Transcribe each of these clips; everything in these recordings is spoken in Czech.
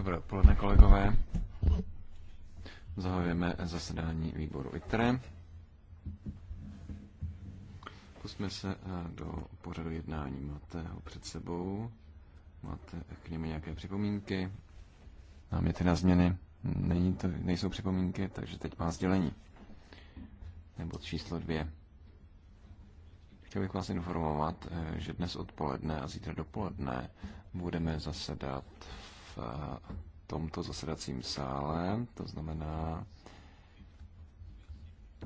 Dobré odpoledne, kolegové. Zahajujeme zasedání výboru ITRE. Pusme se eh, do pořadu jednání. Máte ho před sebou. Máte k němu nějaké připomínky? Náměty na změny? Není to, nejsou připomínky, takže teď má sdělení. Nebo číslo dvě. Chtěl bych vás informovat, eh, že dnes odpoledne a zítra dopoledne budeme zasedat v v eh, tomto zasedacím sále, to znamená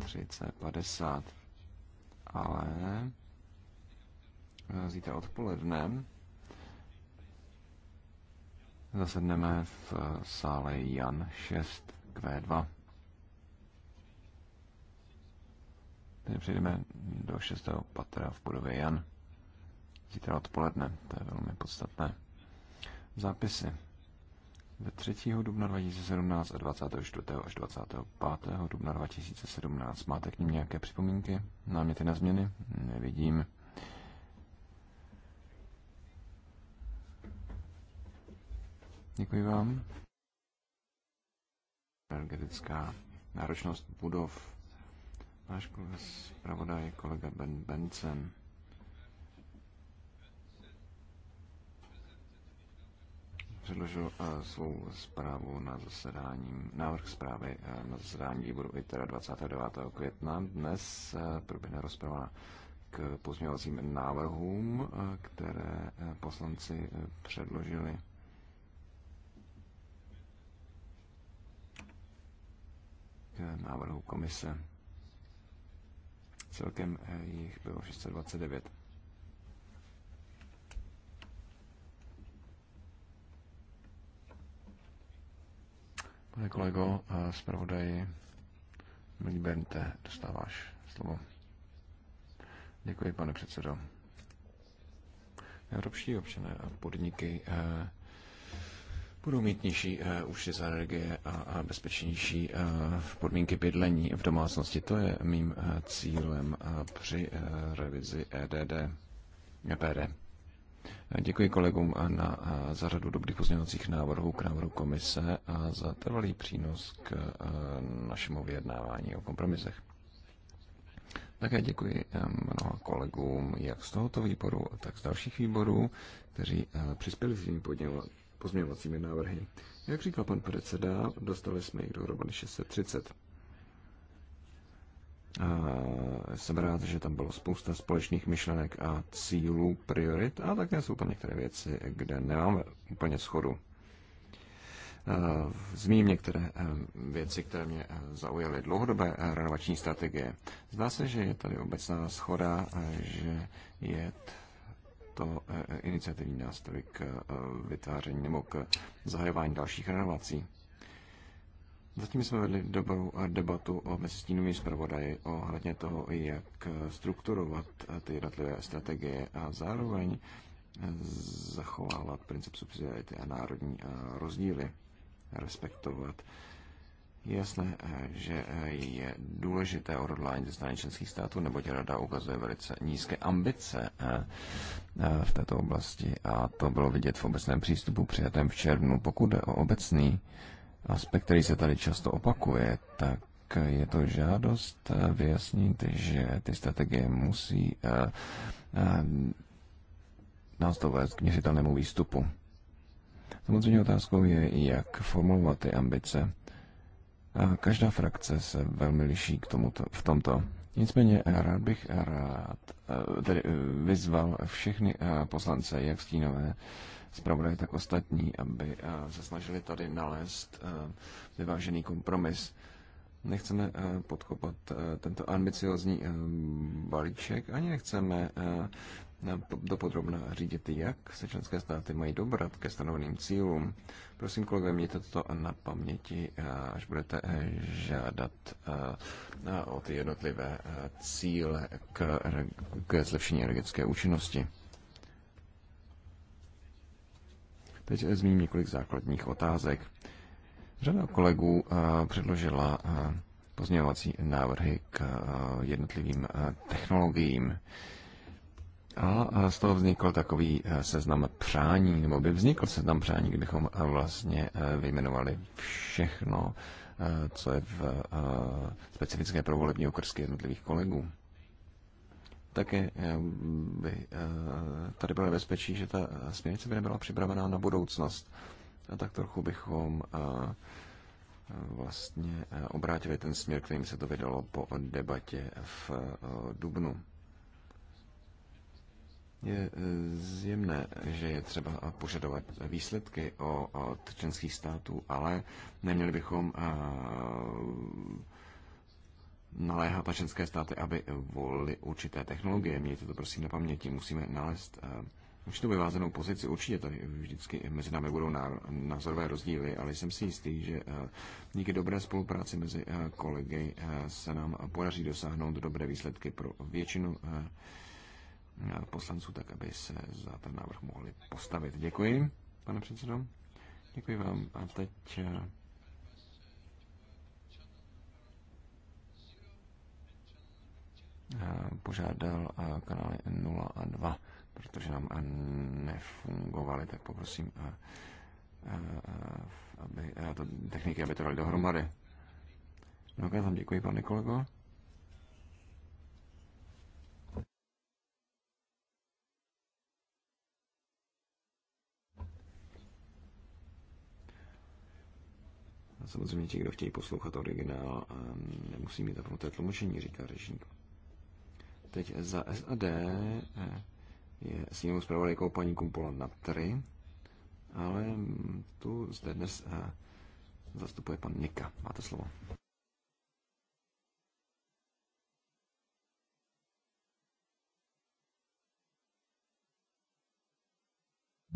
30.50. Ale eh, zítra odpoledne zasedneme v eh, sále Jan 6 Q2. Tedy přejdeme do 6. patra v budově Jan. Zítra odpoledne, to je velmi podstatné. Zápisy. Ve 3. dubna 2017 a 24. až 25. dubna 2017 máte k ním nějaké připomínky, náměty na změny? Nevidím. Děkuji vám. Energetická náročnost budov. Váš kolega zpravodaj kolega Ben Benson. předložil eh, svou zprávu na zasedání, návrh zprávy eh, na zasedání výboru ITERA 29. května. Dnes eh, proběhne rozprava k pozměňovacím návrhům, které poslanci předložili. K návrhu komise. Celkem jich bylo 629. Pane kolego, eh, zpravodaj, milý Bernte dostáváš slovo. Děkuji, pane předsedo. Evropští občané a podniky eh, budou mít nižší eh, uši za energie a bezpečnější podmínky bydlení v domácnosti. To je mým cílem při revizi EDD, EPD. Děkuji kolegům a na, zařadu dobrých pozměňovacích návrhů k návrhu komise a za trvalý přínos k našemu vyjednávání o kompromisech. Také děkuji mnoha kolegům jak z tohoto výboru, tak z dalších výborů, kteří přispěli svými pozměňovacími návrhy. Jak říkal pan předseda, dostali jsme jich dohromady 630. A jsem rád, že tam bylo spousta společných myšlenek a cílů, priorit a také jsou tam některé věci, kde nemáme úplně schodu. Zmíním některé eh, věci, které mě eh, zaujaly. Dlouhodobé eh, renovační strategie. Zdá se, že je tady obecná schoda, že je to iniciativní nástroj k vytváření nebo k zahajování dalších renovací. Zatím jsme vedli dobrou debatu o mezistínovým stínovými zpravodaji ohledně toho, jak strukturovat ty jednotlivé strategie a zároveň zachovávat princip subsidiarity a národní rozdíly, respektovat. Je jasné, že je důležité odhodlání ze strany členských států, neboť rada ukazuje velice nízké ambice eh, eh, v této oblasti a to bylo vidět v obecném přístupu přijatém v červnu. Pokud jde o obecný aspekt, který se tady často opakuje, tak je to žádost eh, vyjasnit, že ty strategie musí eh, eh, nás to vést k měřitelnému výstupu. Samozřejmě otázkou je, jak formulovat ty ambice. A každá frakce se velmi liší k tomuto, v tomto. Nicméně rád bych rád tedy vyzval všechny poslance, jak stínové, zpravodaj, tak ostatní, aby eh, se snažili tady nalézt eh, vyvážený kompromis. Nechceme eh, podkopat tento ambiciozní balíček, ani nechceme dopodrobna řídit, jak se členské státy mají dobrat ke stanoveným cílům. Prosím, kolegové, mějte to na paměti, až budete žádat o ty jednotlivé cíle k, k zlepšení energetické účinnosti. Teď zmíním několik základních otázek. Řada kolegů eh, předložila eh, pozměňovací návrhy k eh, jednotlivým technologiím. A z toho vznikl takový seznam přání, nebo by vznikl seznam přání, kdybychom vlastně vyjmenovali všechno, co je v specifické provolební okrsky jednotlivých kolegů také eh, by eh, tady bylo nebezpečí, že ta směrnice by nebyla připravená na budoucnost. A tak trochu bychom eh, vlastně obrátili ten směr, kterým se to vydalo po debatě v Dubnu. Je zjemné, že je třeba požadovat výsledky o, od členských států, ale neměli bychom naléhat na členské státy, aby volili určité technologie. Mějte to prosím na paměti, musíme nalézt eh, určitou vyvázenou pozici. Určitě tady vždycky mezi námi budou názorové rozdíly, ale jsem si jistý, že eh, díky dobré spolupráci mezi eh, kolegy se nám podaří dosáhnout dobré výsledky pro většinu poslanců, tak aby se za ten návrh mohli postavit. Děkuji, pane předsedo. Děkuji vám. A teď Eh, požádal eh, kanály 0 a 2, protože nám eh, nefungovaly, tak poprosím, aby to, techniky, aby to dali dohromady. No já vám děkuji, pane kolego. samozřejmě ti, kdo chtějí poslouchat originál, nemusí mít zapnuté tlumočení, říká řečník. Teď za SAD eh, je s jinou zpravodajkou paní Kumpola na 3, ale tu zde dnes eh, zastupuje pan Nika. Máte slovo.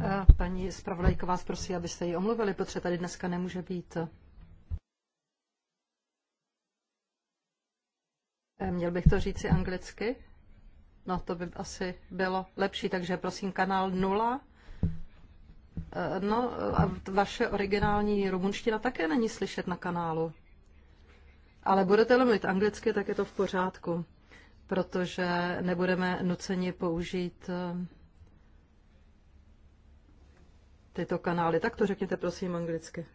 Eh, paní zpravodajko vás prosí, abyste ji omluvili, protože tady dneska nemůže být. Měl bych to říci anglicky? No, to by asi bylo lepší, takže prosím kanál 0. Eh, no, a vaše originální rumunština také není slyšet na kanálu. Ale budete-li mluvit anglicky, tak je to v pořádku, protože nebudeme nuceni použít eh, tyto kanály. Tak to řekněte prosím anglicky.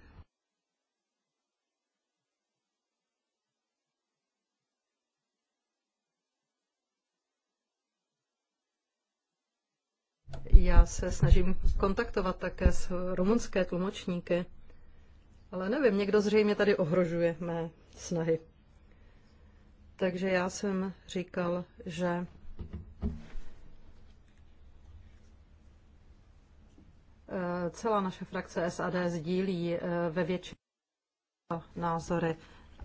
Já se snažím kontaktovat také s rumunské tlumočníky, ale nevím, někdo zřejmě tady ohrožuje mé snahy. Takže já jsem říkal, že eh, celá naše frakce SAD sdílí eh, ve většině názory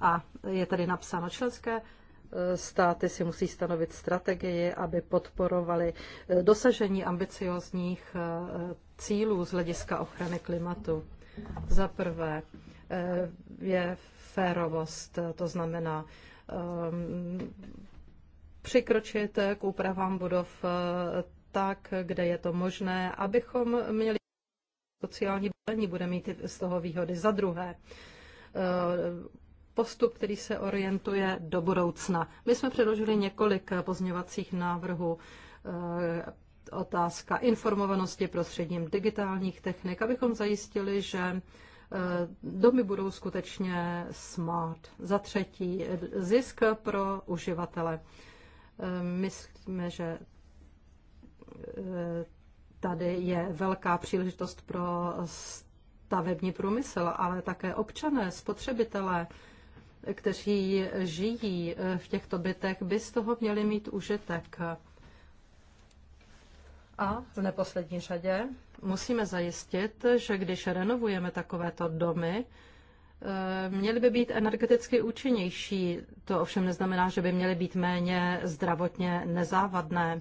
a je tady napsáno členské státy si musí stanovit strategii, aby podporovali eh, dosažení ambiciozních eh, cílů z hlediska ochrany klimatu. Za prvé eh, je férovost, to znamená ehm, přikročit k úpravám budov tak, kde je to možné, abychom měli sociální bydlení, bude mít z toho výhody. Za druhé, postup, který se orientuje do budoucna. My jsme předložili několik pozměvacích návrhů eh, otázka informovanosti prostředním digitálních technik, abychom zajistili, že eh, domy budou skutečně smart. Za třetí, zisk pro uživatele. Eh, myslíme, že tady je velká příležitost pro stavební průmysl, ale také občané, spotřebitelé, kteří žijí eh, v těchto bytech, by z toho měli mít užitek. A v neposlední řadě musíme zajistit, že když renovujeme takovéto domy, eh, měly by být energeticky účinnější. To ovšem neznamená, že by měly být méně zdravotně nezávadné.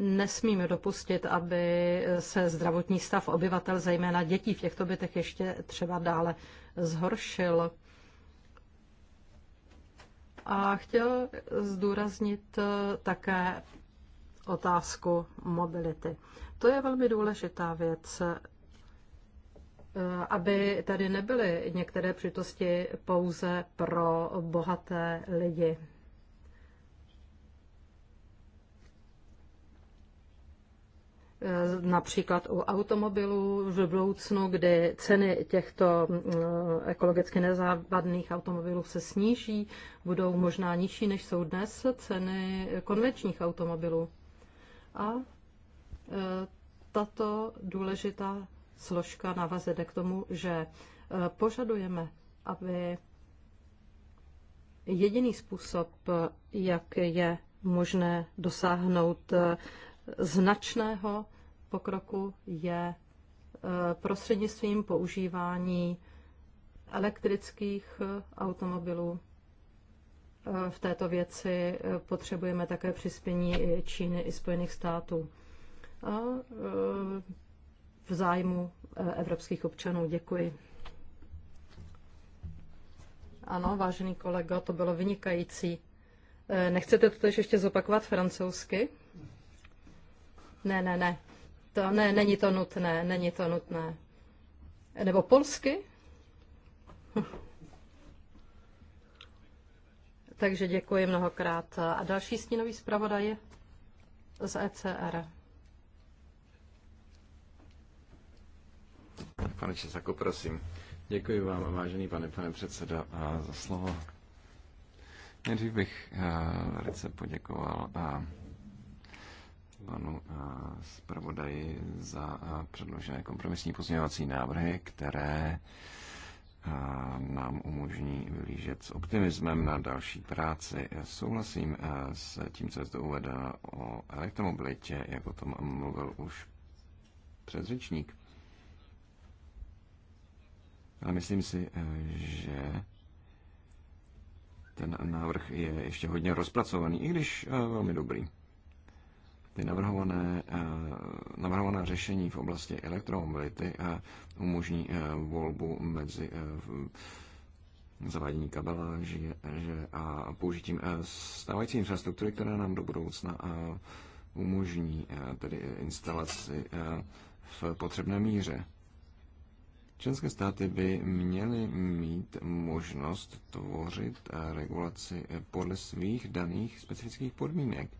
Nesmíme dopustit, aby se zdravotní stav obyvatel, zejména dětí v těchto bytech, ještě třeba dále zhoršil. A chtěl zdůraznit eh, také otázku mobility. To je velmi důležitá věc, eh, aby tady nebyly některé přitosti pouze pro bohaté lidi. Eh, například u automobilů v budoucnu, kdy ceny těchto eh, ekologicky nezávadných automobilů se sníží, budou možná nižší, než jsou dnes ceny konvenčních automobilů. A eh, tato důležitá složka navazede k tomu, že požadujeme, aby jediný způsob, jak je možné dosáhnout značného pokroku je e, prostřednictvím používání elektrických e, automobilů. E, v této věci potřebujeme také přispění i Číny i Spojených států. A v zájmu evropských občanů děkuji. Ano, vážený kolego, to bylo vynikající. Nechcete to tež ještě zopakovat francouzsky? Ne, ne, ne. To ne, není to nutné, není to nutné. Nebo polsky? Takže děkuji mnohokrát. A další stínový zpravodaj je z ECR. Pane Česaku, prosím. Děkuji vám, vážený pane, pane předseda, za slovo. Nejdřív bych eh, velice poděkoval a eh, panu eh, zpravodaji za eh, předložené kompromisní pozměňovací návrhy, které eh, nám umožní vylížet s optimismem na další práci. Souhlasím s tím, co je zde uvedeno o elektromobilitě, jak o tom mluvil už předřečník. Ale myslím si, že ten návrh je ještě hodně rozpracovaný, i když velmi dobrý. Ty navrhované, eh, navrhovaná řešení v oblasti elektromobility eh, umožní eh, volbu mezi zavádění kabela a použitím stávající infrastruktury, která nám do budoucna umožní tedy instalaci v potřebné míře. Členské státy by měly mít možnost tvořit regulaci podle svých daných specifických podmínek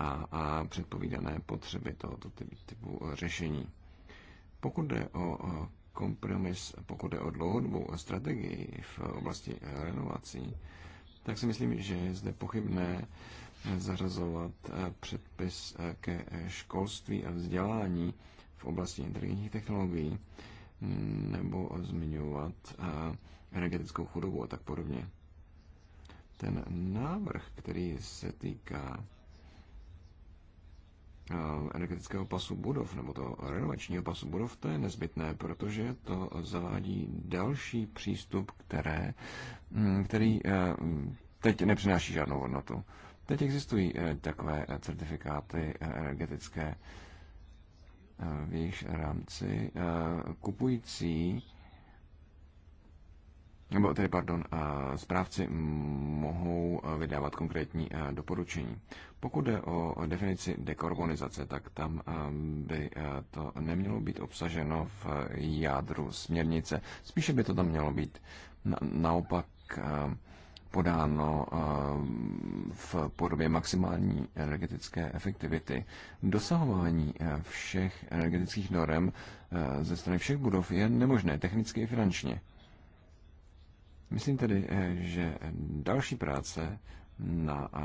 a, a předpovídané potřeby tohoto typu řešení. Pokud jde o kompromis, pokud jde o dlouhodobou strategii v oblasti renovací, tak si myslím, že je zde pochybné zařazovat eh, předpis eh, ke školství a vzdělání v oblasti inteligentních technologií mm, nebo zmiňovat eh, energetickou chudobu a tak podobně. Ten návrh, který se týká Eh, energetického pasu budov nebo toho renovačního pasu budov, to je nezbytné, protože to zavádí další přístup, které, mm, který eh, teď nepřináší žádnou hodnotu. Teď existují eh, takové certifikáty energetické, v jejich rámci kupující nebo tedy, pardon, zprávci eh, mohou eh, vydávat konkrétní eh, doporučení. Pokud jde o definici dekarbonizace, tak tam by to nemělo být obsaženo v jádru směrnice. Spíše by to tam mělo být naopak podáno v podobě maximální energetické efektivity. Dosahování všech energetických norem ze strany všech budov je nemožné technicky i finančně. Myslím tedy, eh, že další práce na eh,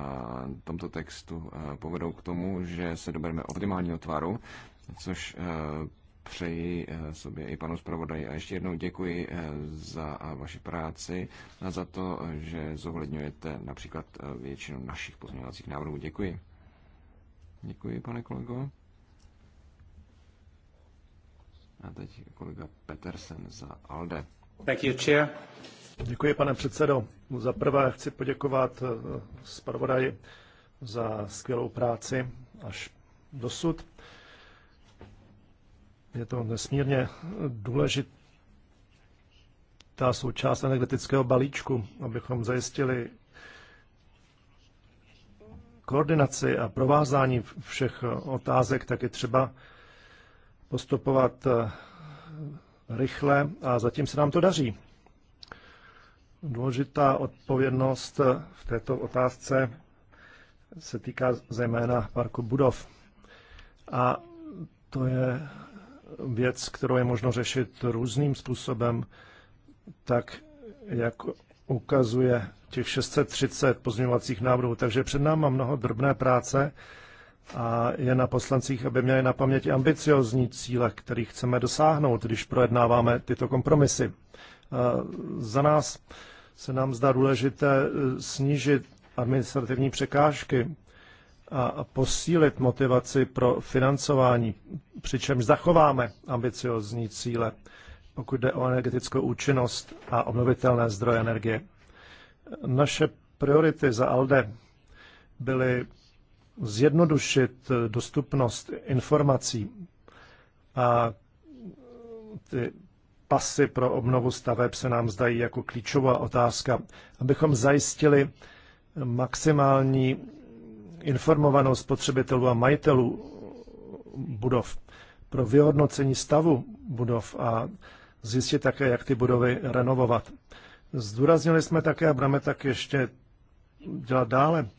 tomto textu eh, povedou k tomu, že se dobereme optimálního tvaru, což přeji sobě i panu zpravodaji. A ještě jednou děkuji za vaši práci a za to, že zohledňujete například většinu našich pozměňovacích návrhů. Děkuji. Děkuji, pane kolego. A teď kolega Petersen za ALDE. Thank you, chair. Děkuji, pane předsedo. Za prvé chci poděkovat eh, zpravodaji za skvělou práci až dosud. Je to nesmírně důležitá součást energetického balíčku, abychom zajistili koordinaci a provázání všech otázek, tak je třeba postupovat eh, rychle a zatím se nám to daří. Důležitá odpovědnost v této otázce se týká zejména parku budov. A to je věc, kterou je možno řešit různým způsobem, tak jak ukazuje těch 630 pozměňovacích návrhů. Takže před náma mnoho drobné práce a je na poslancích, aby měli na paměti ambiciozní cíle, kterých chceme dosáhnout, když projednáváme tyto kompromisy. Eh, za nás se nám zdá důležité eh, snížit administrativní překážky a posílit motivaci pro financování, přičemž zachováme ambiciozní cíle, pokud jde o energetickou účinnost a obnovitelné zdroje energie. Naše priority za ALDE byly zjednodušit eh, dostupnost informací a ty pasy pro obnovu staveb se nám zdají jako klíčová otázka, abychom zajistili maximální informovanost spotřebitelů a majitelů budov pro vyhodnocení stavu budov a zjistit také, jak ty budovy renovovat. Zdůraznili jsme také, a budeme tak ještě dělat dále,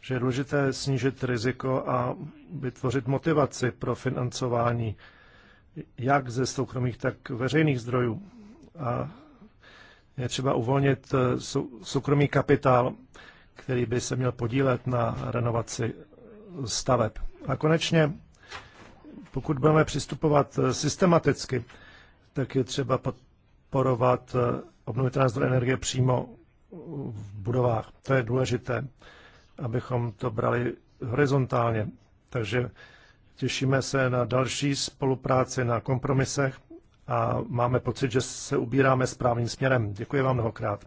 že je důležité snížit riziko a vytvořit motivaci pro financování jak ze soukromých, tak veřejných zdrojů. A je třeba uvolnit eh, soukromý kapitál, který by se měl podílet na renovaci staveb. A konečně, pokud budeme přistupovat eh, systematicky, tak je třeba podporovat eh, obnovitelné zdroje energie přímo v budovách. To je důležité, abychom to brali horizontálně. Takže Těšíme se na další spolupráci na kompromisech a máme pocit, že se ubíráme správným směrem. Děkuji vám mnohokrát.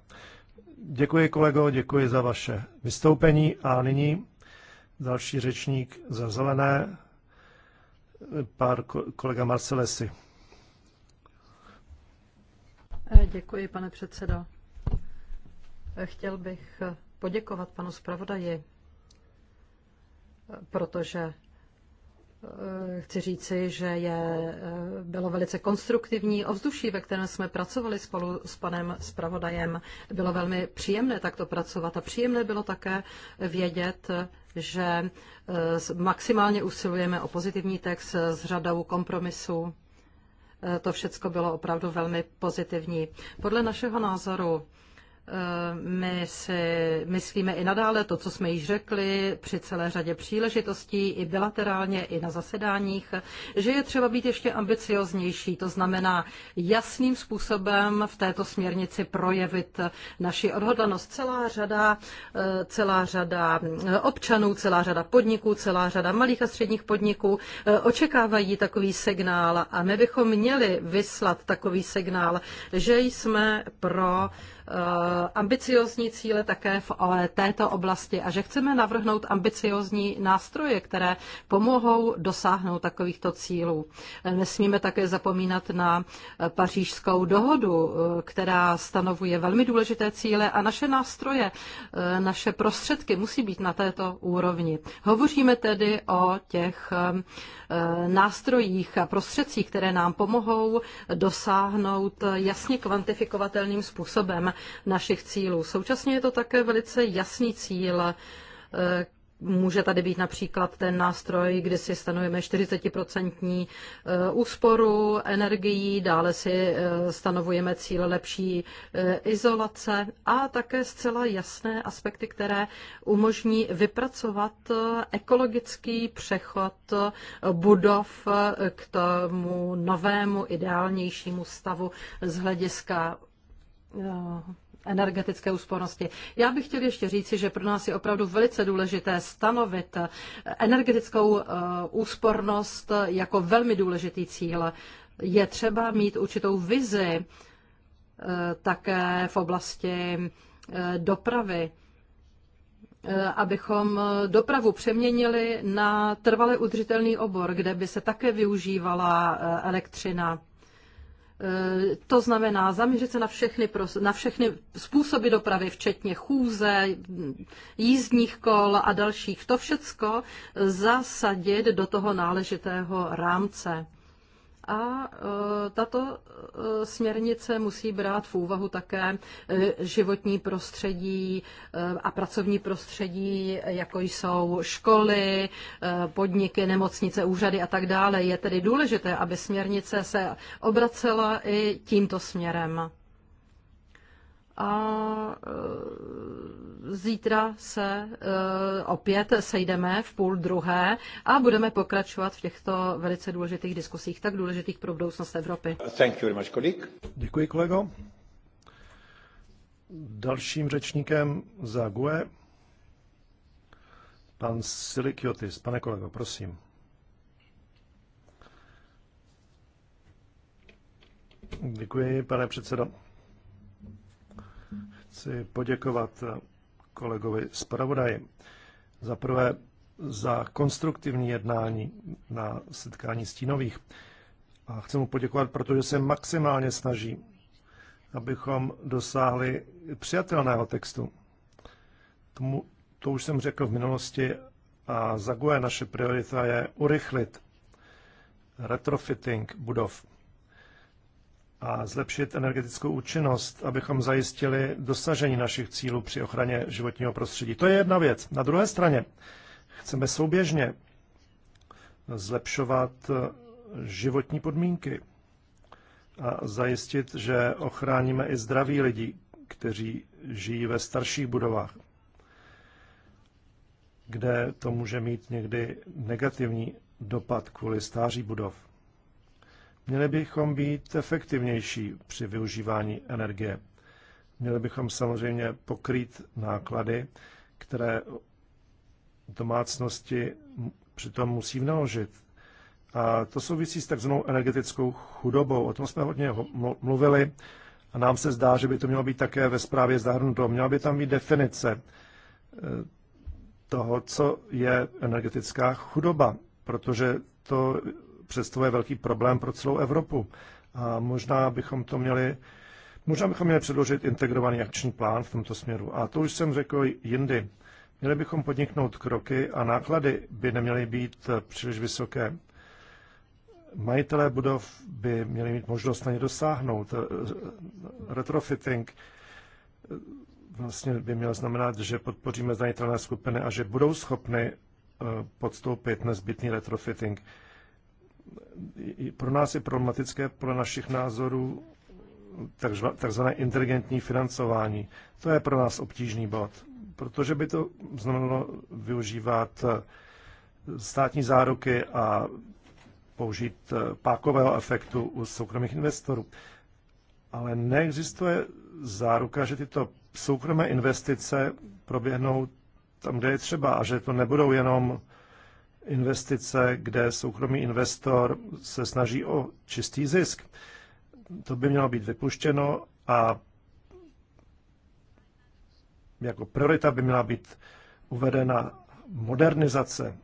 Děkuji kolego, děkuji za vaše vystoupení a nyní další řečník za zelené, pár kolega Marcelesi. Eh, děkuji, pane předsedo. Eh, chtěl bych poděkovat panu zpravodaji, eh, protože Eh, chci říci, že je, eh, bylo velice konstruktivní ovzduší, ve kterém jsme pracovali spolu s panem Spravodajem. Bylo velmi příjemné takto pracovat a příjemné bylo také vědět, že eh, maximálně usilujeme o pozitivní text s řadou kompromisů. To všechno bylo opravdu velmi pozitivní. Podle našeho názoru Eh, my si myslíme i nadále to, co jsme již řekli při celé řadě příležitostí, i bilaterálně, i na zasedáních, že je třeba být ještě ambicioznější. To znamená jasným způsobem v této směrnici projevit naši odhodlanost. Celá řada, eh, celá řada občanů, celá řada podniků, celá řada malých a středních podniků eh, očekávají takový signál a my bychom měli vyslat takový signál, že jsme pro Eh, ambiciozní cíle také v této oblasti a že chceme navrhnout ambiciozní nástroje, které pomohou dosáhnout takovýchto cílů. Nesmíme také zapomínat na pařížskou dohodu, eh, která stanovuje velmi důležité cíle a naše nástroje, eh, naše prostředky musí být na této úrovni. Hovoříme tedy o těch nástrojích a prostředcích, které nám pomohou dosáhnout jasně kvantifikovatelným způsobem našich cílů. Současně je to také velice jasný cíl, e, Může tady být například ten nástroj, kdy si stanovíme 40% e, úsporu energií, dále si e, stanovujeme cíl lepší izolace a také zcela jasné aspekty, které umožní vypracovat ekologický přechod budov k tomu novému, ideálnějšímu stavu z hlediska Eh, energetické úspornosti. Já bych chtěl ještě říci, že pro nás je opravdu velice důležité stanovit eh, energetickou eh, úspornost jako velmi důležitý cíl. Je třeba mít určitou vizi také v oblasti dopravy, abychom dopravu přeměnili na trvale udržitelný obor, kde by se také využívala elektřina Eh, to znamená zaměřit se na všechny, na všechny způsoby dopravy, včetně chůze, jízdních kol a dalších. To všecko zasadit do toho náležitého rámce a e, tato e, směrnice musí brát v úvahu také e, životní prostředí a pracovní prostředí, jako jsou školy, podniky, nemocnice, úřady a tak dále. Je tedy důležité, aby směrnice se obracela i tímto směrem a e, zítra se e, opět sejdeme v půl druhé a budeme pokračovat v těchto velice důležitých diskusích, tak důležitých pro budoucnost Evropy. Thank you very much, kolik. Děkuji, kolego. Dalším řečníkem za GUE pan Silikiotis. Pane kolego, prosím. Děkuji, pane předsedo chci poděkovat kolegovi zpravodaji. Za prvé za konstruktivní jednání na setkání stínových. A chci mu poděkovat, protože se maximálně snaží, abychom dosáhli přijatelného textu. Tomu, to už jsem řekl v minulosti a za e naše priorita je urychlit retrofitting budov a zlepšit energetickou účinnost, abychom zajistili dosažení našich cílů při ochraně životního prostředí. To je jedna věc. Na druhé straně chceme souběžně zlepšovat životní podmínky a zajistit, že ochráníme i zdraví lidí, kteří žijí ve starších budovách, kde to může mít někdy negativní dopad kvůli stáří budov. Měli bychom být efektivnější při využívání energie. Měli bychom samozřejmě pokrýt náklady, které domácnosti přitom musí vnaložit. A to souvisí s takzvanou energetickou chudobou. O tom jsme hodně mluvili a nám se zdá, že by to mělo být také ve zprávě zahrnuto. Měla by tam být definice eh, toho, co je energetická chudoba, protože to představuje velký problém pro celou Evropu. A možná bychom to měli Možná bychom měli předložit integrovaný akční plán v tomto směru. A to už jsem řekl jindy. Měli bychom podniknout kroky a náklady by neměly být příliš vysoké. Majitelé budov by měli mít možnost na ně dosáhnout. Retrofitting vlastně by měl znamenat, že podpoříme zranitelné skupiny a že budou schopny eh, podstoupit nezbytný retrofitting pro nás je problematické pro našich názorů takzvané inteligentní financování. To je pro nás obtížný bod, protože by to znamenalo využívat eh, státní záruky a použít eh, pákového efektu u soukromých investorů. Ale neexistuje záruka, že tyto soukromé investice proběhnou tam, kde je třeba a že to nebudou jenom investice, kde soukromý investor se snaží o čistý zisk. To by mělo být vypuštěno a jako priorita by měla být uvedena modernizace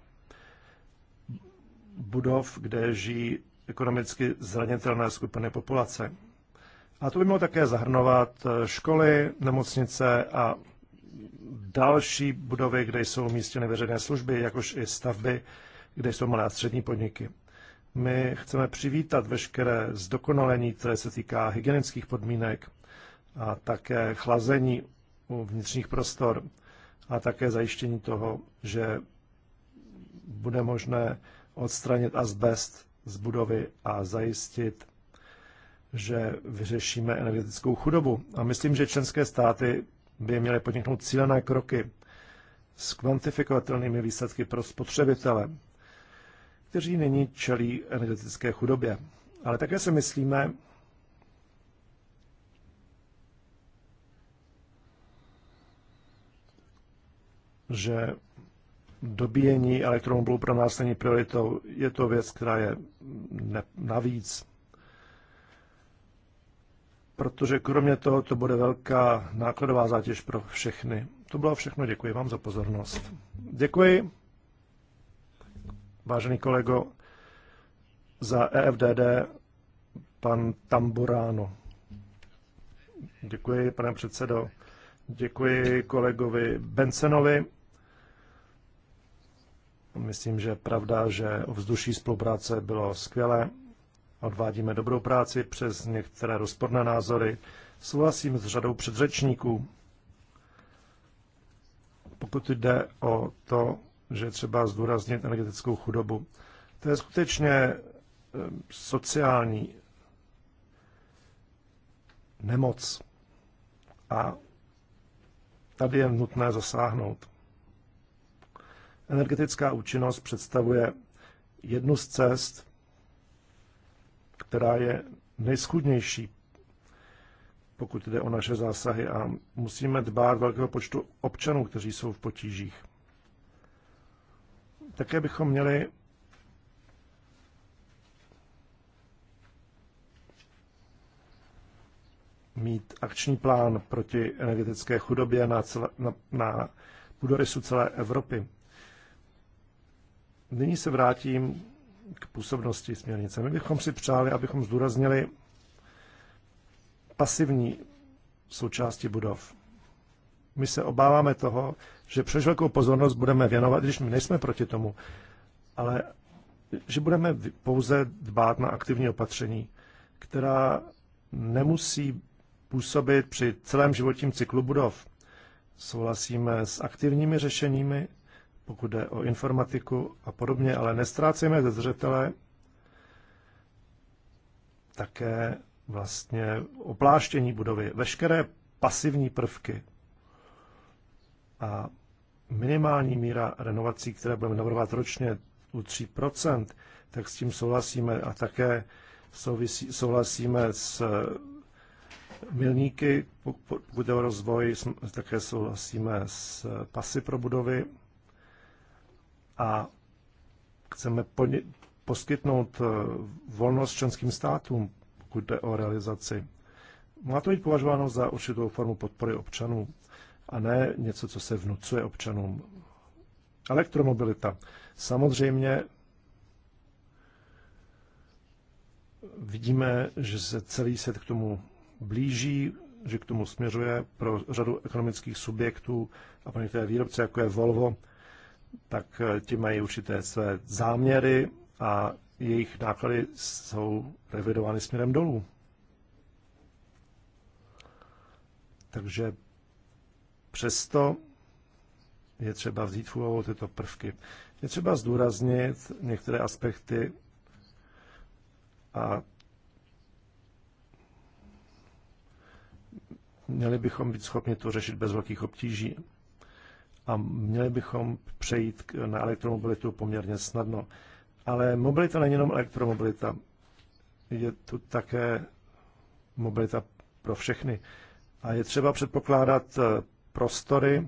budov, kde žijí ekonomicky zranitelné skupiny populace. A to by mělo také zahrnovat školy, nemocnice a další budovy, kde jsou umístěny veřejné služby, jakož i stavby, kde jsou malé a střední podniky. My chceme přivítat veškeré zdokonalení, které se týká hygienických podmínek a také chlazení vnitřních prostor a také zajištění toho, že bude možné odstranit asbest z budovy a zajistit, že vyřešíme energetickou chudobu. A myslím, že členské státy by měly podniknout cílené kroky s kvantifikovatelnými výsledky pro spotřebitele, kteří nyní čelí energetické chudobě. Ale také si myslíme, že dobíjení elektromobilů pro nás není prioritou. Je to věc, která je navíc protože kromě toho to bude velká nákladová zátěž pro všechny. To bylo všechno, děkuji vám za pozornost. Děkuji, vážený kolego, za EFDD pan Tamburáno. Děkuji, pane předsedo. Děkuji kolegovi Bensenovi. Myslím, že je pravda, že ovzduší spolupráce bylo skvělé Odvádíme dobrou práci přes některé rozporné názory. Souhlasím s řadou předřečníků. Pokud jde o to, že třeba zdůraznit energetickou chudobu, to je skutečně eh, sociální nemoc. A tady je nutné zasáhnout. Energetická účinnost představuje jednu z cest, která je nejschudnější, pokud jde o naše zásahy a musíme dbát velkého počtu občanů, kteří jsou v potížích. Také bychom měli mít akční plán proti energetické chudobě na, celé, na, na půdorysu celé Evropy. Nyní se vrátím k působnosti směrnice. My bychom si přáli, abychom zdůraznili pasivní součásti budov. My se obáváme toho, že přeš velkou pozornost budeme věnovat, když my nejsme proti tomu, ale že budeme pouze dbát na aktivní opatření, která nemusí působit při celém životním cyklu budov. Souhlasíme s aktivními řešeními, pokud jde o informatiku a podobně, ale nestrácíme ze zřetele také vlastně opláštění budovy, veškeré pasivní prvky a minimální míra renovací, které budeme navrhovat ročně u 3%, tak s tím souhlasíme a také souvisí, souhlasíme s eh, milníky, pokud je o rozvoj, také souhlasíme s eh, pasy pro budovy a chceme poskytnout eh, volnost členským státům, pokud jde o realizaci. Má to být považováno za určitou formu podpory občanů a ne něco, co se vnucuje občanům. Elektromobilita. Samozřejmě vidíme, že se celý svět k tomu blíží, že k tomu směřuje pro řadu ekonomických subjektů a pro některé výrobce, jako je Volvo, tak eh, ti mají určité své záměry a jejich náklady jsou revidovány směrem dolů. Takže přesto je třeba vzít v úvahu tyto prvky. Je třeba zdůraznit některé aspekty a měli bychom být schopni to řešit bez velkých obtíží a měli bychom přejít na elektromobilitu poměrně snadno. Ale mobilita není jenom elektromobilita. Je tu také mobilita pro všechny. A je třeba předpokládat eh, prostory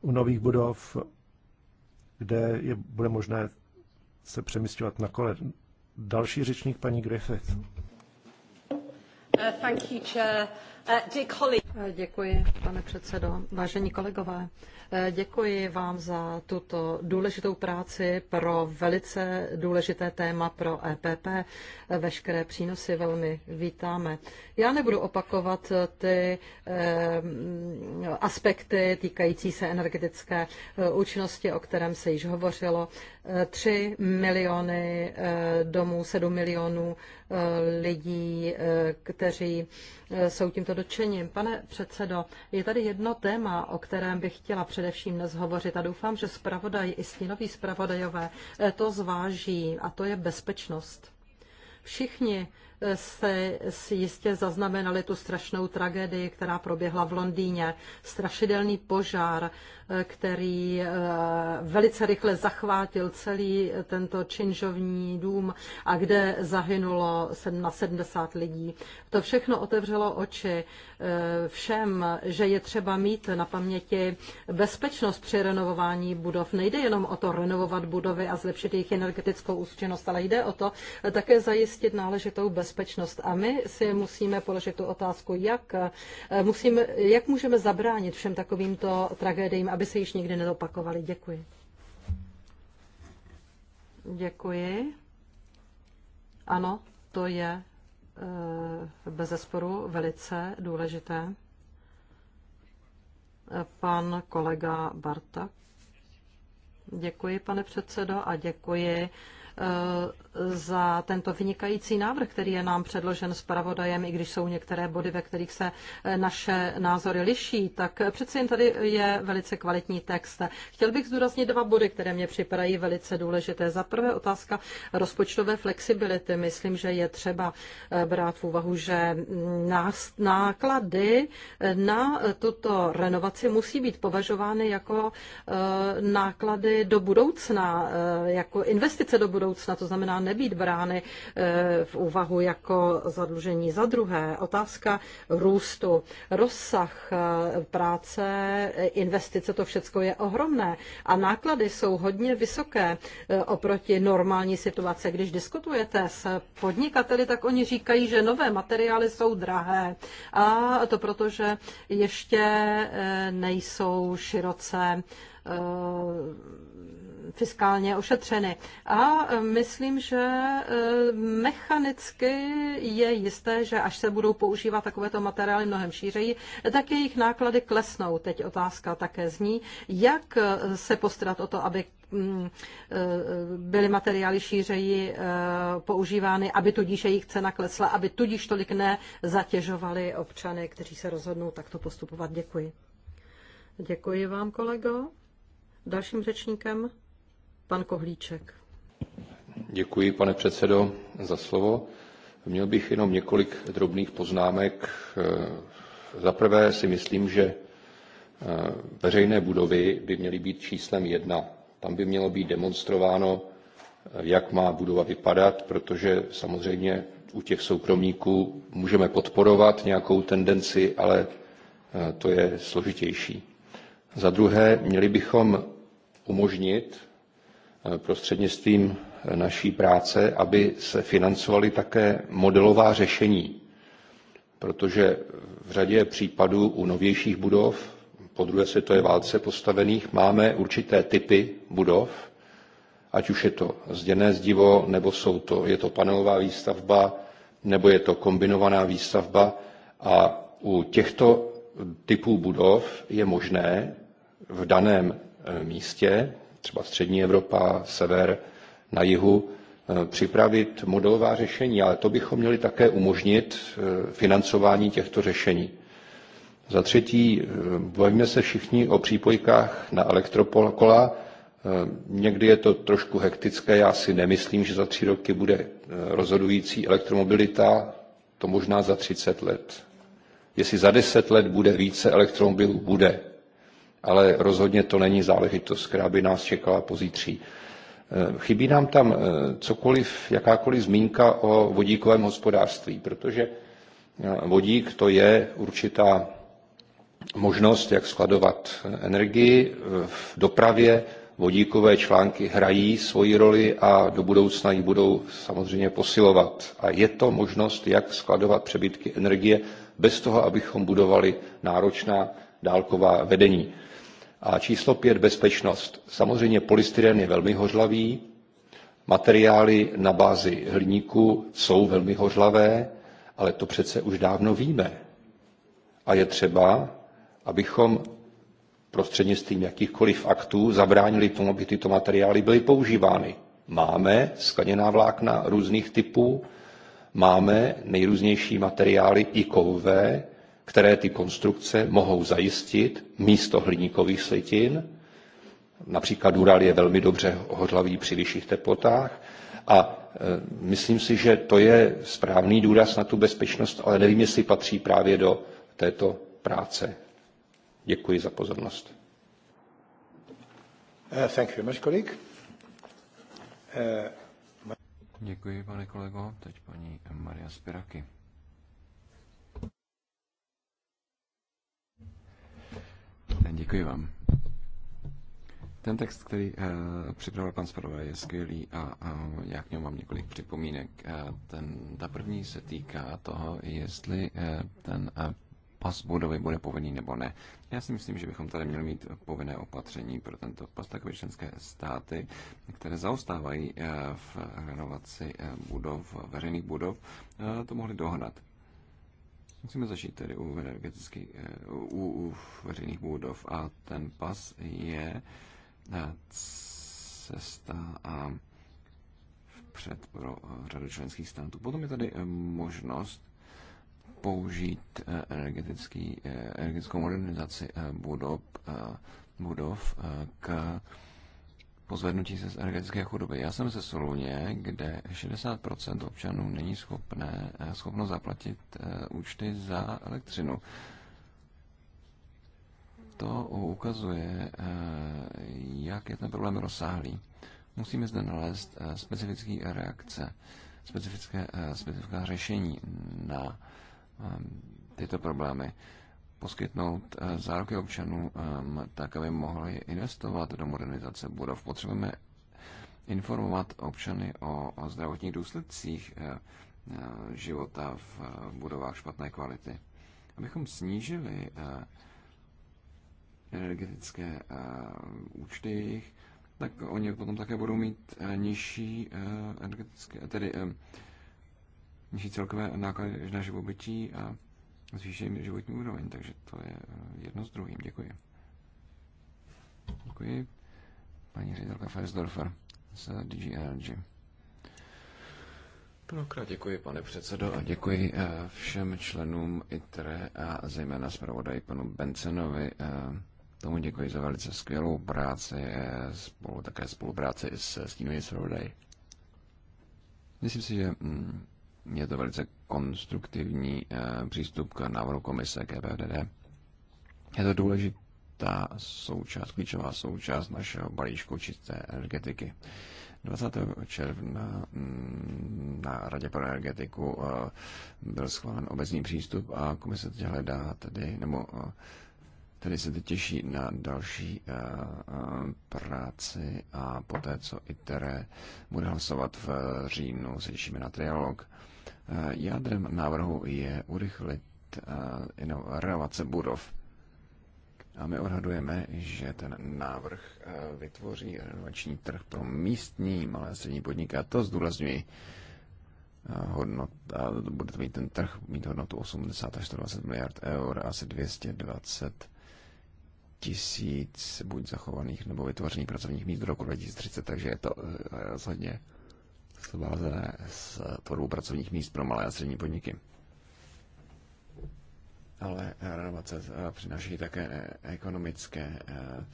u nových budov, kde je, bude možné se přemysťovat na kole. Další řečník paní Griffith. Uh, thank you, chair. Uh, eh, děkuji, pane předsedo. Vážení kolegové, eh, děkuji vám za tuto důležitou práci pro velice důležité téma pro EPP. Eh, veškeré přínosy velmi vítáme. Já nebudu opakovat ty aspekty týkající se energetické účinnosti, o kterém se již hovořilo. 3 miliony domů, 7 milionů lidí, kteří jsou tímto to dočením. Pane předsedo, je tady jedno téma, o kterém bych chtěla především dnes hovořit a doufám, že zpravodaj i stínoví zpravodajové eh, to zváží a to je bezpečnost. Všichni jste si jistě zaznamenali tu strašnou tragédii, která proběhla v Londýně. Strašidelný požár, eh, který eh, velice rychle zachvátil celý tento činžovní dům a kde zahynulo na 70 lidí. To všechno otevřelo oči všem, že je třeba mít na paměti bezpečnost při renovování budov. Nejde jenom o to renovovat budovy a zlepšit jejich energetickou účinnost, ale jde o to také zajistit náležitou bezpečnost. A my si musíme položit tu otázku, jak, eh, musíme, jak můžeme zabránit všem takovýmto tragédiím, aby se již nikdy nedopakovaly. Děkuji. Děkuji. Ano, to je Eh, bez zesporu velice důležité. Eh, pan kolega Barta. Děkuji, pane předsedo, a děkuji Eh, za tento vynikající návrh, který je nám předložen zpravodajem, i když jsou některé body, ve kterých se eh, naše názory liší, tak přeci jen tady je velice kvalitní text. Chtěl bych zdůraznit dva body, které mě připadají velice důležité. Za prvé otázka rozpočtové flexibility. Myslím, že je třeba eh, brát v úvahu, že náklady na tuto renovaci musí být považovány jako náklady do budoucna, jako investice do budoucna budoucna, to znamená nebýt brány eh, v úvahu jako zadlužení. Za druhé, otázka růstu. Rozsah eh, práce, eh, investice, to všechno je ohromné a náklady jsou hodně vysoké oproti normální situaci. Když diskutujete s podnikateli, tak oni říkají, že nové materiály jsou drahé a to proto, že ještě nejsou široce fiskálně ošetřeny. A e, myslím, že e, mechanicky je jisté, že až se budou používat takovéto materiály mnohem šířeji, tak jejich náklady klesnou. Teď otázka také zní, jak e, se postarat o to, aby mm, byly materiály šířeji používány, aby tudíž jejich cena klesla, aby tudíž tolik zatěžovali občany, kteří se rozhodnou takto postupovat. Děkuji. Děkuji vám, kolego. Dalším řečníkem Pan Kohlíček. Děkuji, pane předsedo, za slovo. Měl bych jenom několik drobných poznámek. Za prvé si myslím, že eh, veřejné budovy by měly být číslem jedna. Tam by mělo být demonstrováno, eh, jak má budova vypadat, protože samozřejmě u těch soukromníků můžeme podporovat nějakou tendenci, ale eh, to je složitější. Za druhé, měli bychom umožnit prostřednictvím naší práce, aby se financovaly také modelová řešení. Protože v řadě případů u novějších budov, po druhé světové válce postavených, máme určité typy budov, ať už je to zděné zdivo, nebo jsou to, je to panelová výstavba, nebo je to kombinovaná výstavba. A u těchto typů budov je možné v daném eh, místě třeba střední Evropa, sever, na jihu, eh, připravit modelová řešení, ale to bychom měli také umožnit eh, financování těchto řešení. Za třetí, eh, bojíme se všichni o přípojkách na elektrokola. Někdy je to trošku hektické, já si nemyslím, že za tři roky bude rozhodující elektromobilita, to možná za 30 let. Jestli za 10 let bude více elektromobilů, bude ale rozhodně to není záležitost, která by nás čekala pozítří. E, chybí nám tam e, cokoliv, jakákoliv zmínka o vodíkovém hospodářství, protože e, vodík to je určitá možnost, jak skladovat energii v dopravě. Vodíkové články hrají svoji roli a do budoucna ji budou samozřejmě posilovat. A je to možnost, jak skladovat přebytky energie bez toho, abychom budovali náročná dálková vedení. A číslo pět bezpečnost. Samozřejmě polystyren je velmi hořlavý, materiály na bázi hliníku jsou velmi hořlavé, ale to přece už dávno víme. A je třeba, abychom prostřednictvím jakýchkoliv aktů zabránili tomu, aby tyto materiály byly používány. Máme skleněná vlákna různých typů, máme nejrůznější materiály i kovové, které ty konstrukce mohou zajistit místo hliníkových slitin. Například Ural je velmi dobře hodlavý při vyšších teplotách. A e, myslím si, že to je správný důraz na tu bezpečnost, ale nevím, jestli patří právě do této práce. Děkuji za pozornost. Uh, uh, Děkuji, pane kolego. Teď paní Maria Spiraky. Děkuji vám. Ten text, který uh, eh, připravil pan Spadové, je skvělý a uh, já k němu mám několik připomínek. Uh, ten, ta první se týká toho, jestli uh, ten uh, pas budovy bude povinný nebo ne. Já si myslím, že bychom tady měli mít povinné opatření pro tento pas takové členské státy, které zaostávají v renovaci budov, veřejných budov, to mohli dohnat. Musíme začít tedy u, energetických, eh, u, u veřejných budov a ten pas je eh, cesta a vpřed pro eh, řadu členských států. Potom je tady možnost použít energetický, energetickou modernizaci budov, budov k po zvednutí se z energetické chudoby. Já jsem ze Soluně, kde 60% občanů není schopné, eh, schopno zaplatit eh, účty za elektřinu. To ukazuje, eh, jak je ten problém rozsáhlý. Musíme zde nalézt specifické reakce, specifické, specifická řešení na tyto problémy poskytnout eh, záruky občanům ehm, tak, aby mohli investovat do modernizace budov. Potřebujeme informovat občany o, zdravotních důsledcích eh, eh, života v budovách špatné kvality. Abychom snížili energetické účty jejich, tak oni potom také budou mít nižší energetické, tedy nižší celkové náklady na živobytí a zvýšit životní úroveň, takže to je eh, jedno s druhým. Děkuji. Děkuji. Paní ředitelka Felsdorfer z DG Energy. Mnohokrát děkuji, pane předsedo, a děkuji eh, všem členům ITRE a zejména zpravodaji panu Bencenovi. Eh, tomu děkuji za velice skvělou práci, spolu, také spolupráci s tím zpravodaji. Myslím si, že mm, je to velice konstruktivní eh, přístup k návrhu komise GPDD. E Je to důležitá součást, klíčová součást našeho balíčku čisté energetiky. 20. června mm, na Radě pro energetiku eh, byl schválen obecný přístup a komise teď hledá tedy, nebo eh, tedy se teď těší na další práci a poté, co ITERE bude hlasovat v říjnu, se těšíme na trialog. Jádrem návrhu je urychlit renovace eh, budov. A my odhadujeme, že ten návrh eh, vytvoří renovační trh pro místní malé a střední podniky. A to zdůrazňuji eh, hodnot, a bude to mít ten trh mít hodnotu 80 až 120 miliard eur, asi 220 tisíc buď zachovaných nebo vytvořených pracovních míst do roku 2030, takže je to rozhodně svázané s tvorbou pracovních míst pro malé a střední podniky. Ale renovace eh, přináší také eh, ekonomické eh,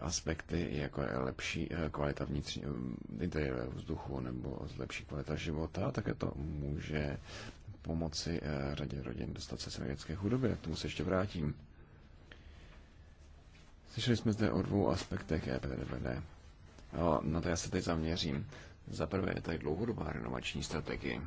aspekty, jako je lepší kvalita vnitřní interiéru vzduchu nebo lepší kvalita života, také to může pomoci řadě rodin dostat se z energetické chudoby. K tomu se ještě vrátím. Slyšeli jsme zde o dvou aspektech EPDBD. No, na to já se teď zaměřím. Za prvé je tady dlouhodobá renovační strategie.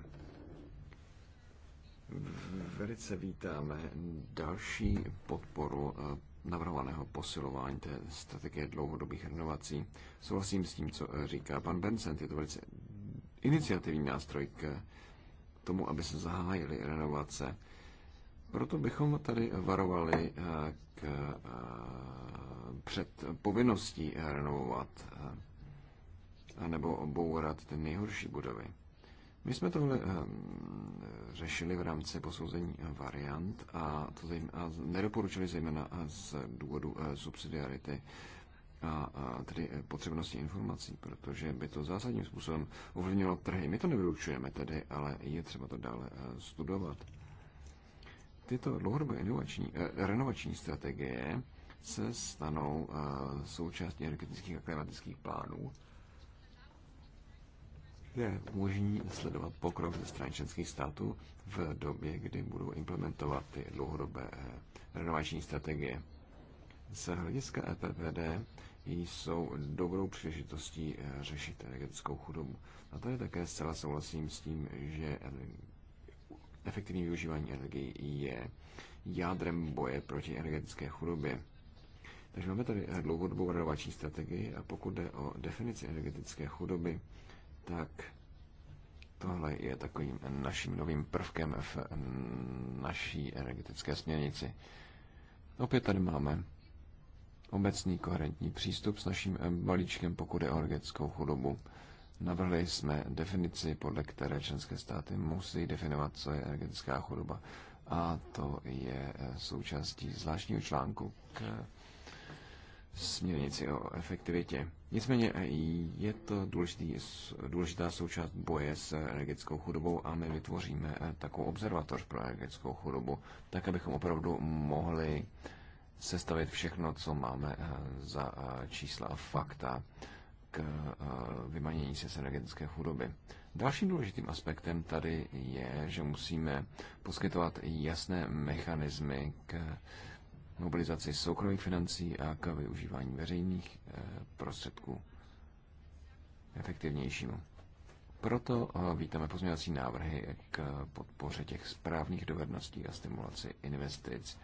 Velice vítáme další podporu eh, navrhovaného posilování té strategie dlouhodobých renovací. Souhlasím s tím, co eh, říká pan Bencent. Je to velice iniciativní nástroj k tomu, aby se zahájily renovace. Proto bychom tady varovali eh, k, před povinností renovovat anebo obourat ty nejhorší budovy. My jsme tohle eh, řešili v rámci posouzení variant a, to zejm- a nedoporučili zejména z důvodu eh, subsidiarity a, a tedy eh, potřebnosti informací, protože by to zásadním způsobem ovlivnilo trhy. My to nevylučujeme tedy, ale je třeba to dále studovat. Tyto dlouhodobé inovační, uh, renovační strategie se stanou uh, součástí energetických a klimatických plánů které umožní sledovat pokrok ze strany členských států v době, kdy budou implementovat ty dlouhodobé eh, renovační strategie. Z hlediska EPPD jsou dobrou příležitostí eh, řešit energetickou chudobu. A tady také zcela souhlasím s tím, že efektivní využívání energie je jádrem boje proti energetické chudobě. Takže máme tady eh, dlouhodobou renovační strategii a pokud jde o definici energetické chudoby, tak tohle je takovým naším novým prvkem v naší energetické směrnici. Opět tady máme obecný koherentní přístup s naším balíčkem, pokud je o energetickou chudobu. Navrhli jsme definici, podle které členské státy musí definovat, co je energetická chudoba. A to je součástí zvláštního článku k směrnici o efektivitě. Nicméně eh, je to důležitý, důležitá součást boje s energetickou chudobou a my vytvoříme eh, takovou observatoř pro energetickou chudobu, tak abychom opravdu mohli sestavit všechno, co máme eh, za čísla a fakta k vymanění se z energetické chudoby. Dalším důležitým aspektem tady je, že musíme poskytovat jasné mechanismy k mobilizaci soukromých financí a k využívání veřejných eh, prostředků efektivnějšímu. Proto eh, vítáme pozměňovací návrhy k podpoře těch správných dovedností a stimulaci investic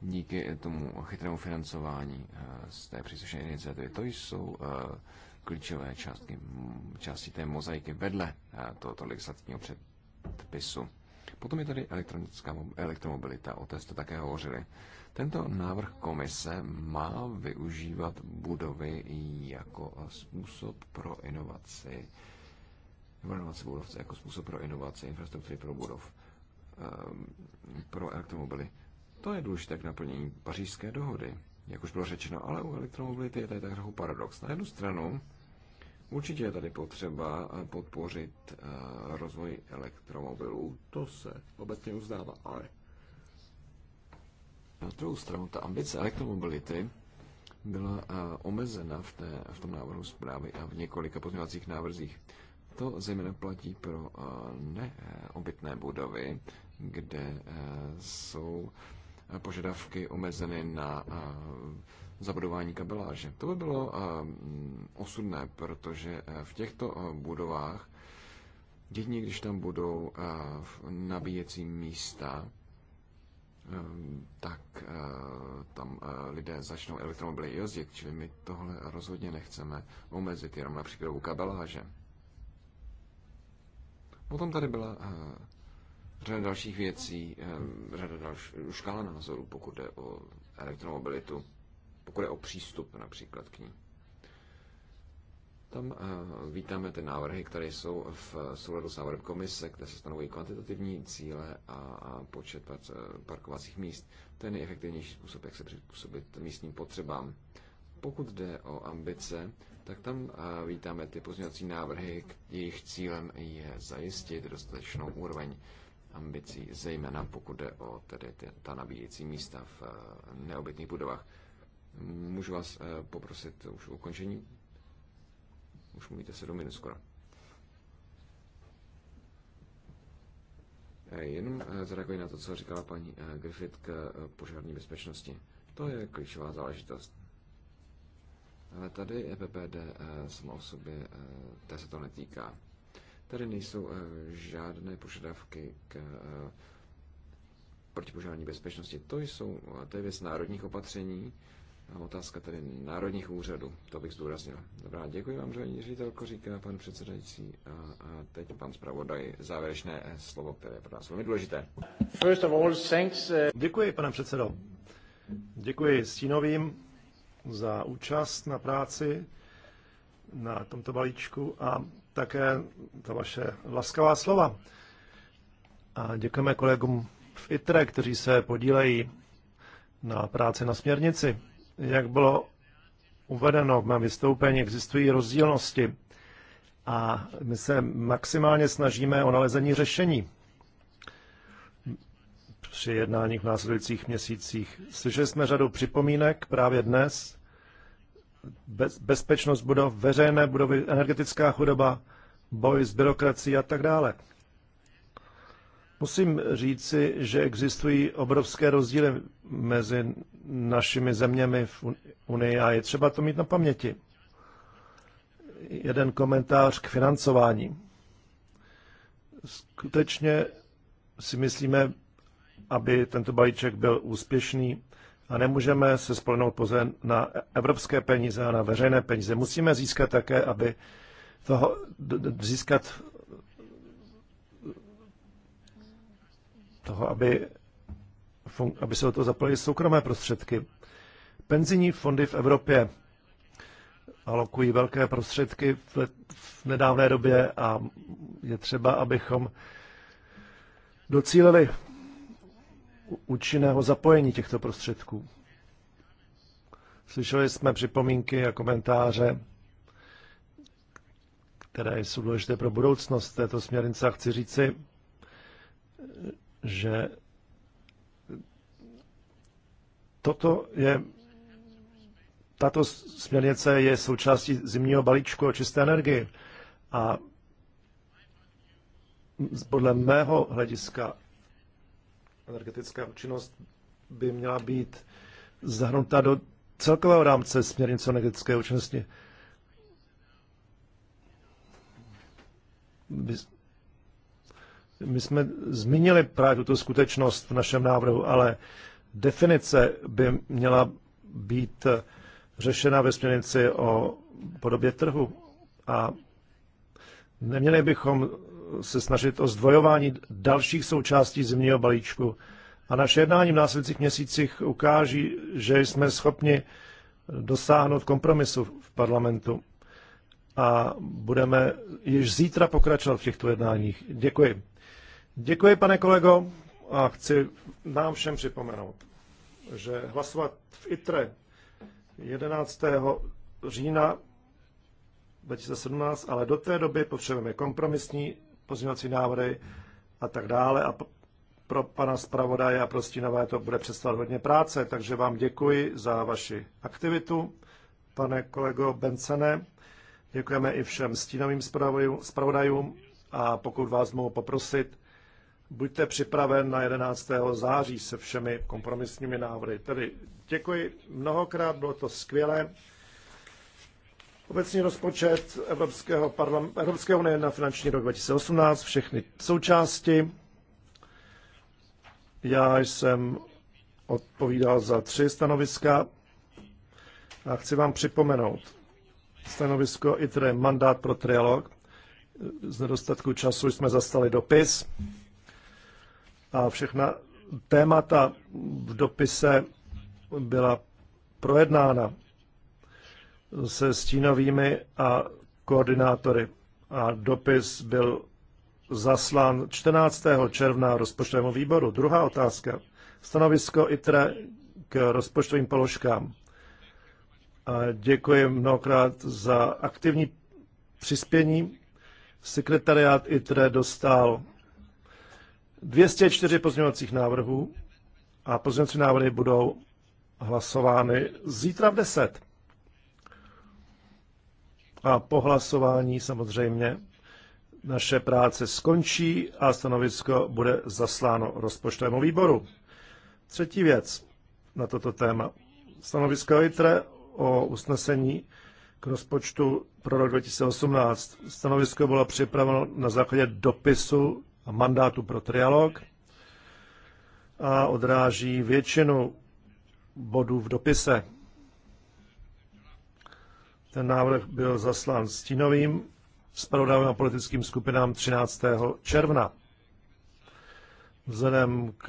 díky tomu chytrému financování eh, z té příslušné iniciativy. To jsou klíčové částky, části té mozaiky vedle tohoto legislativního předpisu. Potom je tady elektronická elektromobilita, o té jste také hovořili. Tento návrh komise má využívat budovy jako způsob pro inovaci, inovace budovce jako způsob pro inovaci infrastruktury pro budov, ehm, pro elektromobily. To je důležité k naplnění pařížské dohody, jak už bylo řečeno, ale u elektromobility je tady tak trochu paradox. Na jednu stranu Určitě je tady potřeba eh, podpořit eh, rozvoj elektromobilů, to se obecně uznává, ale na druhou stranu ta ambice elektromobility byla eh, omezena v, té, v tom návrhu zprávy a v několika pozměňovacích návrzích. To zejména platí pro neobytné budovy, kde jsou požadavky omezeny na zabudování kabeláže. To by bylo eh, mm, osudné, protože eh, v těchto eh, budovách, jedině když tam budou nabíjecí místa, tak tam lidé začnou elektromobily jezdit, čili my tohle rozhodně nechceme omezit jenom například u kabeláže. Potom tady byla řada dalších věcí, řada dalších škála názorů, pokud jde o elektromobilitu pokud je o přístup například k ní. Tam eh, vítáme ty návrhy, které jsou v souladu s návrhem komise, kde se stanovují kvantitativní cíle a počet parkovacích míst. To je nejefektivnější způsob, jak se přizpůsobit místním potřebám. Pokud jde o ambice, tak tam eh, vítáme ty pozměňovací návrhy, jejich cílem je zajistit dostatečnou úroveň ambicí, zejména pokud jde o tedy ty, ta nabíjecí místa v eh, neobytných budovách. Můžu vás eh, poprosit už o ukončení? Už mluvíte do minut skoro. Eh, jenom eh, zareaguji na to, co říkala paní Griffith k požární bezpečnosti. To je klíčová záležitost. Ale tady EPPD samo o sobě, té se to netýká. Tady nejsou žádné požadavky k protipožární bezpečnosti. To, jsou, to je věc národních opatření otázka tedy národních úřadů, to bych zdůraznil. Dobrá, děkuji vám, ředitelko, říká pan předsedající. A, a teď pan zpravodaj, závěrečné slovo, které je pro nás velmi důležité. First of all, thanks. Eh, děkuji, pane předsedo. Děkuji Stínovým za účast na práci na tomto balíčku a také za vaše laskavá slova. A děkujeme kolegům v ITRE, kteří se podílejí na práci na směrnici. Jak bylo uvedeno v mém vystoupení, existují rozdílnosti a my se maximálně snažíme o nalezení řešení při jednáních v následujících měsících. Slyšeli jsme řadu připomínek právě dnes. bezpečnost budov, veřejné budovy, energetická chudoba, boj s byrokracií a tak dále. Musím říci, že existují obrovské rozdíly mezi našimi zeměmi v Unii a je třeba to mít na paměti. Jeden komentář k financování. Skutečně si myslíme, aby tento balíček byl úspěšný a nemůžeme se spolehnout pouze na evropské peníze a na veřejné peníze. Musíme získat také, aby toho, získat toho, aby, aby se do toho zapojili soukromé prostředky. Penzijní fondy v Evropě alokují velké prostředky v, v nedávné době a je třeba, abychom docílili účinného zapojení těchto prostředků. Slyšeli jsme připomínky a komentáře, které jsou důležité pro budoucnost této směrnice a chci říci, že toto je, tato směrnice je součástí zimního balíčku o čisté energii a podle mého hlediska energetická účinnost by měla být zahrnuta do celkového rámce směrnice energetické účinnosti. My jsme zmínili právě tuto skutečnost v našem návrhu, ale definice by měla být řešena ve směrnici o podobě trhu a neměli bychom se snažit o zdvojování dalších součástí zimního balíčku. A naše jednání v následujících měsících ukáží, že jsme schopni dosáhnout kompromisu v parlamentu. A budeme již zítra pokračovat v těchto jednáních. Děkuji. Děkuji, pane kolego, a chci nám všem připomenout, že hlasovat v ITRE 11. října 2017, ale do té doby potřebujeme kompromisní pozměňovací návrhy a tak dále. A pro pana zpravodaje a pro to bude představovat hodně práce, takže vám děkuji za vaši aktivitu, pane kolego Bencene. Děkujeme i všem stínovým zpravodajům a pokud vás mohu poprosit, buďte připraven na 11. září se všemi kompromisními návrhy. Tedy děkuji mnohokrát, bylo to skvělé. Obecní rozpočet Evropského parlament, Evropské unie na finanční rok 2018, všechny součásti. Já jsem odpovídal za tři stanoviska a chci vám připomenout stanovisko ITRE mandát pro trialog. Z nedostatku času jsme zastali dopis a všechna témata v dopise byla projednána se stínovými a koordinátory. A dopis byl zaslán 14. června rozpočtovému výboru. Druhá otázka. Stanovisko ITRE k rozpočtovým položkám. A děkuji mnohokrát za aktivní přispění. Sekretariát ITRE dostal 204 pozměňovacích návrhů a pozměňovací návrhy budou hlasovány zítra v 10. A po hlasování samozřejmě naše práce skončí a stanovisko bude zasláno rozpočtovému výboru. Třetí věc na toto téma. Stanovisko ITRE o usnesení k rozpočtu pro rok 2018. Stanovisko bylo připraveno na základě dopisu a mandátu pro trialog a odráží většinu bodů v dopise. Ten návrh byl zaslán stínovým s a politickým skupinám 13. června. Vzhledem k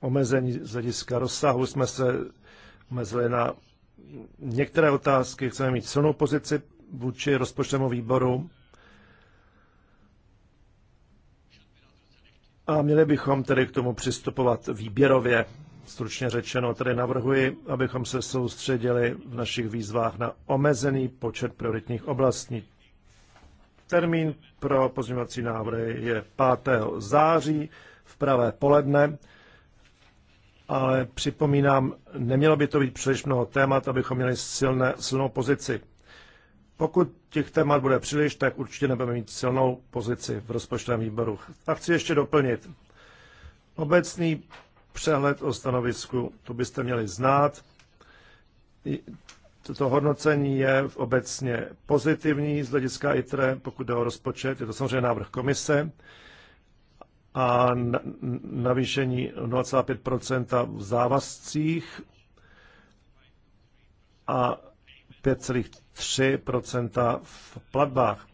omezení z hlediska rozsahu jsme se omezili na některé otázky. Chceme mít silnou pozici vůči rozpočtovému výboru A měli bychom tedy k tomu přistupovat výběrově. Stručně řečeno, tedy navrhuji, abychom se soustředili v našich výzvách na omezený počet prioritních oblastí. Termín pro pozměňovací návrhy je 5. září v pravé poledne, ale připomínám, nemělo by to být příliš mnoho témat, abychom měli silné, silnou pozici. Pokud těch témat bude příliš, tak určitě nebudeme mít silnou pozici v rozpočtovém výboru. A chci ještě doplnit. Obecný přehled o stanovisku, to byste měli znát. Toto hodnocení je obecně pozitivní z hlediska ITRE, pokud jde o rozpočet. Je to samozřejmě návrh komise a navýšení 0,5 v závazcích a 5,3 v platbách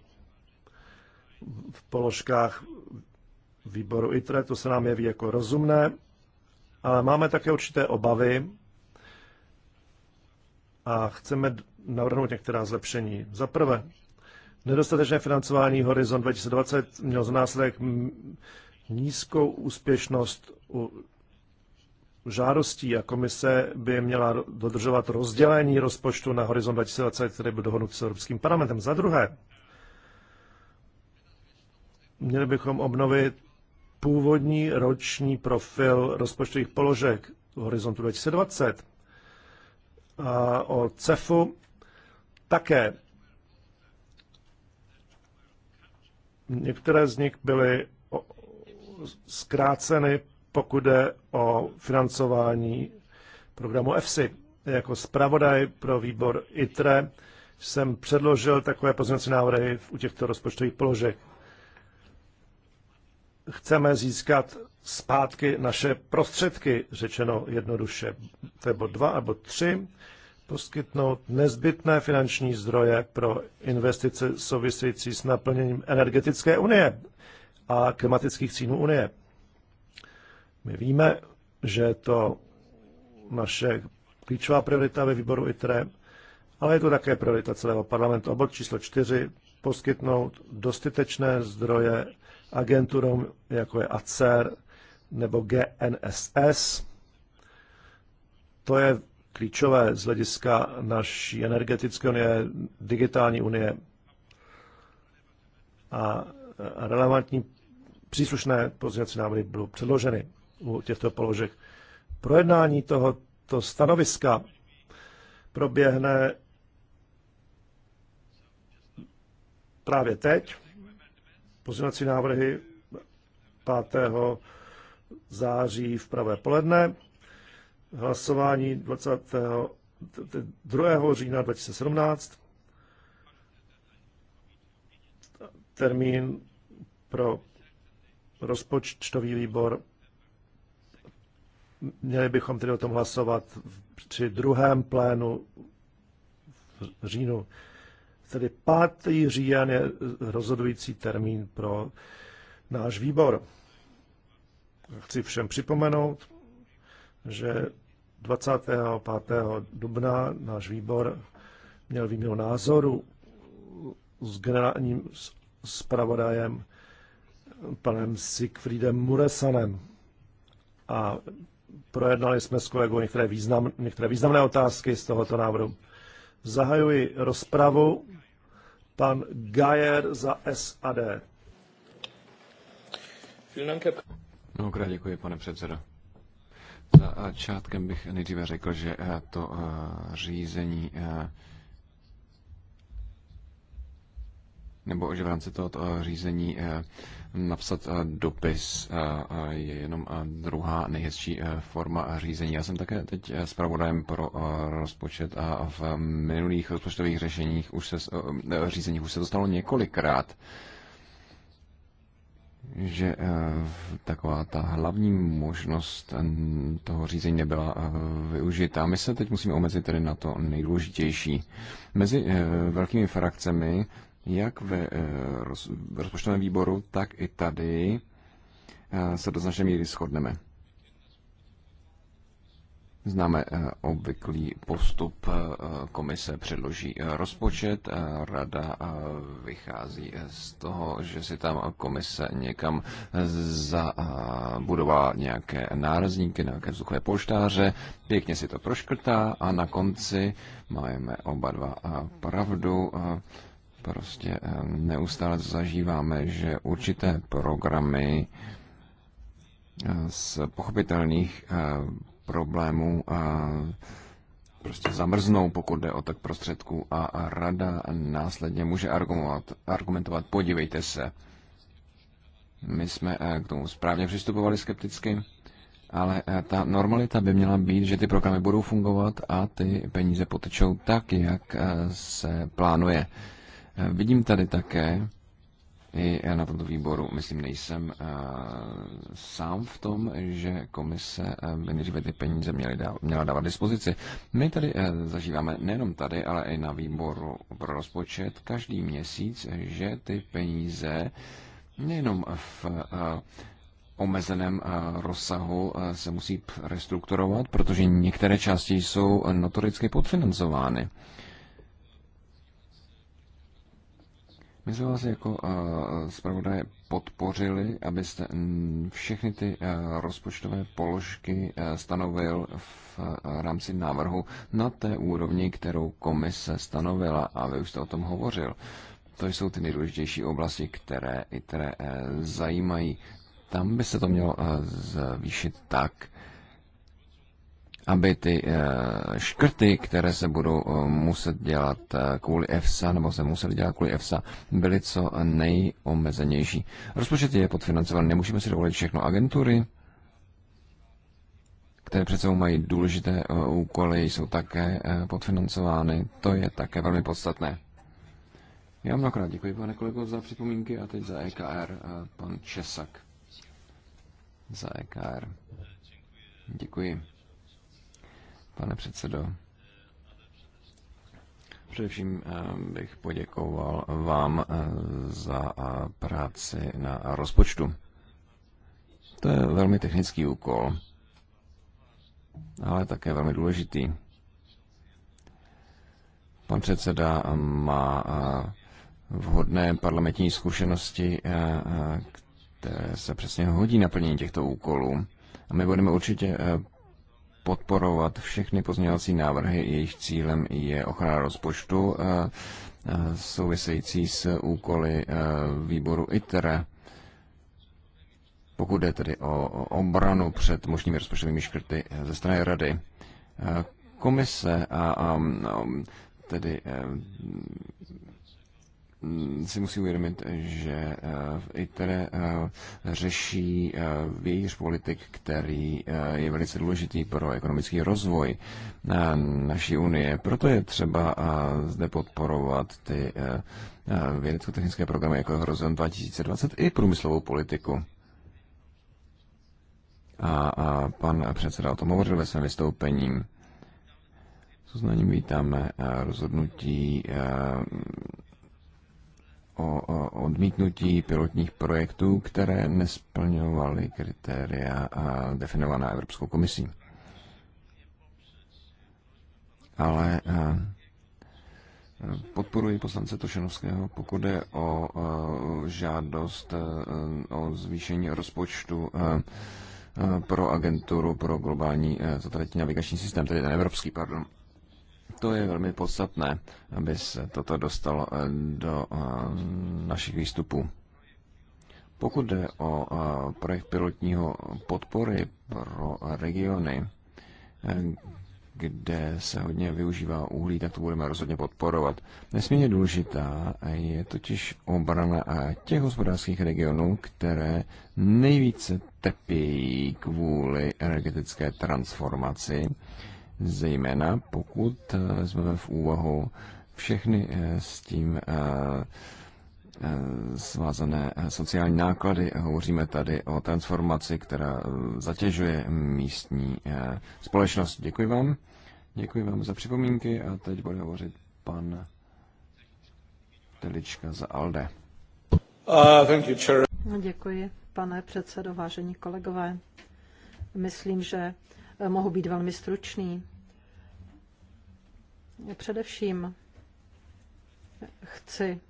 v položkách výboru ITRE, to se nám jeví jako rozumné, ale máme také určité obavy a chceme navrhnout některá zlepšení. Za prvé, nedostatečné financování Horizon 2020 mělo z následek nízkou úspěšnost u žádostí a komise by měla dodržovat rozdělení rozpočtu na horizont 2020, který byl dohodnut s Evropským parlamentem. Za druhé, měli bychom obnovit původní roční profil rozpočtových položek horizontu 2020 a o CEFu také. Některé z nich byly zkráceny pokud jde o financování programu EFSI. Jako zpravodaj pro výbor ITRE jsem předložil takové pozměnce návrhy u těchto rozpočtových položek. Chceme získat zpátky naše prostředky, řečeno jednoduše, to je bod 2 nebo tři, poskytnout nezbytné finanční zdroje pro investice související s naplněním energetické unie a klimatických cílů unie. My víme, že je to naše klíčová priorita ve výboru ITRE, ale je to také priorita celého parlamentu. A bod číslo čtyři poskytnout dostatečné zdroje agenturům, jako je ACER nebo GNSS. To je klíčové z hlediska naší energetické unie, digitální unie a relevantní příslušné pozměňovací návrhy budou předloženy u těchto položek. Projednání tohoto stanoviska proběhne právě teď. Pozměňovací návrhy 5. září v pravé poledne. Hlasování 22. října 2017. Termín pro rozpočtový výbor Měli bychom tedy o tom hlasovat při druhém plénu v říjnu. Tedy 5. říjen je rozhodující termín pro náš výbor. Chci všem připomenout, že 25. dubna náš výbor měl výměnu názoru s generálním zpravodajem panem Sigfriedem Muresanem. A Projednali jsme s kolegou některé, význam, některé významné otázky z tohoto návrhu. Zahajuji rozpravu. Pan Gajer za SAD. Mnohokrát děkuji, pane předsedo. Začátkem bych nejdříve řekl, že eh, to eh, řízení eh, nebo že v rámci tohoto eh, řízení eh, napsat eh, dopis je jenom druhá nejhezčí forma řízení. Já jsem také teď zpravodajem pro rozpočet a v minulých rozpočtových řešeních už se, řízeních už se dostalo několikrát že taková ta hlavní možnost toho řízení nebyla využita. My se teď musíme omezit tedy na to nejdůležitější. Mezi velkými frakcemi jak ve eh, rozpočtovém výboru, tak i tady eh, se do značné míry shodneme. Známe eh, obvyklý postup. Komise předloží rozpočet. Rada vychází z toho, že si tam komise někam zabudovala nějaké nárazníky, nějaké vzduchové poštáře, Pěkně si to proškrtá a na konci máme oba dva pravdu. Prostě eh, neustále zažíváme, že určité programy eh, z pochopitelných eh, problémů prostě zamrznou, pokud jde o tak prostředků a rada následně může argumentovat, argumentovat podívejte se, my jsme k tomu správně přistupovali skepticky, ale ta normalita by měla být, že ty programy budou fungovat a ty peníze potečou tak, jak se plánuje. Vidím tady také, i na tomto výboru, myslím, nejsem eh, sám v tom, že komise eh, by nejdříve ty peníze měly dá, měla dávat dispozici. My tady eh, zažíváme nejenom tady, ale i na výboru pro rozpočet každý měsíc, že ty peníze nejenom v omezeném rozsahu se musí restrukturovat, protože některé části jsou notoricky podfinancovány. My jsme vás vlastně jako eh, zpravodaje podpořili, abyste mm, všechny ty eh, rozpočtové položky eh, stanovil v rámci návrhu na té úrovni, kterou komise stanovila a vy už jste o tom hovořil. To jsou ty nejdůležitější oblasti, které, které zajímají. Tam by se to mělo zvýšit tak, aby ty eh, škrty, které se budou eh, muset dělat eh, kvůli EFSA, nebo se museli dělat kvůli EFSA, byly co nejomezenější. Rozpočet je podfinancovaný, nemůžeme si dovolit všechno agentury, které přece mají důležité úkoly, jsou také podfinancovány. To je také velmi podstatné. Já mnohokrát děkuji, pane kolego, za připomínky a teď za EKR pan Česak. Za EKR. Děkuji pane předsedo. Především eh, bych poděkoval vám eh, za eh, práci na rozpočtu. To je velmi technický úkol, ale také velmi důležitý. Pan předseda má vhodné parlamentní zkušenosti, které se přesně hodí naplnění těchto úkolů. A my budeme určitě podporovat všechny pozměňovací návrhy, jejich cílem je ochrana rozpočtu eh, eh, související s úkoly eh, výboru ITER. Pokud jde tedy o obranu před možnými rozpočtovými škrty ze strany Rady, komise a, a, a no, tedy Mm, si musí uvědomit, že eh, ITER eh, řeší eh, vějíř politik, který je velice důležitý pro ekonomický rozvoj naší unie. Proto je třeba zde podporovat ty vědecko-technické programy jako Horizon 2020 i průmyslovou politiku. A, a pan předseda o tom hovořil ve svém vystoupení. S uznáním vítáme rozhodnutí o odmítnutí pilotních projektů, které nesplňovaly kritéria definovaná Evropskou komisí. Ale podporuji poslance Tošenovského, pokud jde o žádost o zvýšení rozpočtu pro agenturu pro globální satelitní navigační systém, tedy ten evropský, pardon. To je velmi podstatné, aby se toto dostalo eh, do eh, našich výstupů. Pokud jde o eh, projekt pilotního podpory pro regiony, kde se hodně využívá uhlí, tak to budeme rozhodně podporovat. Nesmírně důležitá je totiž obrana těch hospodářských regionů, které nejvíce trpí kvůli energetické transformaci zejména pokud eh, vezmeme v úvahu všechny eh, s tím eh, svázané sociální náklady. Hovoříme tady o transformaci, která zatěžuje místní společnost. Děkuji vám. Děkuji vám za připomínky a teď bude hovořit pan Telička za ALDE. Uh, thank you, chair. No, děkuji, pane předsedo, vážení kolegové. Myslím, že mohu být velmi stručný. Především chci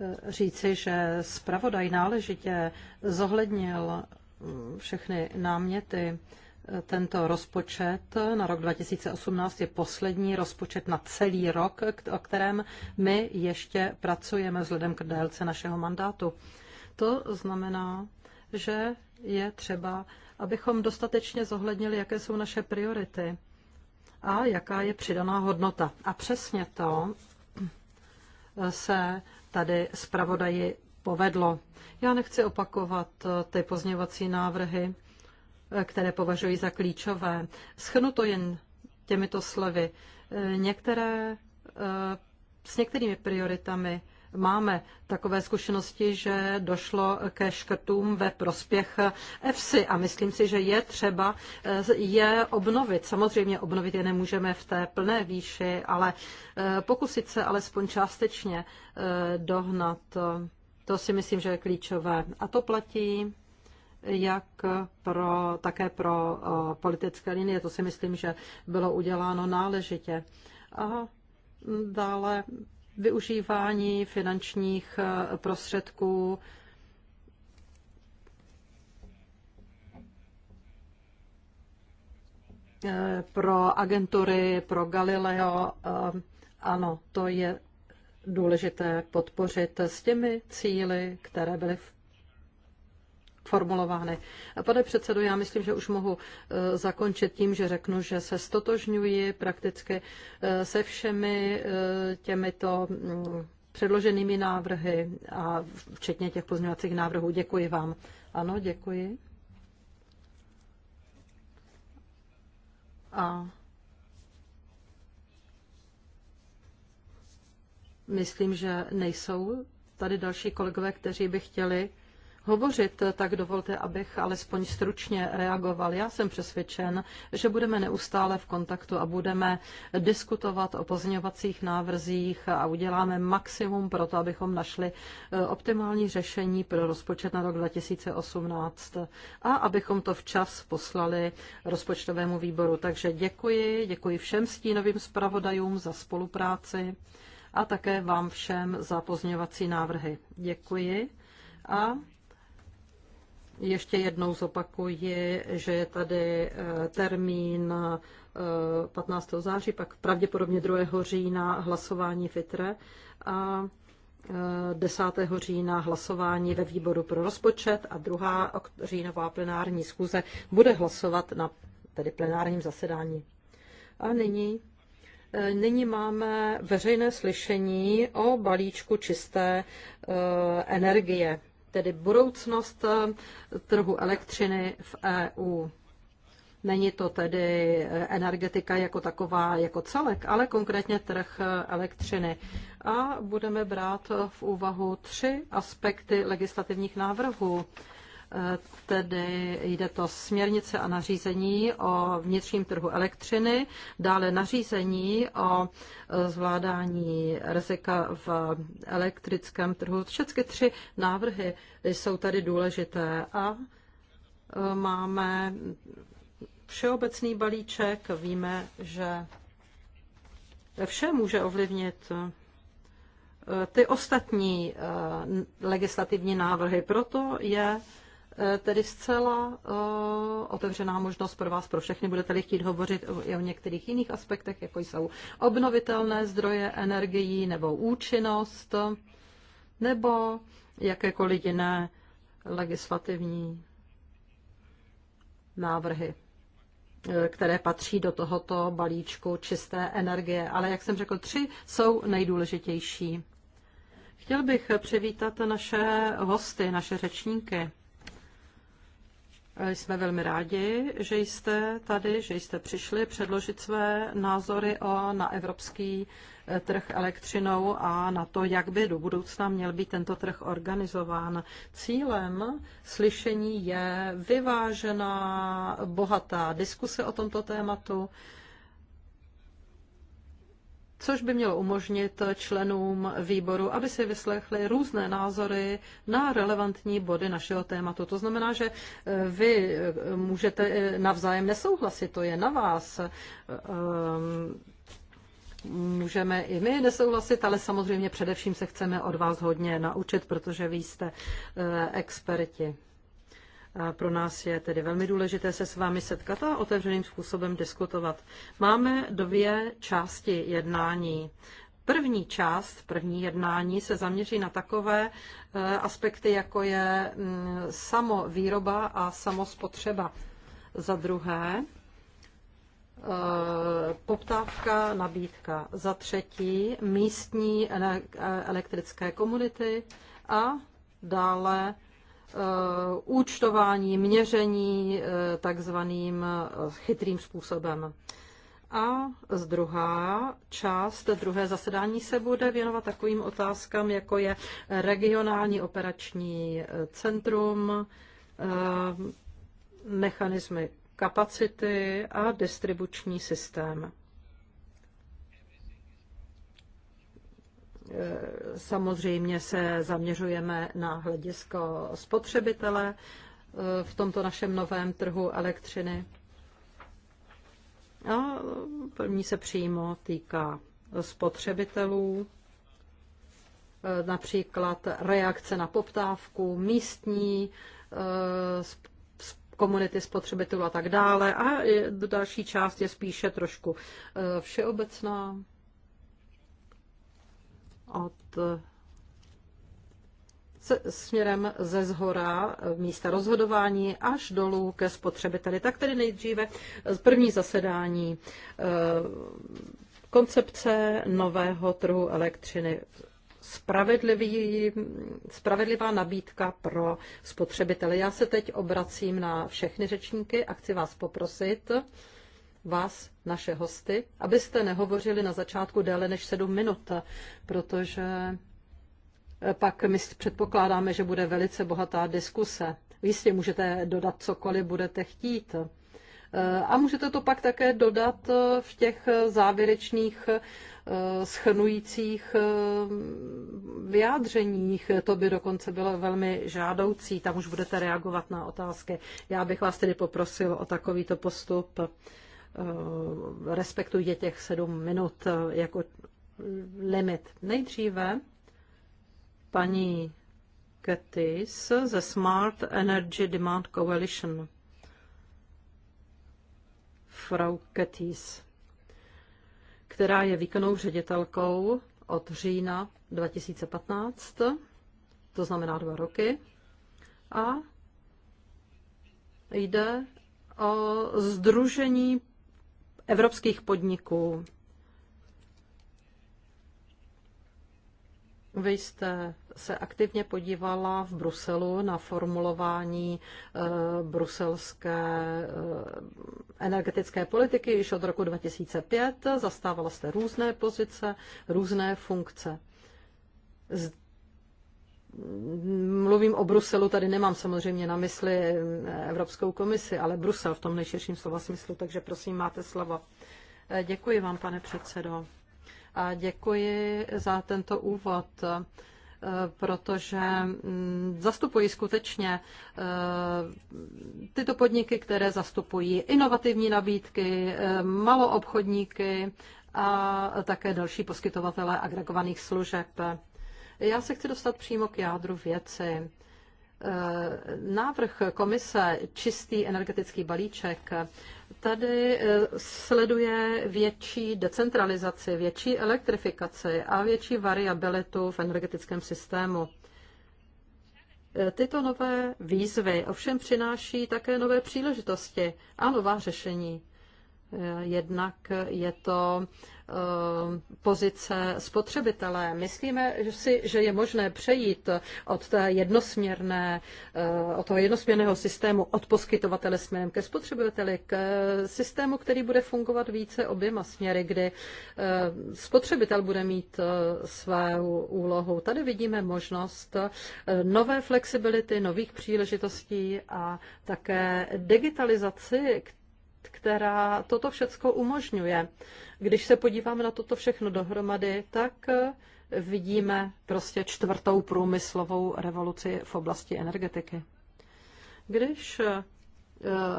eh, říci, že zpravodaj náležitě zohlednil mm, všechny náměty. Eh, tento rozpočet na rok 2018 je poslední rozpočet na celý rok, o kterém my ještě pracujeme vzhledem k délce našeho mandátu. To znamená, že je třeba, abychom dostatečně zohlednili, jaké jsou naše priority a jaká je přidaná hodnota. A přesně to se tady zpravodaji povedlo. Já nechci opakovat eh, ty pozněvací návrhy, eh, které považuji za klíčové. Schnu to jen těmito slovy. Eh, některé s některými prioritami máme takové zkušenosti, že došlo ke škrtům ve prospěch EFSI a myslím si, že je třeba eh, je obnovit. Samozřejmě obnovit je nemůžeme v té plné výši, ale eh, pokusit se alespoň částečně eh, dohnat, to si myslím, že je klíčové. A to platí jak pro, také pro politické linie. To si myslím, že bylo uděláno náležitě. A dále využívání finančních eh, prostředků eh, pro agentury, pro Galileo. Eh, ano, to je důležité podpořit s těmi cíly, které byly v formulovány. Pane předsedo, já myslím, že už mohu e, zakončit tím, že řeknu, že se stotožňuji prakticky e, se všemi e, těmito mm, předloženými návrhy a včetně těch pozměňovacích návrhů. Děkuji vám. Ano, děkuji. A myslím, že nejsou tady další kolegové, kteří by chtěli hovořit, tak dovolte, abych alespoň stručně reagoval. Já jsem přesvědčen, že budeme neustále v kontaktu a budeme diskutovat o pozměňovacích návrzích a uděláme maximum pro to, abychom našli eh, optimální řešení pro rozpočet na rok 2018 a abychom to včas poslali rozpočtovému výboru. Takže děkuji, děkuji všem stínovým zpravodajům za spolupráci a také vám všem za pozměňovací návrhy. Děkuji a ještě jednou zopakuji, že je tady eh, termín 15. Eh, září, pak pravděpodobně 2. října hlasování fitre, a 10. Eh, října hlasování ve výboru pro rozpočet a druhá říjnová plenární schůze bude hlasovat na tedy plenárním zasedání. A nyní, nyní máme veřejné slyšení o balíčku čisté energie tedy budoucnost eh, trhu elektřiny v EU. Není to tedy energetika jako taková, jako celek, ale konkrétně trh eh, elektřiny. A budeme brát v úvahu tři aspekty legislativních návrhů tedy jde to směrnice a nařízení o vnitřním trhu elektřiny, dále nařízení o zvládání rizika v elektrickém trhu. Všechny tři návrhy jsou tady důležité a e, máme všeobecný balíček. Víme, že vše může ovlivnit e, ty ostatní e, legislativní návrhy. Proto je Eh, tedy zcela eh, otevřená možnost pro vás, pro všechny. Budete-li chtít hovořit i o některých jiných aspektech, jako jsou obnovitelné zdroje energií nebo účinnost nebo jakékoliv jiné legislativní návrhy eh, které patří do tohoto balíčku čisté energie. Ale jak jsem řekl, tři jsou nejdůležitější. Chtěl bych přivítat naše hosty, naše řečníky. Jsme velmi rádi, že jste tady, že jste přišli předložit své názory o, na evropský eh, trh elektřinou a na to, jak by do budoucna měl být tento trh organizován. Cílem slyšení je vyvážená, bohatá diskuse o tomto tématu což by mělo umožnit členům výboru, aby si vyslechli různé názory na relevantní body našeho tématu. To znamená, že eh, vy eh, můžete eh, navzájem nesouhlasit, to je na vás. Ehm, můžeme i my nesouhlasit, ale samozřejmě především se chceme od vás hodně naučit, protože vy jste experti. Pro nás je tedy velmi důležité se s vámi setkat a otevřeným způsobem diskutovat. Máme dvě části jednání. První část, první jednání se zaměří na takové e, aspekty, jako je mm, samovýroba a samospotřeba. Za druhé, e, poptávka, nabídka. Za třetí, místní e, elektrické komunity a dále Eh, účtování, měření eh, takzvaným eh, chytrým způsobem. A z druhá část, druhé zasedání se bude věnovat takovým otázkám, jako je regionální operační centrum, mechanismy kapacity a distribuční systém. Samozřejmě se zaměřujeme na hledisko spotřebitele e, v tomto našem novém trhu elektřiny. A první se přímo týká spotřebitelů, e, například reakce na poptávku, místní e, komunity spotřebitelů a tak dále. A další část je spíše trošku všeobecná od směrem ze zhora eh, místa rozhodování až dolů ke spotřebiteli. Tak tedy nejdříve první zasedání eh, koncepce nového trhu elektřiny. Spravedlivý, spravedlivá nabídka pro spotřebitele. Já se teď obracím na všechny řečníky a chci vás poprosit, vás, naše hosty, abyste nehovořili na začátku déle než 7 minut, protože eh, pak my předpokládáme, že bude velice bohatá diskuse. Jistě můžete dodat cokoliv budete chtít. Eh, a můžete to pak také dodat eh, v těch závěrečných schrnujících vyjádřeních. To by dokonce bylo velmi žádoucí. Tam už budete reagovat na otázky. Já bych vás tedy poprosil o takovýto postup. Eh, respektuje těch sedm minut eh, jako eh, limit. Nejdříve paní Ketis ze Smart Energy Demand Coalition. Frau Ketis, která je výkonnou ředitelkou od října 2015, to znamená dva roky, a jde o Združení evropských podniků. Vy jste se aktivně podívala v Bruselu na formulování eh, bruselské eh, energetické politiky již od roku 2005. Zastávala jste různé pozice, různé funkce mluvím o Bruselu, tady nemám samozřejmě na mysli eh, Evropskou komisi, ale Brusel v tom nejširším slova smyslu, takže prosím, máte slovo. Eh, děkuji vám, pane předsedo. A děkuji za tento úvod, eh, protože mm, zastupuji skutečně tyto podniky, které zastupují inovativní nabídky, maloobchodníky a také další poskytovatele agregovaných služeb. Já se chci dostat přímo k jádru věci. Eh, návrh komise Čistý energetický balíček tady eh, sleduje větší decentralizaci, větší elektrifikaci a větší variabilitu v energetickém systému. Eh, tyto nové výzvy ovšem přináší také nové příležitosti a nová řešení. Jednak je to Eh, pozice spotřebitele. Myslíme si, že je možné přejít od, té jednosměrné, eh, od toho jednosměrného systému od poskytovatele směrem ke spotřebiteli k systému, který bude fungovat více oběma směry, kdy eh, spotřebitel bude mít svou úlohu. Tady vidíme možnost nové flexibility, nových příležitostí a také digitalizaci, která toto všechno umožňuje. Když se podíváme na toto všechno dohromady, tak eh, vidíme prostě čtvrtou průmyslovou revoluci v oblasti energetiky. Když eh,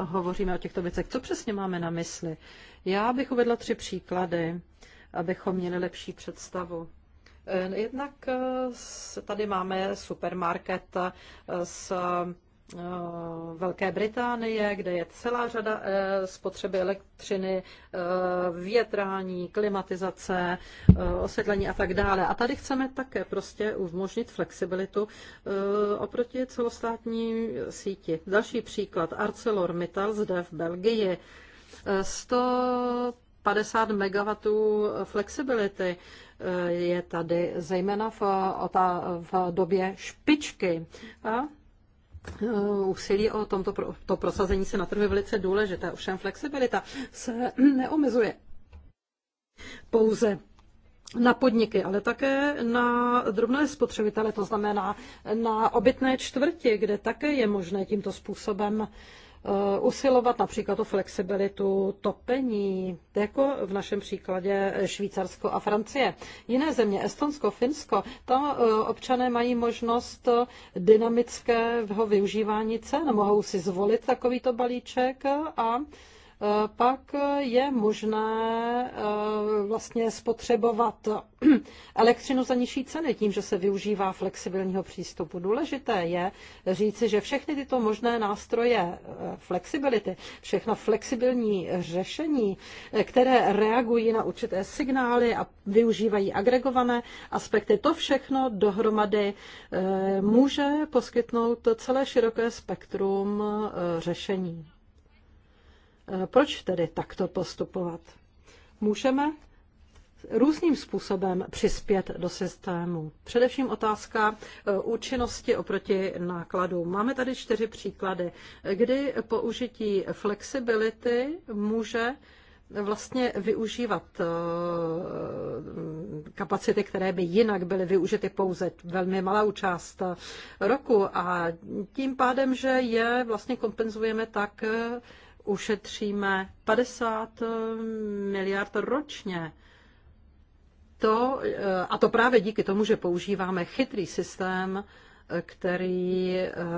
hovoříme o těchto věcech, co přesně máme na mysli? Já bych uvedla tři příklady, abychom měli lepší představu. Eh, jednak tady máme supermarket s Eh, Velké Británie, kde je celá řada eh, spotřeby elektřiny, eh, větrání, klimatizace, osvětlení a tak dále. A tady chceme také prostě umožnit flexibilitu oproti celostátní síti. Další příklad, ArcelorMittal zde v Belgii. 150 MW flexibility je tady, zejména v, v době špičky. A Eh, úsilí o tomto pro, to prosazení se na trhu je velice důležité, ovšem flexibilita se neomezuje pouze na podniky, ale také na drobné spotřebitele, to znamená na obytné čtvrti, kde také je možné tímto způsobem Uh, usilovat například o flexibilitu topení, jako v našem příkladě Švýcarsko a Francie. Jiné země, Estonsko, Finsko, tam uh, občané mají možnost dynamického využívání cen, mohou si zvolit takovýto balíček a Eh, pak je možné eh, vlastně spotřebovat elektřinu za nižší ceny tím, že se využívá flexibilního přístupu. Důležité je říci, že všechny tyto možné nástroje eh, flexibility, všechna flexibilní řešení, které reagují na určité signály a využívají agregované aspekty, to všechno dohromady může poskytnout celé široké spektrum řešení. Eh, proč tedy takto postupovat? Můžeme různým způsobem přispět do systému. Především otázka eh, účinnosti oproti nákladům. Máme tady čtyři příklady, kdy použití flexibility může vlastně využívat eh, kapacity, které by jinak byly využity pouze velmi malou část roku a tím pádem, že je vlastně kompenzujeme tak ušetříme 50 eh, miliard ročně. To, eh, a to právě díky tomu, že používáme chytrý systém, eh, který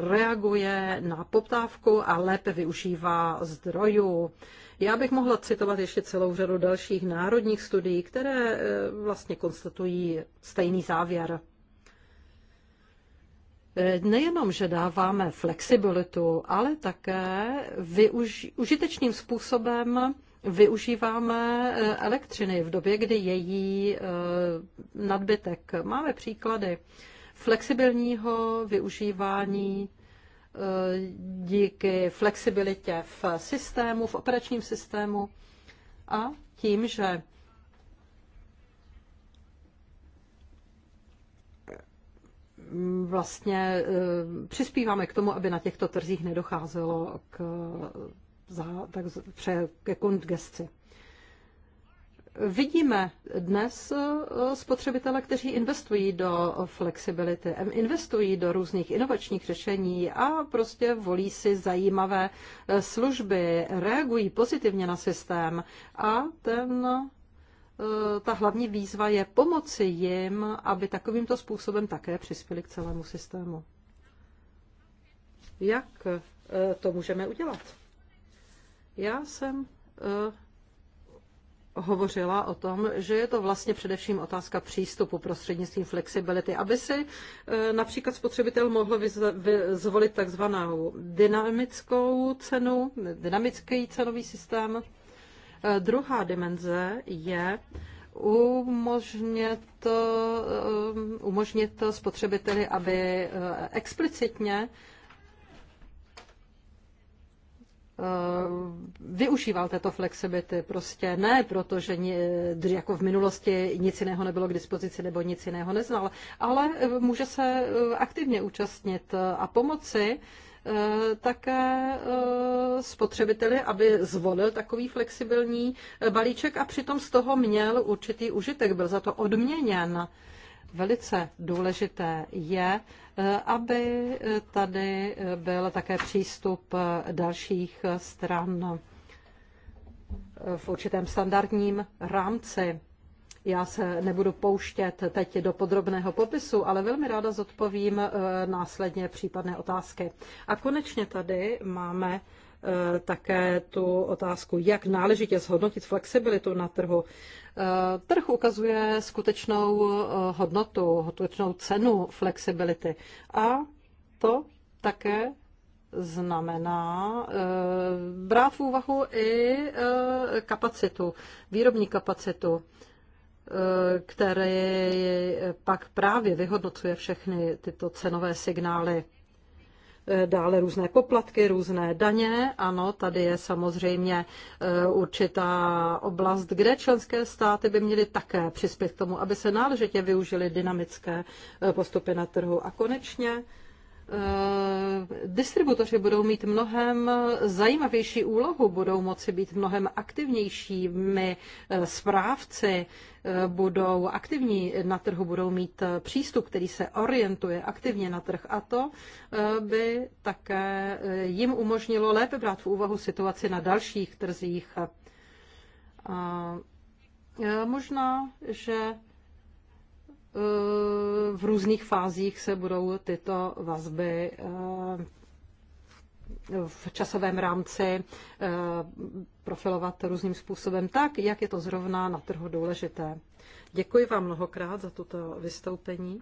reaguje na poptávku a lépe využívá zdrojů. Já bych mohla citovat ještě celou řadu dalších národních studií, které vlastně konstatují stejný závěr. E, nejenom, že dáváme flexibilitu, ale také využ- užitečným způsobem využíváme e, elektřiny v době, kdy její e, nadbytek. Máme příklady flexibilního využívání díky flexibilitě v systému, v operačním systému a tím, že vlastně eh, přispíváme k tomu, aby na těchto trzích nedocházelo k, za, tak, pře, ke kongesci. Vidíme dnes eh, spotřebitele, kteří investují do flexibility, investují do různých inovačních řešení a prostě volí si zajímavé eh, služby, reagují pozitivně na systém a ten Eh, ta hlavní výzva je pomoci jim, aby takovýmto způsobem také přispěli k celému systému. Jak eh, to můžeme udělat? Já jsem eh, hovořila o tom, že je to vlastně především otázka přístupu prostřednictvím flexibility, aby si například spotřebitel mohl zvolit takzvanou dynamickou cenu, dynamický cenový systém, Eh, druhá dimenze je umožnit, eh, umožnit spotřebiteli, aby eh, explicitně využíval této flexibility. Prostě ne, protože jako v minulosti nic jiného nebylo k dispozici nebo nic jiného neznal, ale může se aktivně účastnit a pomoci Eh, také eh, spotřebiteli, aby zvolil takový flexibilní eh, balíček a přitom z toho měl určitý užitek, byl za to odměněn. Velice důležité je, aby tady byl také přístup dalších stran v určitém standardním rámci já se nebudu pouštět teď do podrobného popisu, ale velmi ráda zodpovím eh, následně případné otázky. A konečně tady máme eh, také tu otázku, jak náležitě zhodnotit flexibilitu na trhu. Eh, trh ukazuje skutečnou hodnotu, skutečnou cenu flexibility. A to také znamená brát v úvahu i kapacitu, výrobní kapacitu který pak právě vyhodnocuje všechny tyto cenové signály. Dále různé poplatky, různé daně. Ano, tady je samozřejmě e, určitá oblast, kde členské státy by měly také přispět k tomu, aby se náležitě využily dynamické e, postupy na trhu. A konečně Eh, distributoři budou mít mnohem zajímavější úlohu, budou moci být mnohem aktivnějšími eh, správci, eh, budou aktivní na trhu, budou mít přístup, který se orientuje aktivně na trh a to by také jim umožnilo lépe brát v úvahu situaci na dalších trzích. A možná, že v různých fázích se budou tyto vazby eh, v časovém rámci eh, profilovat různým způsobem tak, jak je to zrovna na trhu důležité. Děkuji vám mnohokrát za toto vystoupení.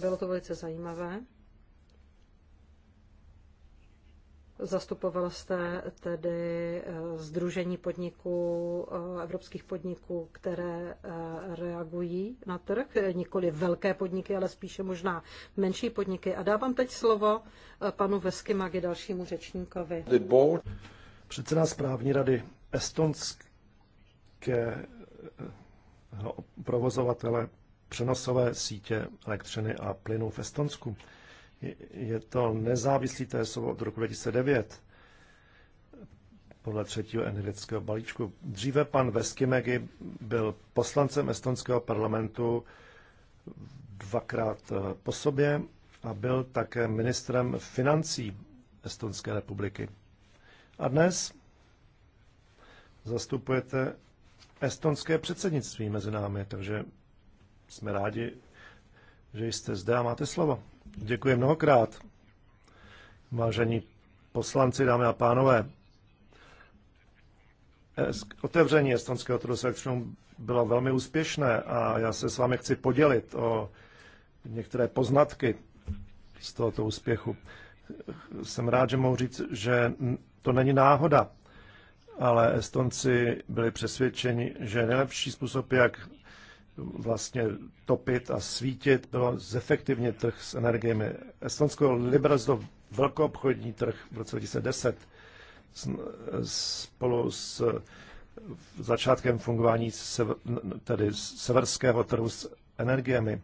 Bylo to velice zajímavé. Zastupoval jste tedy Združení eh, podniků, eh, evropských podniků, které eh, reagují na trh, nikoli velké podniky, ale spíše možná menší podniky. A dávám teď slovo panu Vesky Veskimagy, dalšímu řečníkovi. Předseda správní rady estonské provozovatele přenosové sítě elektřiny a plynu v Estonsku je to nezávislý slovo od roku 2009 podle třetího energetického balíčku. Dříve pan Veskimegy byl poslancem estonského parlamentu dvakrát eh, po sobě a byl také ministrem financí Estonské republiky. A dnes zastupujete estonské předsednictví mezi námi, takže jsme rádi, že jste zde a máte slovo. Děkuji mnohokrát. Vážení poslanci, dámy a pánové, otevření estonského trhu s bylo velmi úspěšné a já se s vámi chci podělit o některé poznatky z tohoto úspěchu. Jsem rád, že mohu říct, že to není náhoda, ale Estonci byli přesvědčeni, že nejlepší způsob, jak vlastně topit a svítit, bylo zefektivně trh s energiemi. Estonsko liberalizovalo velkoobchodní trh v roce 2010 spolu s začátkem fungování sever, tedy severského trhu s energiemi.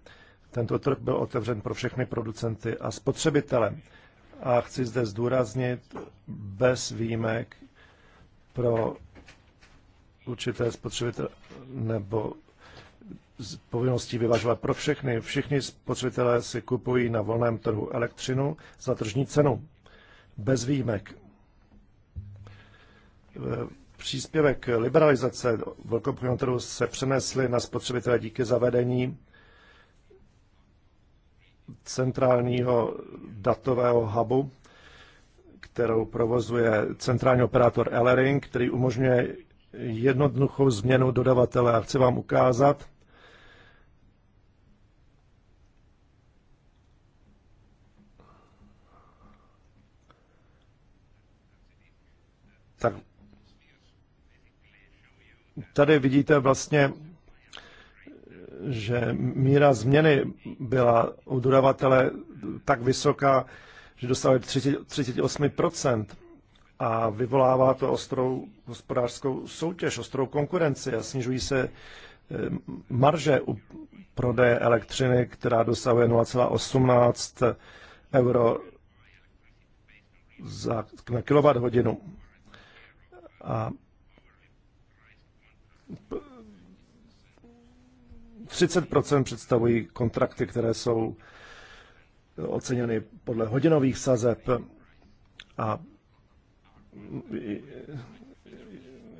Tento trh byl otevřen pro všechny producenty a spotřebitele. A chci zde zdůraznit bez výjimek pro určité spotřebitele nebo z povinností vyvažovat pro všechny. Všichni spotřebitelé si kupují na volném trhu elektřinu za tržní cenu, bez výjimek. E, příspěvek liberalizace velkoobchodního trhu se přenesly na spotřebitele díky zavedení centrálního datového hubu, kterou provozuje centrální operátor Ellering, který umožňuje jednoduchou změnu dodavatele. A chci vám ukázat, tady vidíte vlastně, že míra změny byla u dodavatele tak vysoká, že dostali 30, 38% a vyvolává to ostrou hospodářskou soutěž, ostrou konkurenci a snižují se eh, marže u prodeje elektřiny, která dosahuje 0,18 euro za, na hodinu. A 30% představují kontrakty, které jsou oceněny podle hodinových sazeb a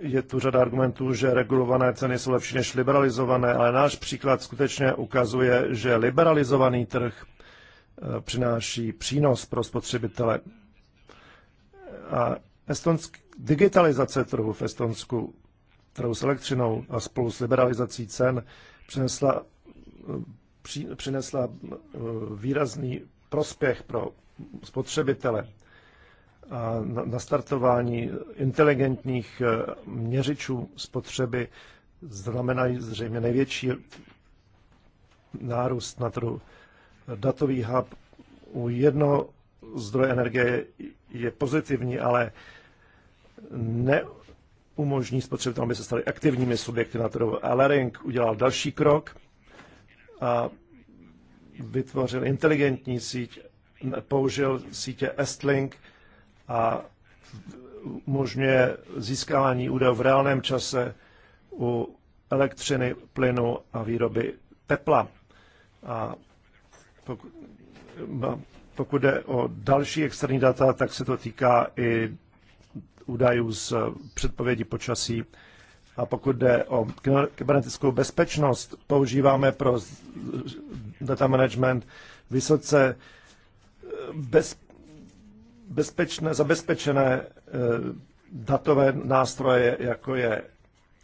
je tu řada argumentů, že regulované ceny jsou lepší než liberalizované, ale náš příklad skutečně ukazuje, že liberalizovaný trh eh, přináší přínos pro spotřebitele. A estonsk, digitalizace trhu v Estonsku trhu s elektřinou a spolu s liberalizací cen přinesla, při, přinesla eh, výrazný prospěch pro spotřebitele a nastartování inteligentních eh, měřičů spotřeby znamenají zřejmě největší nárůst na trhu. Datový hub u jedno zdroje energie je pozitivní, ale ne, umožní spotřebitelům, aby se stali aktivními subjekty na trhu. A Lering udělal další krok a vytvořil inteligentní síť, použil sítě Estlink a umožňuje získávání údajů v reálném čase u elektřiny, plynu a výroby tepla. A pokud, no, pokud jde o další externí data, tak se to týká i údajů z předpovědi počasí. A pokud jde o kybernetickou bezpečnost, používáme pro data management vysoce eh, bez, bezpečné, zabezpečené eh, datové nástroje, jako je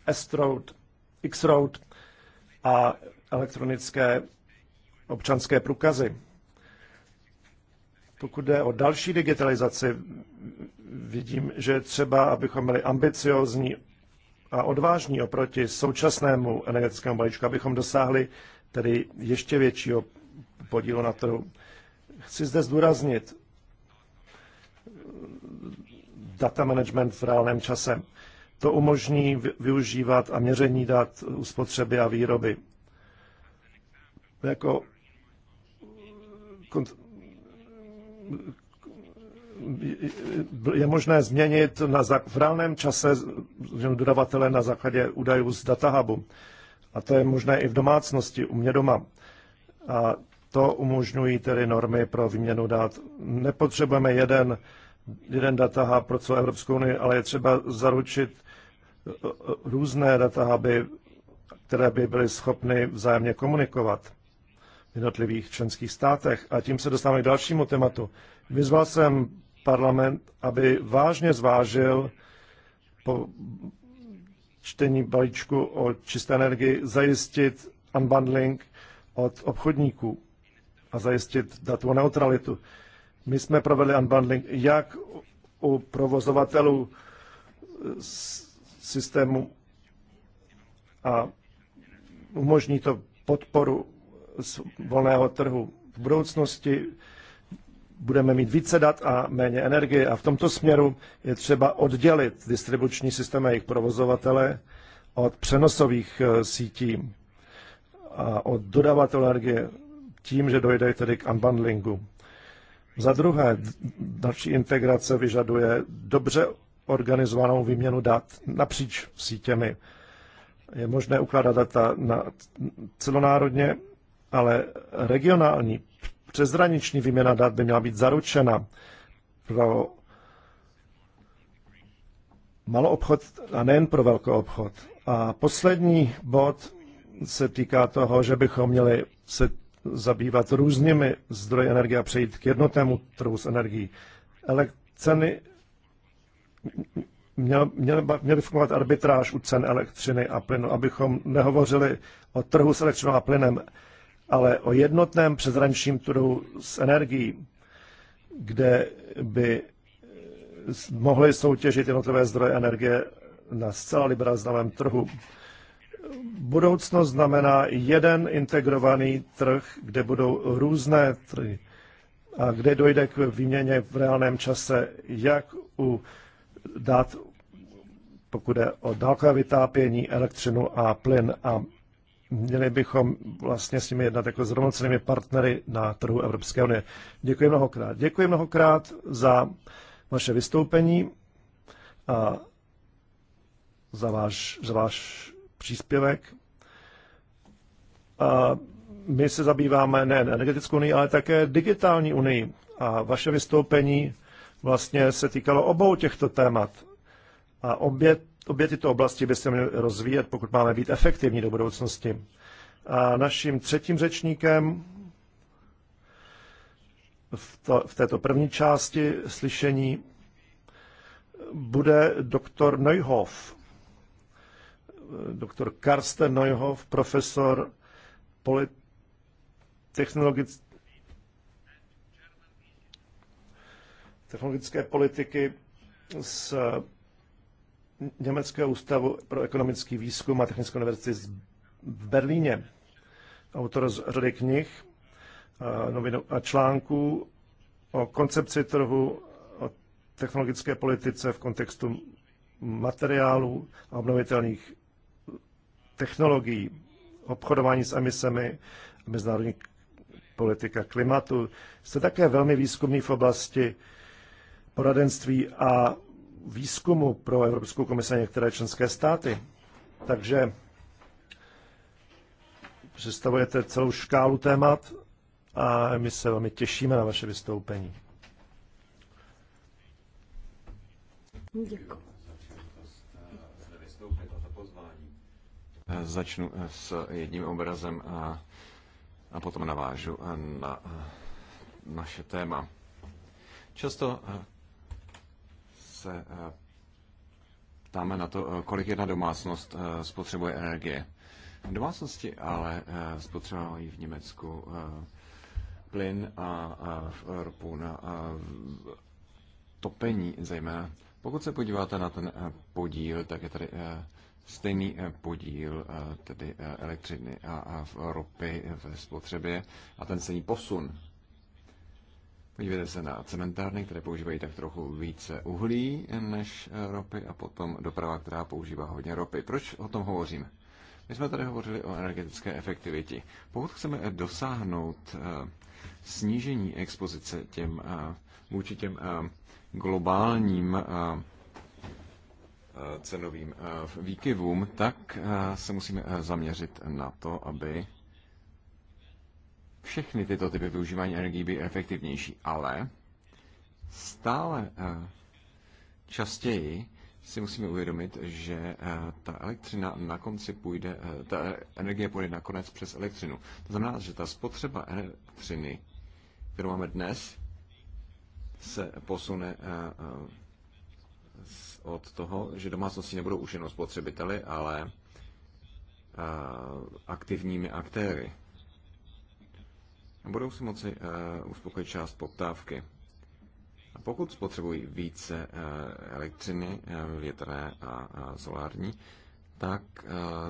S-Road, X-Road a elektronické občanské průkazy. Pokud jde o další digitalizaci, vidím, že je třeba, abychom byli ambiciozní a odvážní oproti současnému energetickému balíčku, abychom dosáhli tedy ještě většího podílu na trhu. Chci zde zdůraznit data management v reálném čase. To umožní využívat a měření dat u spotřeby a výroby. Jako je možné změnit na, v reálném čase dodavatele na základě údajů z datahubu. A to je možné i v domácnosti, u mě doma. A to umožňují tedy normy pro výměnu dat. Nepotřebujeme jeden, jeden datahub pro celou Evropskou unii, ale je třeba zaručit eh, eh, různé datahuby, které by byly schopny vzájemně komunikovat v jednotlivých členských státech. A tím se dostáváme k dalšímu tématu. Vyzval jsem parlament, aby vážně zvážil po čtení balíčku o čisté energii zajistit unbundling od obchodníků a zajistit datovou neutralitu. My jsme provedli unbundling jak u provozovatelů eh, systému a umožní to podporu z volného trhu. V budoucnosti budeme mít více dat a méně energie a v tomto směru je třeba oddělit distribuční systémy a jejich provozovatele od přenosových eh, sítí a od dodavatelů energie tím, že dojde tedy k unbundlingu. Za druhé, další integrace vyžaduje dobře organizovanou výměnu dat napříč sítěmi. Je možné ukládat data na celonárodně ale regionální přezraniční výměna dat by měla být zaručena pro maloobchod a nejen pro velkou obchod. A poslední bod se týká toho, že bychom měli se zabývat různými zdroji energie a přejít k jednotnému trhu s energií. Elek- ceny měl, měl, měly fungovat arbitráž u cen elektřiny a plynu, abychom nehovořili o trhu s elektřinou a plynem ale o jednotném přezrančním trhu s energií, kde by eh, mohly soutěžit jednotlivé zdroje energie na zcela liberalizovaném trhu. Budoucnost znamená jeden integrovaný trh, kde budou různé trhy a kde dojde k výměně v reálném čase, jak u dat, pokud je o dálkové vytápění, elektřinu a plyn a měli bychom vlastně s nimi jednat jako s rovnocenými partnery na trhu Evropské unie. Děkuji mnohokrát. Děkuji mnohokrát za vaše vystoupení a za váš, za váš příspěvek. A my se zabýváme ne energetickou unii, ale také digitální unii. A vaše vystoupení vlastně se týkalo obou těchto témat. A obě obě tyto oblasti by se měly rozvíjet, pokud máme být efektivní do budoucnosti. A naším třetím řečníkem v, to, v této první části slyšení bude doktor Neuhoff. Doktor Karsten Neuhoff, profesor politechnologické technologické politiky z Německého ústavu pro ekonomický výzkum a technickou univerzity v Berlíně. Autor z řady knih a článků o koncepci trhu, o technologické politice v kontextu materiálů a obnovitelných technologií, obchodování s emisemi, mezinárodní politika klimatu. Jste také velmi výzkumný v oblasti poradenství a výzkumu pro Evropskou komisi a některé členské státy. Takže představujete celou škálu témat a my se velmi těšíme na vaše vystoupení. Děkuji. Začnu s jedním obrazem a, a potom navážu na naše téma. Často se eh, ptáme na to, eh, kolik jedna domácnost eh, spotřebuje energie. Domácnosti ale spotřebují v Německu plyn a ropu na topení zejména. Pokud se podíváte na ten podíl, tak je tady stejný podíl tedy elektřiny a ropy ve spotřebě a ten stejný posun Podívejte se na cementárny, které používají tak trochu více uhlí než ropy a potom doprava, která používá hodně ropy. Proč o tom hovoříme? My jsme tady hovořili o energetické efektivitě. Pokud chceme dosáhnout eh, snížení expozice těm, eh, vůči těm eh, globálním cenovým výkyvům, tak se musíme zaměřit na to, aby všechny tyto typy využívání energie by efektivnější, ale stále eh, častěji si musíme uvědomit, že eh, ta elektřina na konci půjde, eh, ta energie půjde nakonec přes elektřinu. To znamená, že ta spotřeba elektřiny, kterou máme dnes, se posune od toho, že domácnosti nebudou už jenom spotřebiteli, ale aktivními aktéry budou si moci eh, uspokojit část poptávky. A pokud spotřebují více eh, elektřiny, eh, větrné a solární, tak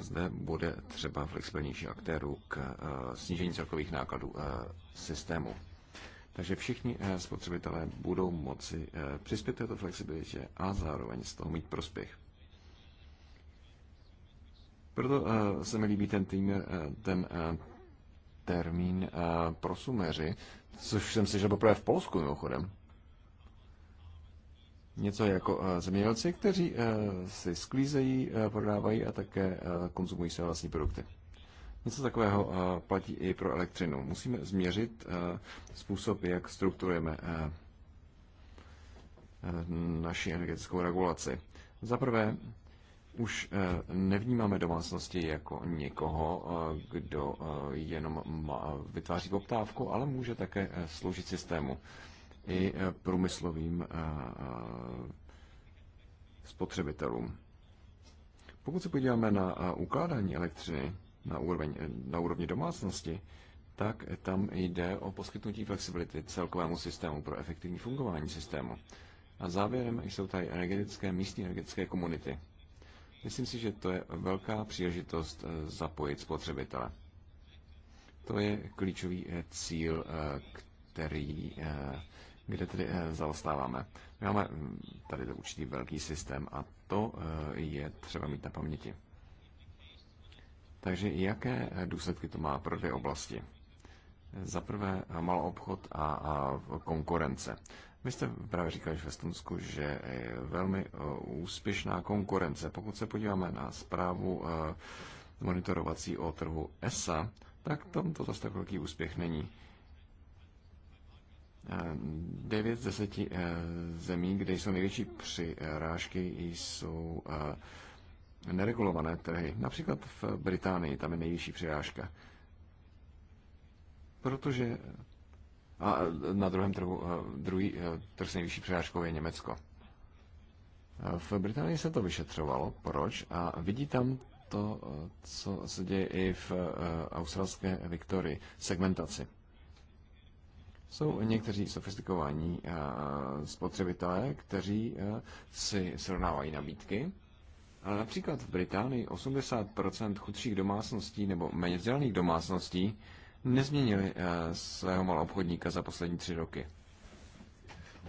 zde bude třeba flexibilnější aktérů k snížení celkových nákladů systému. Takže všichni spotřebitelé budou moci přispět této flexibilitě a zároveň z toho mít prospěch. Proto se mi líbí ten, týmer, ten termín eh, pro sumeři, což jsem že poprvé v Polsku mimochodem. Něco jako eh, zemědělci, kteří eh, si sklízejí, prodávají a také konzumují své vlastní produkty. Něco takového platí i pro elektřinu. Musíme změřit způsob, jak strukturujeme naši energetickou regulaci. Za prvé, už eh, nevnímáme domácnosti jako někoho, eh, kdo eh, jenom vytváří poptávku, ale může také sloužit systému i průmyslovým spotřebitelům. Pokud se podíváme na ukládání elektřiny na, úroveň, na úrovni domácnosti, tak tam jde o poskytnutí flexibility celkovému systému pro efektivní fungování systému. A závěrem jsou tady energetické, místní energetické komunity. Myslím si, že to je velká příležitost eh, zapojit spotřebitele. To je klíčový eh, cíl, eh, který, kde tedy zaostáváme. My máme mm, tady to určitý velký systém a to je třeba mít na paměti. Takže jaké důsledky to má pro dvě oblasti? Za prvé malou obchod a, konkurence. Vy jste právě říkali v Estonsku, že je velmi eh, úspěšná konkurence. Pokud se podíváme na zprávu eh, monitorovací o trhu ESA, tak tam to zase tak velký úspěch není. 9 eh, z 10 zemí, kde jsou největší přirážky, jsou neregulované trhy. Například v Británii tam je nejvyšší přirážka. Protože a na druhém trhu, eh, druhý eh, trh s nejvyšší přirážkou je Německo. Eh, v Británii se to vyšetřovalo, proč, a vidí tam to, co se děje i v australské Viktorii, segmentaci. Jsou někteří sofistikovaní spotřebitelé, kteří si srovnávají nabídky, ale například v Británii 80% chudších domácností nebo méně vzdělaných domácností nezměnili eh, svého malou obchodníka za poslední tři roky.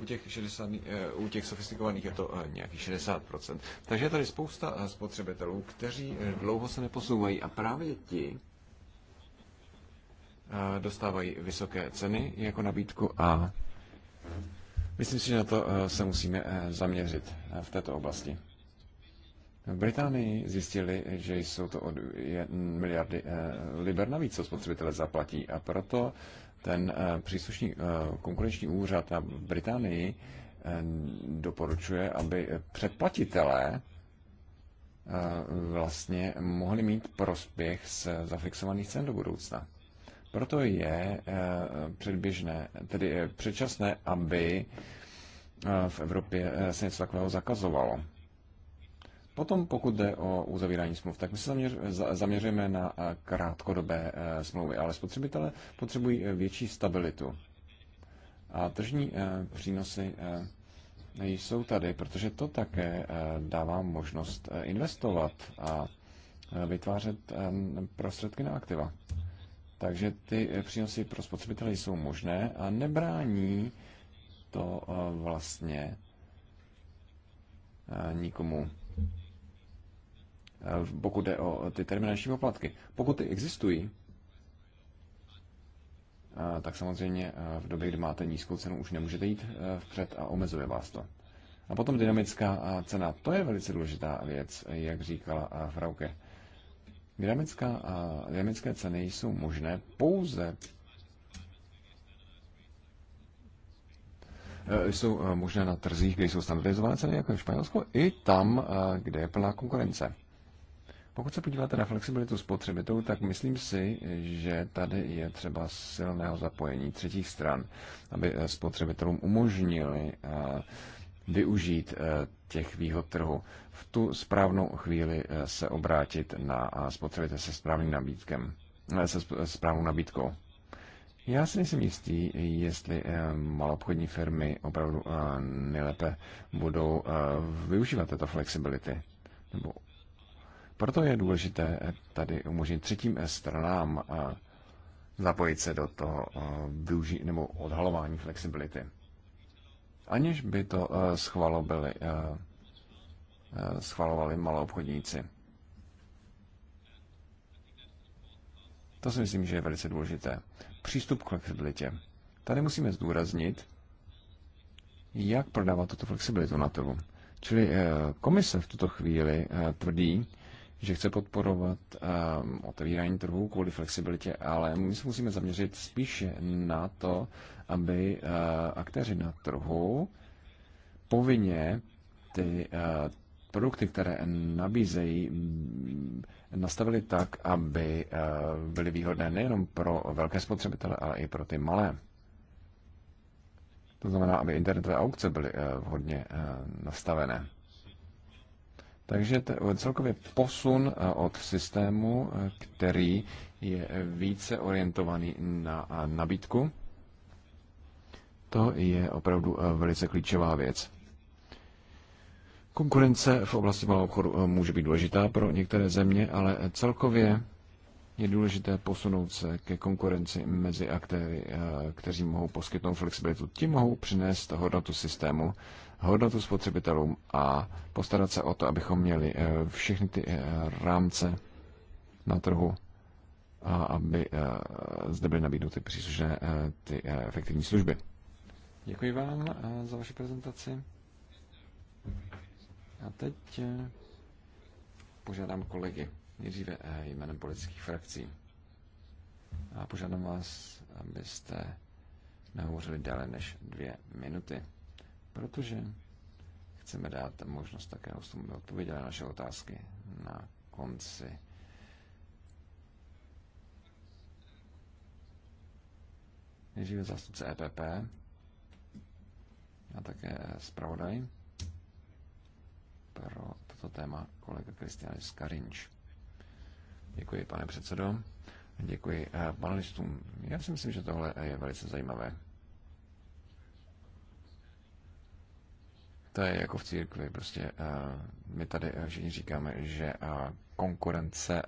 U těch, 60, eh, u těch sofistikovaných je to eh, nějakých 60%. Takže je tady spousta spotřebitelů, kteří dlouho se neposouvají a právě ti dostávají vysoké ceny jako nabídku a myslím si, že na to se musíme zaměřit v této oblasti. V Británii zjistili, že jsou to od miliardy eh, liber navíc, co spotřebitele zaplatí. A proto ten eh, příslušný eh, konkurenční úřad na Británii doporučuje, aby předplatitelé vlastně mohli mít prospěch z zafixovaných cen do budoucna. Proto je předběžné, tedy předčasné, aby v Evropě se něco takového zakazovalo. Potom, pokud jde o uzavírání smluv, tak my se zaměř, zaměřujeme na eh, krátkodobé eh, smlouvy, ale spotřebitelé potřebují eh, větší stabilitu. A tržní přínosy jsou tady, protože to také dává možnost investovat a vytvářet prostředky na aktiva. Takže ty přínosy pro spotřebitele jsou možné a nebrání to vlastně nikomu Eh, pokud jde o ty terminační poplatky. Pokud ty existují, eh, tak samozřejmě eh, v době, kdy máte nízkou cenu, už nemůžete jít vpřed a omezuje vás to. A potom dynamická cena. To je velice důležitá věc, jak říkala Frauke. Dynamická, dynamické ceny jsou možné pouze jsou možné na trzích, kde jsou standardizované ceny, jako v Španělsku, i tam, kde je plná konkurence. Pokud se podíváte na flexibilitu spotřebitelů, tak myslím si, že tady je třeba silného zapojení třetích stran, aby eh, spotřebitelům umožnili eh, využít eh, těch výhod trhu. V tu správnou chvíli se obrátit na spotřebitel se správným nabídkem, se správnou nabídkou. Já si nejsem jistý, jestli malobchodní firmy opravdu nejlépe budou využívat této flexibility nebo proto je důležité tady umožnit třetím stranám zapojit se do toho využí, nebo odhalování flexibility. Aniž by to schvalovali, schvalovali maloobchodníci. To si myslím, že je velice důležité. Přístup k flexibilitě. Tady musíme zdůraznit, jak prodávat tuto flexibilitu na trhu. Čili e, komise v tuto chvíli e, tvrdí, že chce podporovat um, otevírání trhu kvůli flexibilitě, ale my se musíme zaměřit spíše na to, aby uh, aktéři na trhu povinně ty uh, produkty, které nabízejí, nastavili tak, aby uh, byly výhodné nejenom pro velké spotřebitele, ale i pro ty malé. To znamená, aby internetové aukce byly uh, vhodně uh, nastavené. Takže celkově posun eh, od systému, eh, který je více orientovaný na eh, nabídku, to je opravdu velice klíčová věc. Konkurence v oblasti malého obchodu může být důležitá pro některé země, ale celkově je důležité posunout se ke konkurenci mezi aktéry, kteří mohou poskytnout flexibilitu. Ti mohou přinést hodnotu systému hodnotu spotřebitelům a postarat se o to, abychom měli eh, všechny ty eh, rámce na trhu a aby eh, zde byly nabídnuty příslušné ty efektivní služby. Děkuji vám za vaši prezentaci. A teď požádám kolegy, nejdříve jménem politických frakcí. A požádám vás, abyste nehovořili déle než dvě minuty protože chceme dát možnost také hostům odpovědět na naše otázky na konci. Nejdříve zástupce EPP a také zpravodaj pro toto téma kolega Kristian Skarinč. Děkuji, pane předsedo. Děkuji eh, panelistům. Já si myslím, že tohle je velice zajímavé. To je jako v církvi, prostě eh, my tady eh, všichni říkáme, že eh, konkurence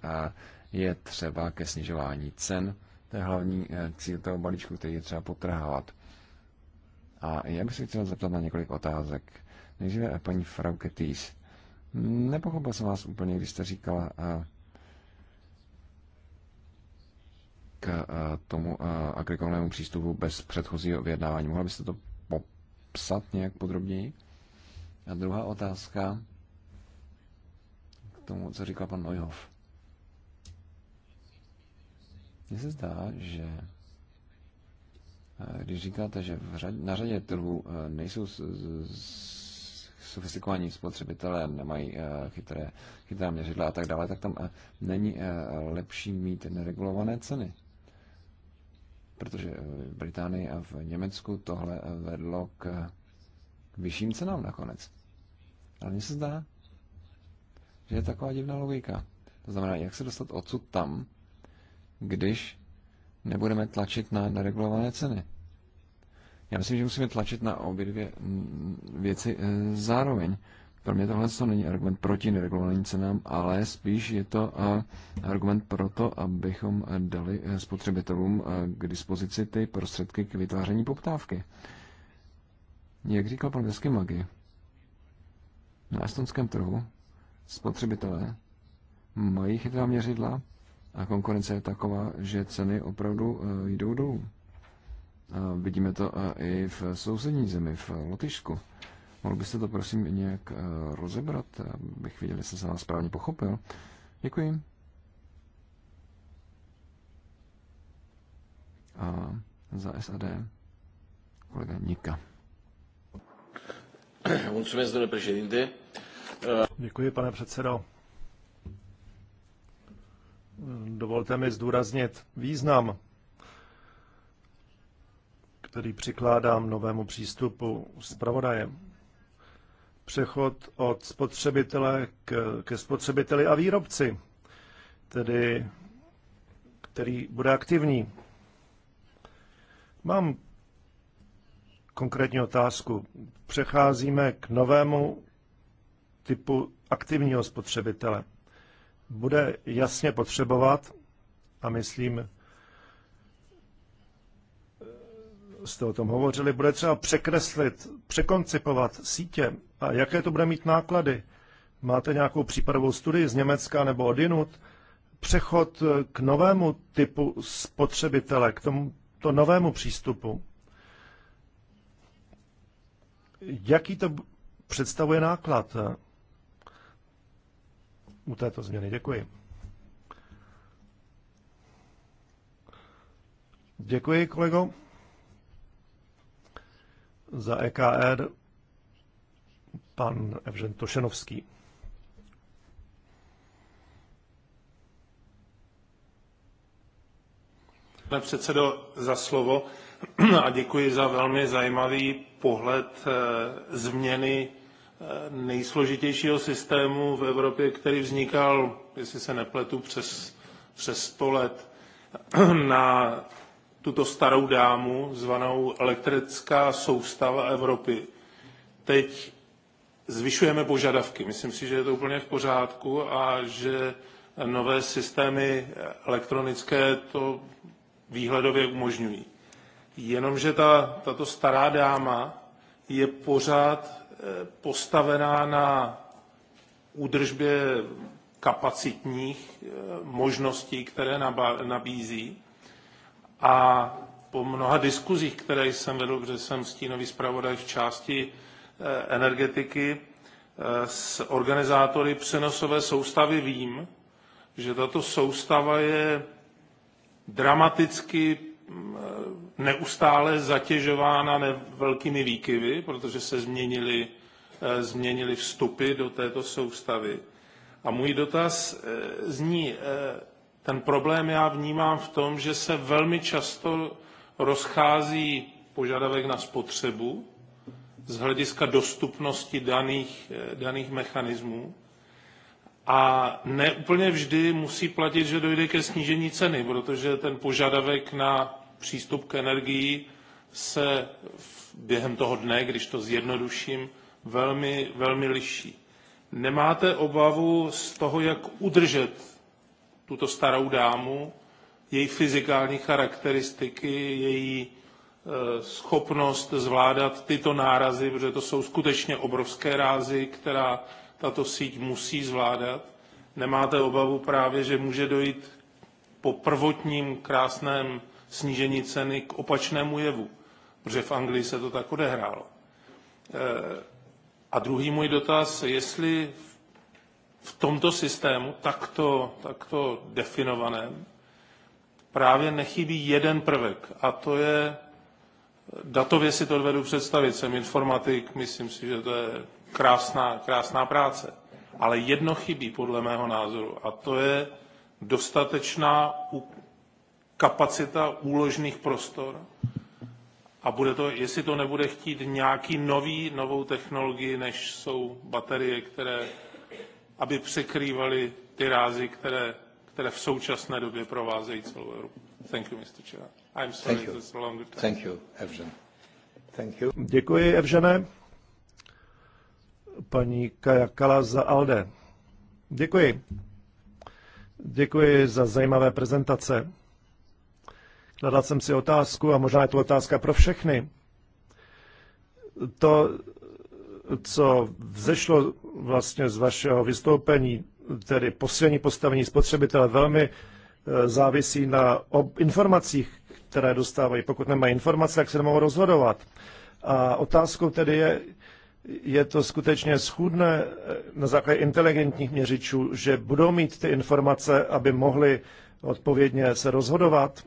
je třeba ke snižování cen. To je hlavní cíl toho balíčku, který je třeba potrhávat. A já bych se chtěl zeptat na několik otázek. Nejdříve paní Frauketis. Nepochopil jsem vás úplně, když jste říkala k tomu agregovanému přístupu bez předchozího vyjednávání. Mohla byste to popsat nějak podrobněji? A druhá otázka k tomu, co říkal pan Neuhoff. Mně se zdá, že eh, když říkáte, že v řadě, na řadě trhů eh, nejsou sofistikovaní spotřebitelé, nemají eh, chytré, chytrá měřidla a tak dále, tak tam není lepší mít neregulované ceny. Protože v Británii a v Německu tohle vedlo k k vyšším cenám nakonec. Ale mně se zdá, že je taková divná logika. To znamená, jak se dostat odsud tam, když nebudeme tlačit na neregulované ceny. Já myslím, že musíme tlačit na obě dvě věci eh, zároveň. Pro mě tohle to není argument proti neregulovaným cenám, ale spíš je to eh, argument pro to, abychom dali eh, spotřebitelům k dispozici ty prostředky k vytváření poptávky. Jak říkal pan Vesky Magi, na estonském trhu spotřebitelé mají chytrá měřidla a konkurence je taková, že ceny opravdu eh, jdou dolů. A vidíme to eh, i v sousední zemi, v Lotyšsku. Mohl byste to prosím nějak eh, rozebrat, abych viděl, jestli jsem vás správně pochopil. Děkuji. A za SAD kolega Nika. Děkuji, pane předsedo. Dovolte mi zdůraznit význam, který přikládám novému přístupu s Přechod od spotřebitele k, ke spotřebiteli a výrobci, tedy který bude aktivní. Mám konkrétní otázku. Přecházíme k novému typu aktivního spotřebitele. Bude jasně potřebovat, a myslím, jste o tom hovořili, bude třeba překreslit, překoncipovat sítě a jaké to bude mít náklady. Máte nějakou případovou studii z Německa nebo od jinut? Přechod k novému typu spotřebitele, k tomuto novému přístupu jaký to představuje náklad eh, u této změny. Děkuji. Děkuji, kolego. Za EKR pan Evžen Tošenovský. Pane předsedo, za slovo a děkuji za velmi zajímavý pohled eh, změny eh, nejsložitějšího systému v Evropě, který vznikal, jestli se nepletu, přes, přes 100 let na tuto starou dámu zvanou elektrická soustava Evropy. Teď zvyšujeme požadavky. Myslím si, že je to úplně v pořádku a že nové systémy elektronické to výhledově umožňují. Jenomže ta, tato stará dáma je pořád eh, postavená na údržbě kapacitních eh, možností, které nabízí. A po mnoha diskuzích, které jsem vedl, protože jsem stínový zpravodaj v části eh, energetiky, s organizátory přenosové soustavy vím, že tato soustava je dramaticky mm, neustále zatěžována velkými výkyvy, protože se změnily, eh, změnily vstupy do této soustavy. A můj dotaz eh, zní, eh, ten problém já vnímám v tom, že se velmi často rozchází požadavek na spotřebu z hlediska dostupnosti daných, daných mechanismů. A neúplně vždy musí platit, že dojde ke snížení ceny, protože ten požadavek na přístup k energii se během toho dne, když to zjednoduším, velmi, velmi liší. Nemáte obavu z toho, jak udržet tuto starou dámu, její fyzikální charakteristiky, její e, schopnost zvládat tyto nárazy, protože to jsou skutečně obrovské rázy, která tato síť musí zvládat. Nemáte obavu právě, že může dojít po prvotním krásném snížení ceny k opačnému jevu, protože v Anglii se to tak odehrálo. E, a druhý můj dotaz, jestli v tomto systému, takto, takto definovaném, právě nechybí jeden prvek, a to je, datově si to dovedu představit, jsem informatik, myslím si, že to je krásná, krásná práce. Ale jedno chybí podle mého názoru a to je dostatečná kapacita úložných prostor. A bude to, jestli to nebude chtít nějaký nový, novou technologii, než jsou baterie, které, aby překrývaly ty rázy, které, které v současné době provázejí celou Evropu. Thank you, Mr. Chair. I'm sorry, Thank you. this is a long time. Thank you, Evžen. Thank you. Děkuji, Evžene. Paní Kaja Kala za ALDE. Děkuji. Děkuji za zajímavé prezentace. Kladl jsem si otázku, a možná je to otázka pro všechny. To, co vzešlo vlastně z vašeho vystoupení, tedy posílení postavení spotřebitele, velmi e, závisí na informacích, které dostávají. Pokud nemají informace, tak se nemohou rozhodovat. A otázkou tedy je, je to skutečně schůdné e, na základě inteligentních měřičů, že budou mít ty informace, aby mohli odpovědně se rozhodovat.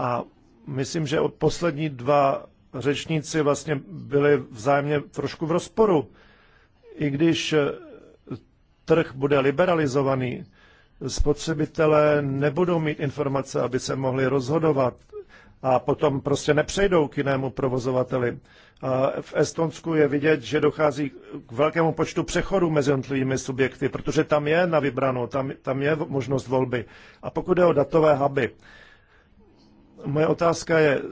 A myslím, že od poslední dva řečníci vlastně byli vzájemně trošku v rozporu. I když eh, trh bude liberalizovaný, spotřebitelé nebudou mít informace, aby se mohli rozhodovat a potom prostě nepřejdou k jinému provozovateli. A v Estonsku je vidět, že dochází k velkému počtu přechodů mezi jednotlivými subjekty, protože tam je na vybranou, tam, tam je možnost volby. A pokud je o datové huby, Moje otázka je,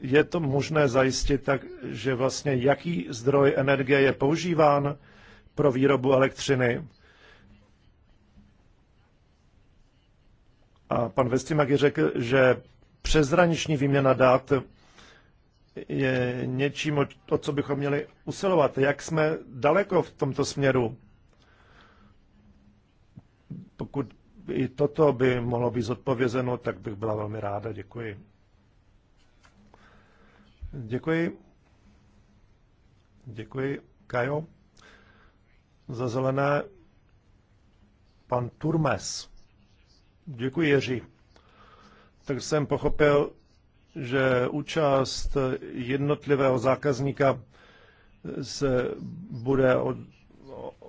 je to možné zajistit tak, že vlastně jaký zdroj energie je používán pro výrobu elektřiny? A pan Vestimak řekl, že přezraniční výměna dát je něčím, o co bychom měli usilovat. Jak jsme daleko v tomto směru? Pokud i toto by mohlo být zodpovězeno, tak bych byla velmi ráda. Děkuji. Děkuji. Děkuji, Kajo. Za zelené pan Turmes. Děkuji, Jiří. Tak jsem pochopil, že účast jednotlivého zákazníka se bude od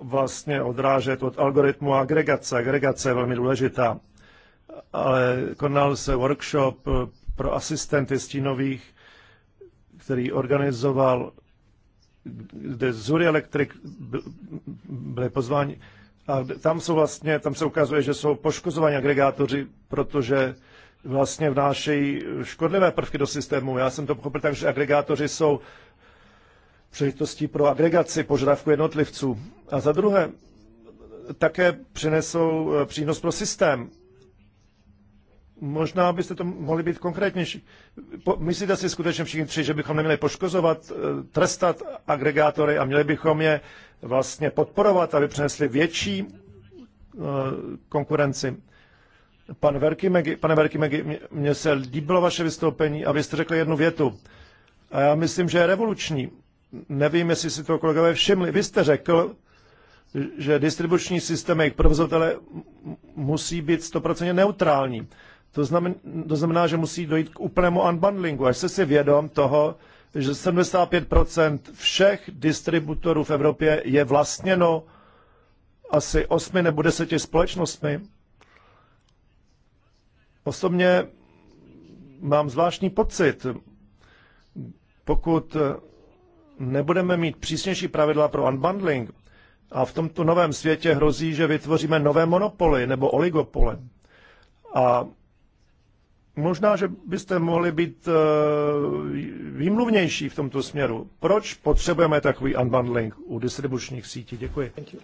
vlastně odrážet od algoritmu agregace. Agregace je velmi důležitá. Ale konal se workshop pro asistenty stínových, který organizoval, kde Zuri Electric byli pozváni. A tam, jsou vlastně, tam se ukazuje, že jsou poškozovaní agregátoři, protože vlastně vnášejí škodlivé prvky do systému. Já jsem to pochopil tak, že agregátoři jsou příležitostí pro agregaci požadavku jednotlivců. A za druhé, také přinesou eh, přínos pro systém. Možná byste to mohli být konkrétnější. Po, myslíte si skutečně všichni tři, že bychom neměli poškozovat, eh, trestat agregátory a měli bychom je vlastně podporovat, aby přinesli větší eh, konkurenci? Pan Verkimegi, pane Verkimegi, mně se líbilo vaše vystoupení a vy jste řekl jednu větu. A já myslím, že je revoluční nevím, jestli si to kolegové všimli. Vy jste řekl, že distribuční systémy jejich provozovatele musí být stoprocentně neutrální. To znamená, to znamená, že musí dojít k úplnému unbundlingu. Až jste si vědom toho, že 75% všech distributorů v Evropě je vlastněno asi 8 nebo 10 společnostmi. Osobně mám zvláštní pocit, pokud nebudeme mít přísnější pravidla pro unbundling a v tomto novém světě hrozí, že vytvoříme nové monopoly nebo oligopole. A možná, že byste mohli být eh, výmluvnější v tomto směru. Proč potřebujeme takový unbundling u distribučních sítí? Děkuji. Thank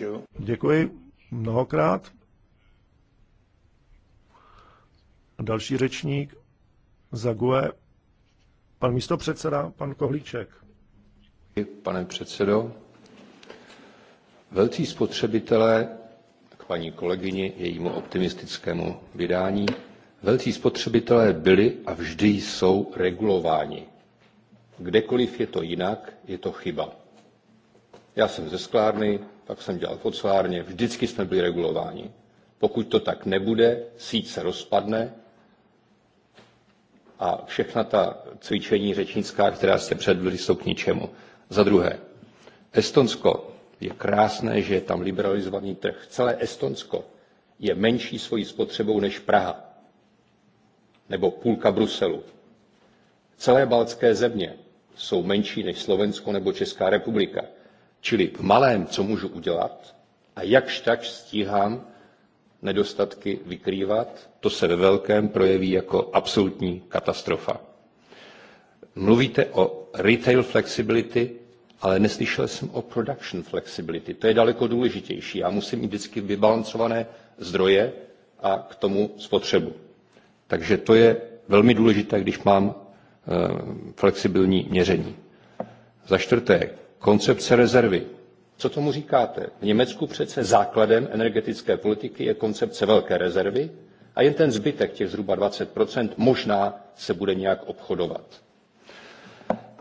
you. Uh, Děkuji mnohokrát. Další řečník za GUE, pan předseda, pan Kohlíček. Pane předsedo, velcí spotřebitelé, k paní kolegyni, jejímu optimistickému vydání, velcí spotřebitelé byli a vždy jsou regulováni. Kdekoliv je to jinak, je to chyba. Já jsem ze sklárny, pak jsem dělal v ocelárně, vždycky jsme byli regulováni. Pokud to tak nebude, síť se rozpadne, a všechna ta cvičení řečnická, která jste předvedli, jsou k ničemu. Za druhé, Estonsko je krásné, že je tam liberalizovaný trh. Celé Estonsko je menší svojí spotřebou než Praha nebo půlka Bruselu. Celé baltské země jsou menší než Slovensko nebo Česká republika. Čili v malém, co můžu udělat a jakž tak stíhám nedostatky vykrývat, to se ve velkém projeví jako absolutní katastrofa. Mluvíte o retail flexibility, ale neslyšel jsem o production flexibility. To je daleko důležitější. Já musím mít vždycky vybalancované zdroje a k tomu spotřebu. Takže to je velmi důležité, když mám eh, flexibilní měření. Za čtvrté, koncepce rezervy. Co tomu říkáte? V Německu přece základem energetické politiky je koncepce velké rezervy a jen ten zbytek, těch zhruba 20 možná se bude nějak obchodovat.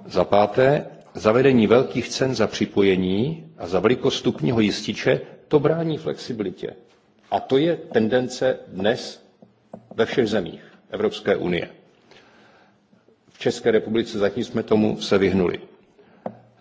Za páté, zavedení velkých cen za připojení a za velikost stupního jističe, to brání flexibilitě. A to je tendence dnes ve všech zemích Evropské unie. V České republice zatím jsme tomu se vyhnuli.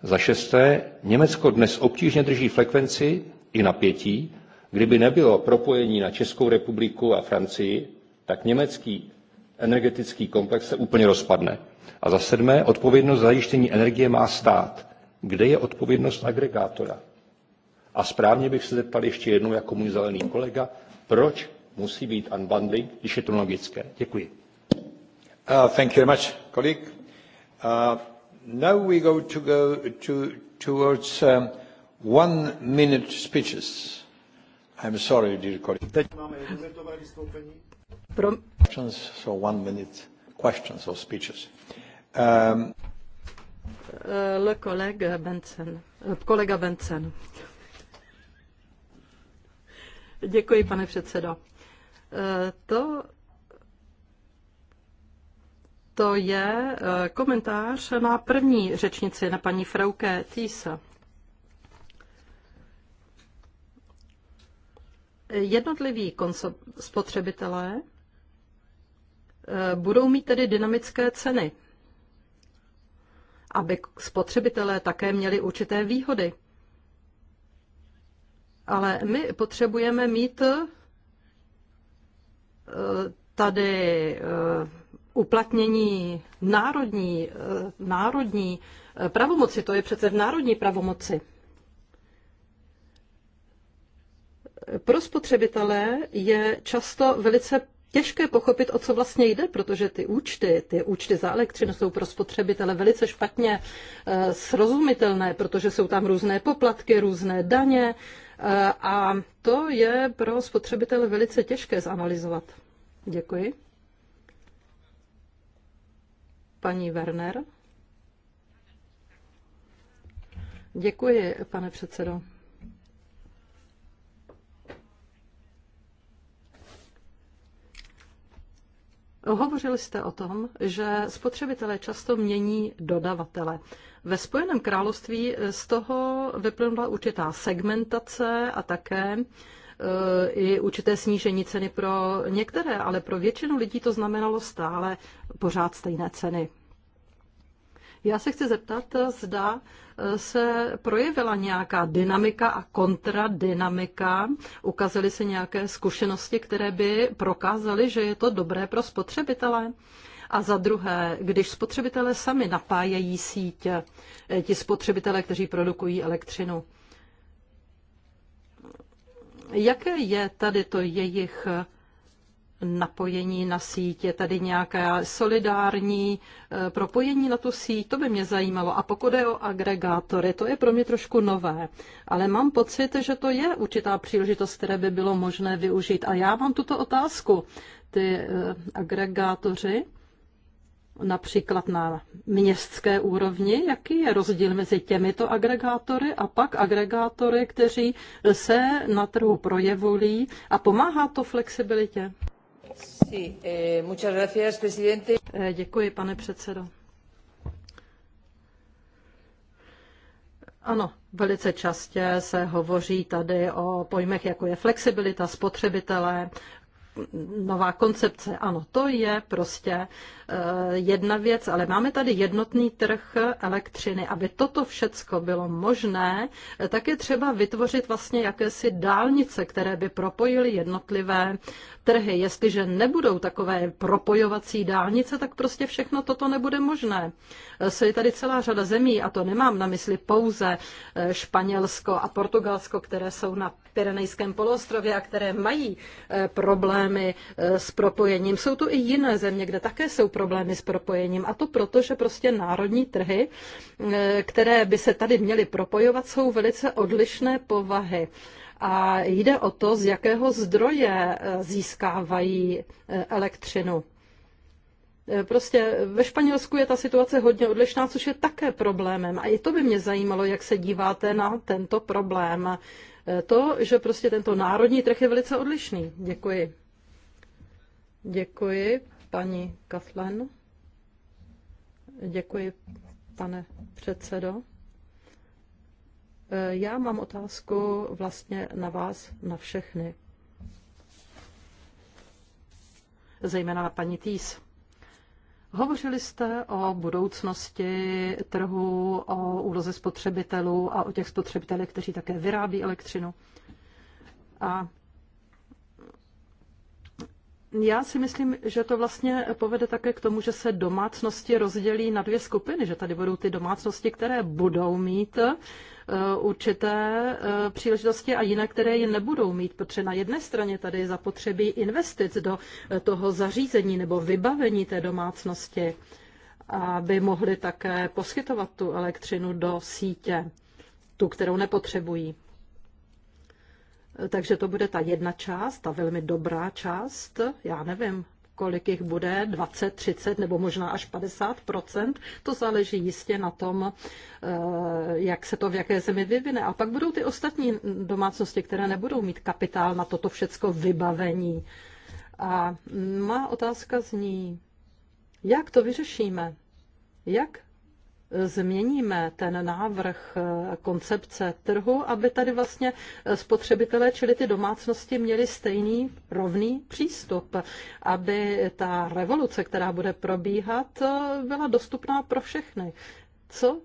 Za šesté, Německo dnes obtížně drží frekvenci i napětí. Kdyby nebylo propojení na Českou republiku a Francii, tak německý energetický komplex se úplně rozpadne. A za sedmé, odpovědnost zajištění energie má stát. Kde je odpovědnost agregátora? A správně bych se zeptal ještě jednou, jako můj zelený kolega, proč musí být unbundling, když je to logické? Děkuji. Uh, thank you very much, colleague. Uh, Now we go to go to towards um, one minute speeches. I'm sorry, dear colleague. Questions, so one minute questions or speeches. Um, eh, Le collègue Benson, eh, kolega Benson. Děkuji, pane předsedo. Eh, to to je eh, komentář na první řečnici, na paní Frauke Týsa. Jednotliví spotřebitelé eh, budou mít tedy dynamické ceny, aby spotřebitelé také měli určité výhody. Ale my potřebujeme mít eh, tady uplatnění národní, eh, národní eh, pravomoci, to je přece v národní pravomoci. Pro spotřebitele je často velice těžké pochopit, o co vlastně jde, protože ty účty, ty účty za elektřinu jsou pro spotřebitele velice špatně eh, srozumitelné, protože jsou tam různé poplatky, různé daně a to je pro spotřebitele velice těžké zanalizovat. Děkuji. Paní Werner. Děkuji, pane předsedo. Hovořili jste o tom, že spotřebitelé často mění dodavatele. Ve Spojeném království z toho vyplynula určitá segmentace a také i určité snížení ceny pro některé, ale pro většinu lidí to znamenalo stále pořád stejné ceny. Já se chci zeptat, zda e, se projevila nějaká dynamika a kontradynamika. Ukazaly se nějaké zkušenosti, které by prokázaly, že je to dobré pro spotřebitele. A za druhé, když spotřebitelé sami napájejí síť, e, ti spotřebitelé, kteří produkují elektřinu, Jaké je tady to jejich napojení na síť? Je tady nějaké solidární eh, propojení na tu síť? To by mě zajímalo. A pokud je o agregátory, to je pro mě trošku nové, ale mám pocit, že to je určitá příležitost, které by bylo možné využít. A já mám tuto otázku. Ty eh, agregátoři například na městské úrovni, jaký je rozdíl mezi těmito agregátory a pak agregátory, kteří se na trhu projevují a pomáhá to flexibilitě? Sí, eh, muchas gracias, presidente. Eh, děkuji, pane předsedo. Ano, velice častě se hovoří tady o pojmech, jako je flexibilita spotřebitele, nová koncepce. Ano, to je prostě eh, jedna věc, ale máme tady jednotný trh elektřiny. Aby toto všecko bylo možné, eh, tak je třeba vytvořit vlastně jakési dálnice, které by propojily jednotlivé trhy. Jestliže nebudou takové propojovací dálnice, tak prostě všechno toto nebude možné. Eh, je tady celá řada zemí, a to nemám na mysli pouze Španělsko a Portugalsko, které jsou na Pirenejském poloostrově a které mají eh, problémy eh, s propojením. Jsou tu i jiné země, kde také jsou problémy s propojením. A to proto, že prostě národní trhy, eh, které by se tady měly propojovat, jsou velice odlišné povahy. A jde o to, z jakého zdroje získávají elektřinu. Prostě ve Španělsku je ta situace hodně odlišná, což je také problémem. A i to by mě zajímalo, jak se díváte na tento problém to, že prostě tento národní trh je velice odlišný. Děkuji. Děkuji, paní Kathleen. Děkuji, pane předsedo. E, já mám otázku vlastně na vás, na všechny. Zejména na paní Týs. Hovořili jste o budoucnosti trhu, o úloze spotřebitelů a o těch spotřebitelech, kteří také vyrábí elektřinu. A já si myslím, že to vlastně povede také k tomu, že se domácnosti rozdělí na dvě skupiny, že tady budou ty domácnosti, které budou mít eh, určité eh, příležitosti a jiné, které je nebudou mít, protože na jedné straně tady je zapotřebí investic do eh, toho zařízení nebo vybavení té domácnosti, aby mohli také poskytovat tu elektřinu do sítě, tu, kterou nepotřebují. Takže to bude ta jedna část, ta velmi dobrá část, já nevím, kolik jich bude, 20, 30 nebo možná až 50 To záleží jistě na tom, eh, jak se to v jaké zemi vyvine. A pak budou ty ostatní domácnosti, které nebudou mít kapitál na toto všecko vybavení. A má otázka zní, jak to vyřešíme? Jak změníme ten návrh eh, koncepce trhu, aby tady vlastně eh, spotřebitelé, čili ty domácnosti, měli stejný rovný přístup, aby ta revoluce, která bude probíhat, eh, byla dostupná pro všechny. Co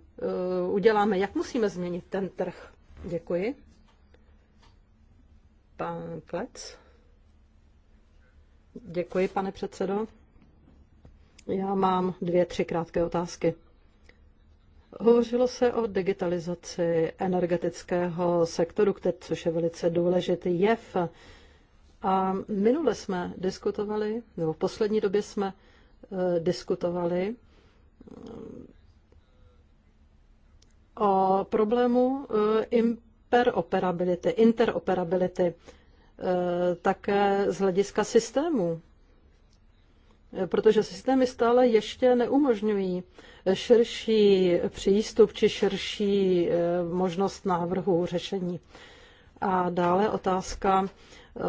uděláme? Jak musíme změnit ten trh? Děkuji. Pan Klec. Děkuji, pane předsedo. Já mám dvě, tři krátké otázky. Hovořilo se o digitalizaci energetického sektoru, který, což je velice důležitý jev. A minule jsme diskutovali, nebo v poslední době jsme eh, diskutovali mm, o problému eh, interoperability, interoperability eh, také z hlediska systému, protože systémy stále ještě neumožňují širší přístup či širší eh, možnost návrhu řešení. A dále otázka eh,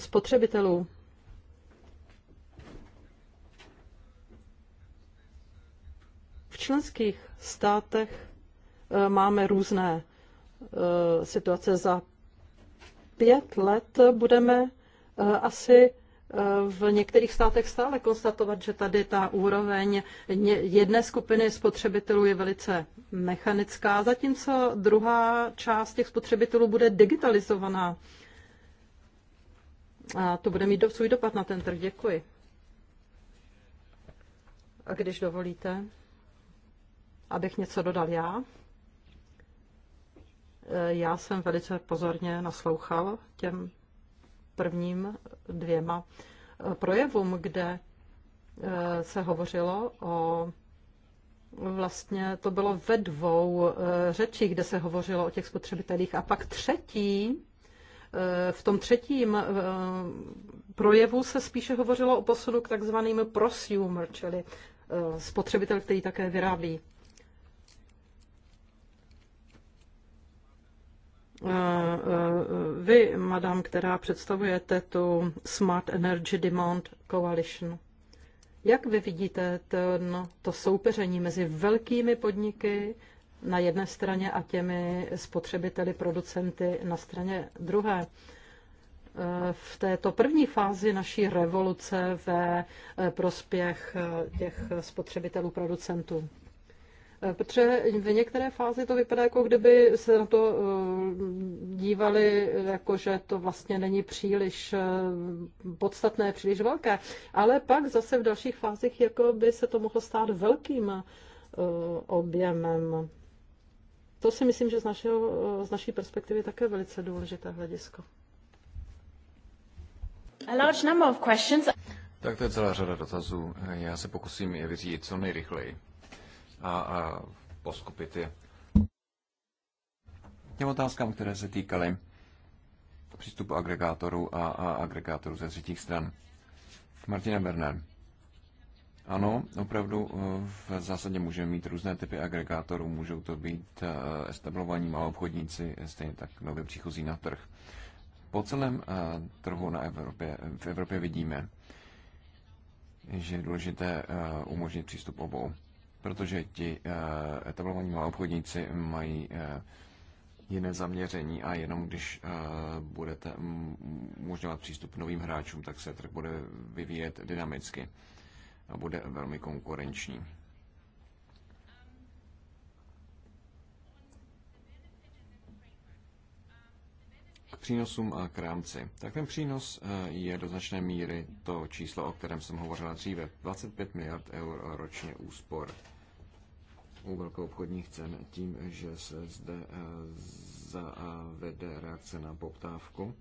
spotřebitelů. V členských státech eh, máme různé situace. Za pět let budeme asi v některých státech stále konstatovat, že tady ta úroveň jedné skupiny spotřebitelů je velice mechanická, zatímco druhá část těch spotřebitelů bude digitalizovaná. A to bude mít svůj dopad na ten trh. Děkuji. A když dovolíte, abych něco dodal já. E, já jsem velice pozorně naslouchal těm prvním dvěma eh, projevům, kde eh, se hovořilo o vlastně to bylo ve dvou eh, řečích, kde se hovořilo o těch spotřebitelích. A pak třetí, v tom třetím projevu se spíše hovořilo o posunu k takzvaným prosumer, čili spotřebitel, který také vyrábí. Eh, eh, vy, madam, která představujete tu Smart Energy Demand Coalition, jak vy vidíte ten, to soupeření mezi velkými podniky na jedné straně a těmi spotřebiteli, producenty na straně druhé? Eh, v této první fázi naší revoluce ve prospěch těch spotřebitelů, producentů. Eh, protože v některé fázi to vypadá, jako kdyby se na to eh, dívali, jako že to vlastně není příliš eh, podstatné, příliš velké. Ale pak zase v dalších fázích, jako by se to mohlo stát velkým objemem. To si myslím, že z, našeho, z naší perspektivy je také velice důležité hledisko. A large number of questions. Tak to je celá řada dotazů. Já se pokusím je vyřídit co nejrychleji a, a poskupit je těm otázkám, které se týkaly přístupu agregátorů a, a agregátorů ze třetích stran. Martina Berner. Ano, opravdu eh, v zásadě můžeme mít různé typy agregátorů. Můžou to být eh, establovaní maloobchodníci, stejně tak nově příchozí na trh. Po celém eh, trhu na Evropě, v Evropě vidíme, že je důležité umožnit přístup obou protože ti eh, etablovaní obchodníci mají eh, jiné zaměření a jenom když eh, budete umožňovat přístup novým hráčům, tak se trh bude vyvíjet dynamicky a bude velmi konkurenční. K přínosům a k rámci. Tak ten přínos je do značné míry to číslo, o kterém jsem hovořila dříve. 25 miliard eur ročně úspor u obchodních cen tím, že se zde eh, zavede reakce na poptávku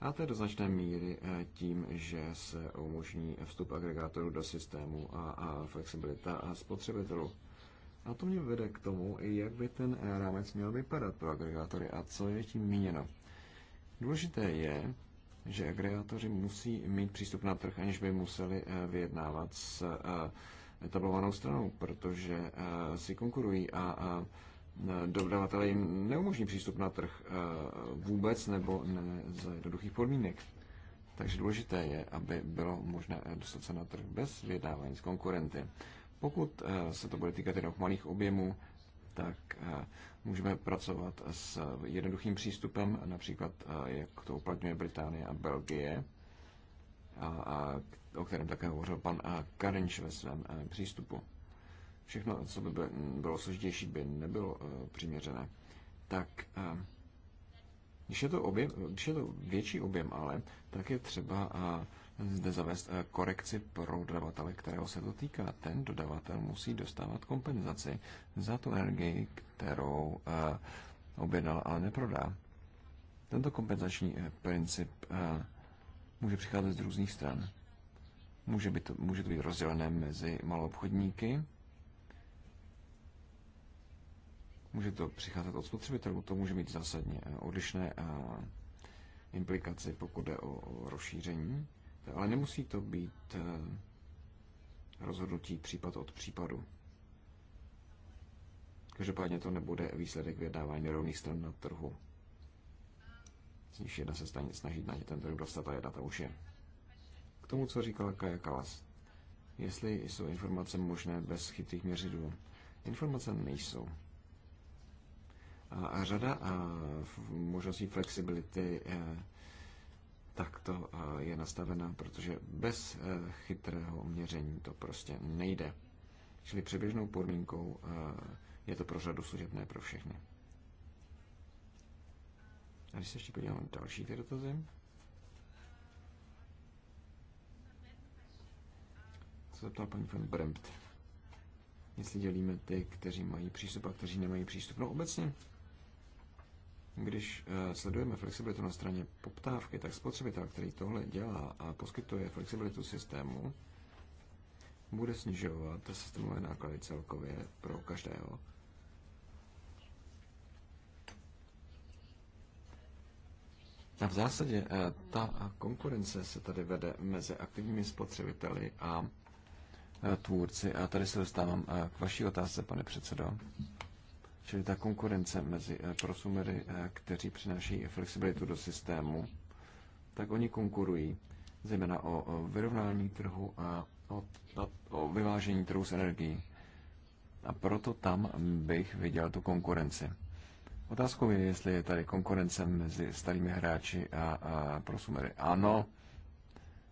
a to je do značné míry eh, tím, že se umožní vstup agregátorů do systému a, flexibilita a eh, spotřebitelů. A to mě vede k tomu, jak by ten rámec měl vypadat pro agregátory a co je tím míněno. Důležité je, že agregátoři musí mít přístup na trh, aniž by museli vyjednávat s etablovanou stranou, protože eh, si konkurují a eh, dodavatelé jim neumožní přístup na trh eh, vůbec nebo ne za jednoduchých podmínek. Takže důležité je, aby bylo možné dostat se na trh bez vyjednávání s konkurenty. Pokud se to bude týkat jenom malých objemů, tak můžeme pracovat s jednoduchým přístupem, například jak to uplatňuje Británie a Belgie, a, a o kterém také hovořil pan eh, Karinč ve svém eh, přístupu. Všechno, co by bylo složitější, by nebylo eh, přiměřené. Tak když je to, objem, když je to větší objem ale, tak je třeba zde zavést korekci pro dodavatele, kterého se to týká. Ten dodavatel musí dostávat kompenzaci za tu energii, kterou objednal, ale neprodá. Tento kompenzační princip může přicházet z různých stran. Může, být, může to být rozdělené mezi maloobchodníky, může to přicházet od spotřebitelů, to může mít zásadně odlišné eh, implikace, pokud jde o rozšíření, ale nemusí to být eh, rozhodnutí případ od případu. Každopádně to nebude výsledek vyjednávání rovných stran na trhu. Z níž jedna se snaží na ten trh dostat a jedna to už je tomu, co říkal Kaja Kalas. Jestli jsou informace možné bez chytrých měřidů. Informace nejsou. A řada a možností flexibility e, takto e, je nastavená, protože bez e, chytrého měření to prostě nejde. Čili přeběžnou podmínkou je to pro řadu služeb, ne pro všechny. A když se ještě podíváme na další ty dotazy. se zeptal paní van Brempt. Jestli dělíme ty, kteří mají přístup a kteří nemají přístup. No obecně, když eh, sledujeme flexibilitu na straně poptávky, tak spotřebitel, který tohle dělá a poskytuje flexibilitu systému, bude snižovat systémové náklady celkově pro každého. A v zásadě eh, ta konkurence se tady vede mezi aktivními spotřebiteli a Eh, tvůrci. A tady se dostávám eh, k vaší otázce, pane předsedo. Čili ta konkurence mezi eh, prosumery, kteří přináší flexibilitu do systému, tak oni konkurují zejména o vyrovnání trhu a o, o, o vyvážení trhu s energií. A proto tam bych viděl tu konkurenci. Otázkou je, jestli je tady konkurence mezi starými hráči a, a prosumery. Ano,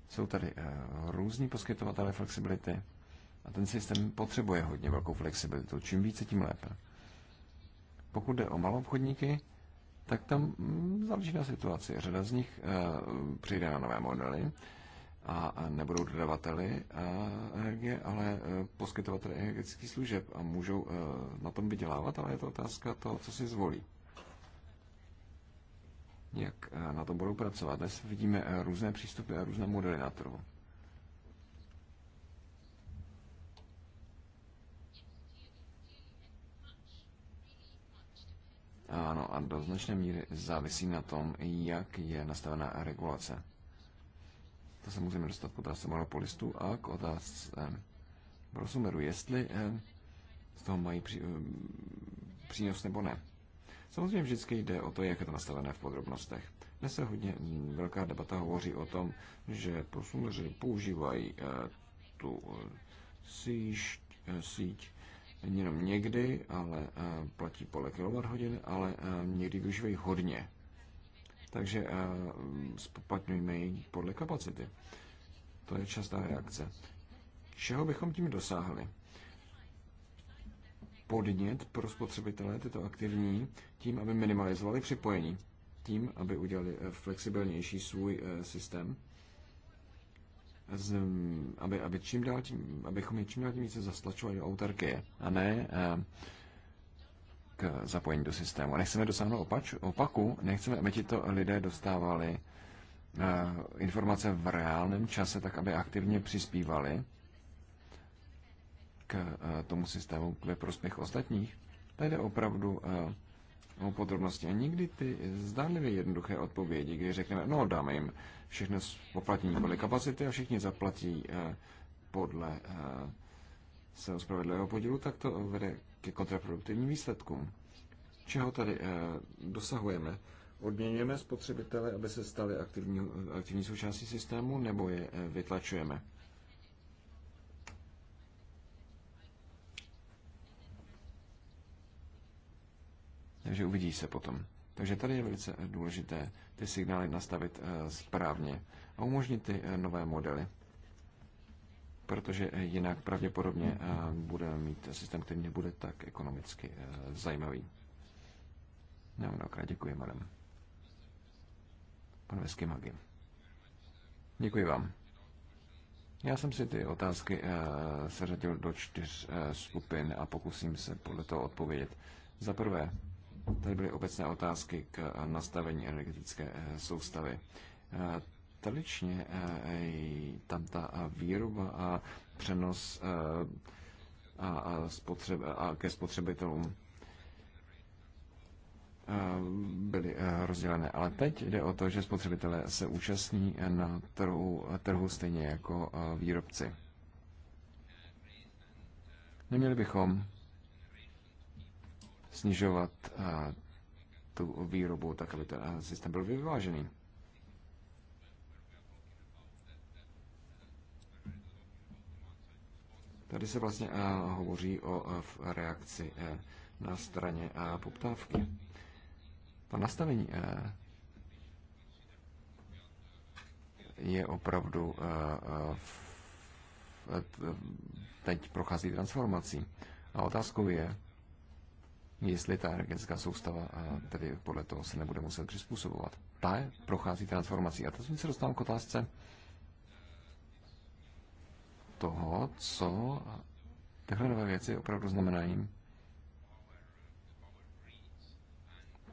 jsou tady různí poskytovatelé flexibility a ten systém potřebuje hodně velkou flexibilitu. Čím více, tím lépe. Pokud jde o malou obchodníky, tak tam mm, záleží na situaci. Řada z nich e, přijde na nové modely a, a nebudou dodavateli e, energie, ale e, poskytovateli energetických služeb a můžou e, na tom vydělávat, ale je to otázka toho, co si zvolí. Jak e, na tom budou pracovat. Dnes vidíme e, různé přístupy a různé modely na trhu. Ano, a do značné míry závisí na tom, jak je nastavená regulace. To se můžeme dostat k otázce monopolistů a k otázce prosumeru, jestli eh, z toho mají pří, eh, přínos nebo ne. Samozřejmě vždycky jde o to, jak je to nastavené v podrobnostech. Dnes se hodně velká debata hovoří o tom, že prosumeři používají eh, tu síť, síť jenom někdy, ale eh, platí podle kWh, ale eh, někdy využívají hodně. Takže spoplatňujme eh, ji podle kapacity. To je častá reakce. Čeho bychom tím dosáhli? Podnět pro spotřebitele, tyto aktivní, tím, aby minimalizovali připojení, tím, aby udělali flexibilnější svůj systém z, aby, aby čím dál tím, abychom je čím dál tím více zastlačovali do autarkie a ne eh, k zapojení do systému. Nechceme dosáhnout opač, opaku, nechceme, aby ti to lidé dostávali eh, informace v reálném čase, tak aby aktivně přispívali k eh, tomu systému ve prospěch ostatních. Tady jde opravdu o podrobnosti. A nikdy ty zdánlivě jednoduché odpovědi, kdy řekneme, no dáme jim všechno poplatní podle kapacity a všichni zaplatí eh, podle eh, svého spravedlivého podílu, tak to vede ke kontraproduktivním výsledkům. Čeho tady eh, dosahujeme? Odměňujeme spotřebitele, aby se stali aktivní, aktivní součástí systému, nebo je vytlačujeme? Takže uvidí se potom. Takže tady je velice důležité ty signály nastavit eh, správně a umožnit ty eh, nové modely, protože eh, jinak pravděpodobně budeme mít systém, který nebude tak ekonomicky zajímavý. Já mnohokrát děkuji, madam. Pan Vesky Magy. Děkuji vám. Já jsem si ty otázky seřadil do čtyř skupin a pokusím se podle toho odpovědět. Za prvé, Tady byly obecné otázky k nastavení energetické eh, soustavy. Eh, tradičně eh, tam ta výroba a přenos a, spotřeb, a ke spotřebitelům byly rozdělené. Ale teď jde o to, že spotřebitelé se účastní na trhu, trhu stejně jako výrobci. Neměli bychom snižovat tu výrobu, tak aby ten systém byl vyvážený. Tady se vlastně hovoří o reakci e, na straně a poptávky. To nastavení e, je opravdu e, teď prochází transformací. A otázkou je, jestli ta energetická soustava tedy podle toho se nebude muset přizpůsobovat. Ta je, prochází transformací. A teď se dostávám k otázce toho, co tyhle nové věci opravdu znamenají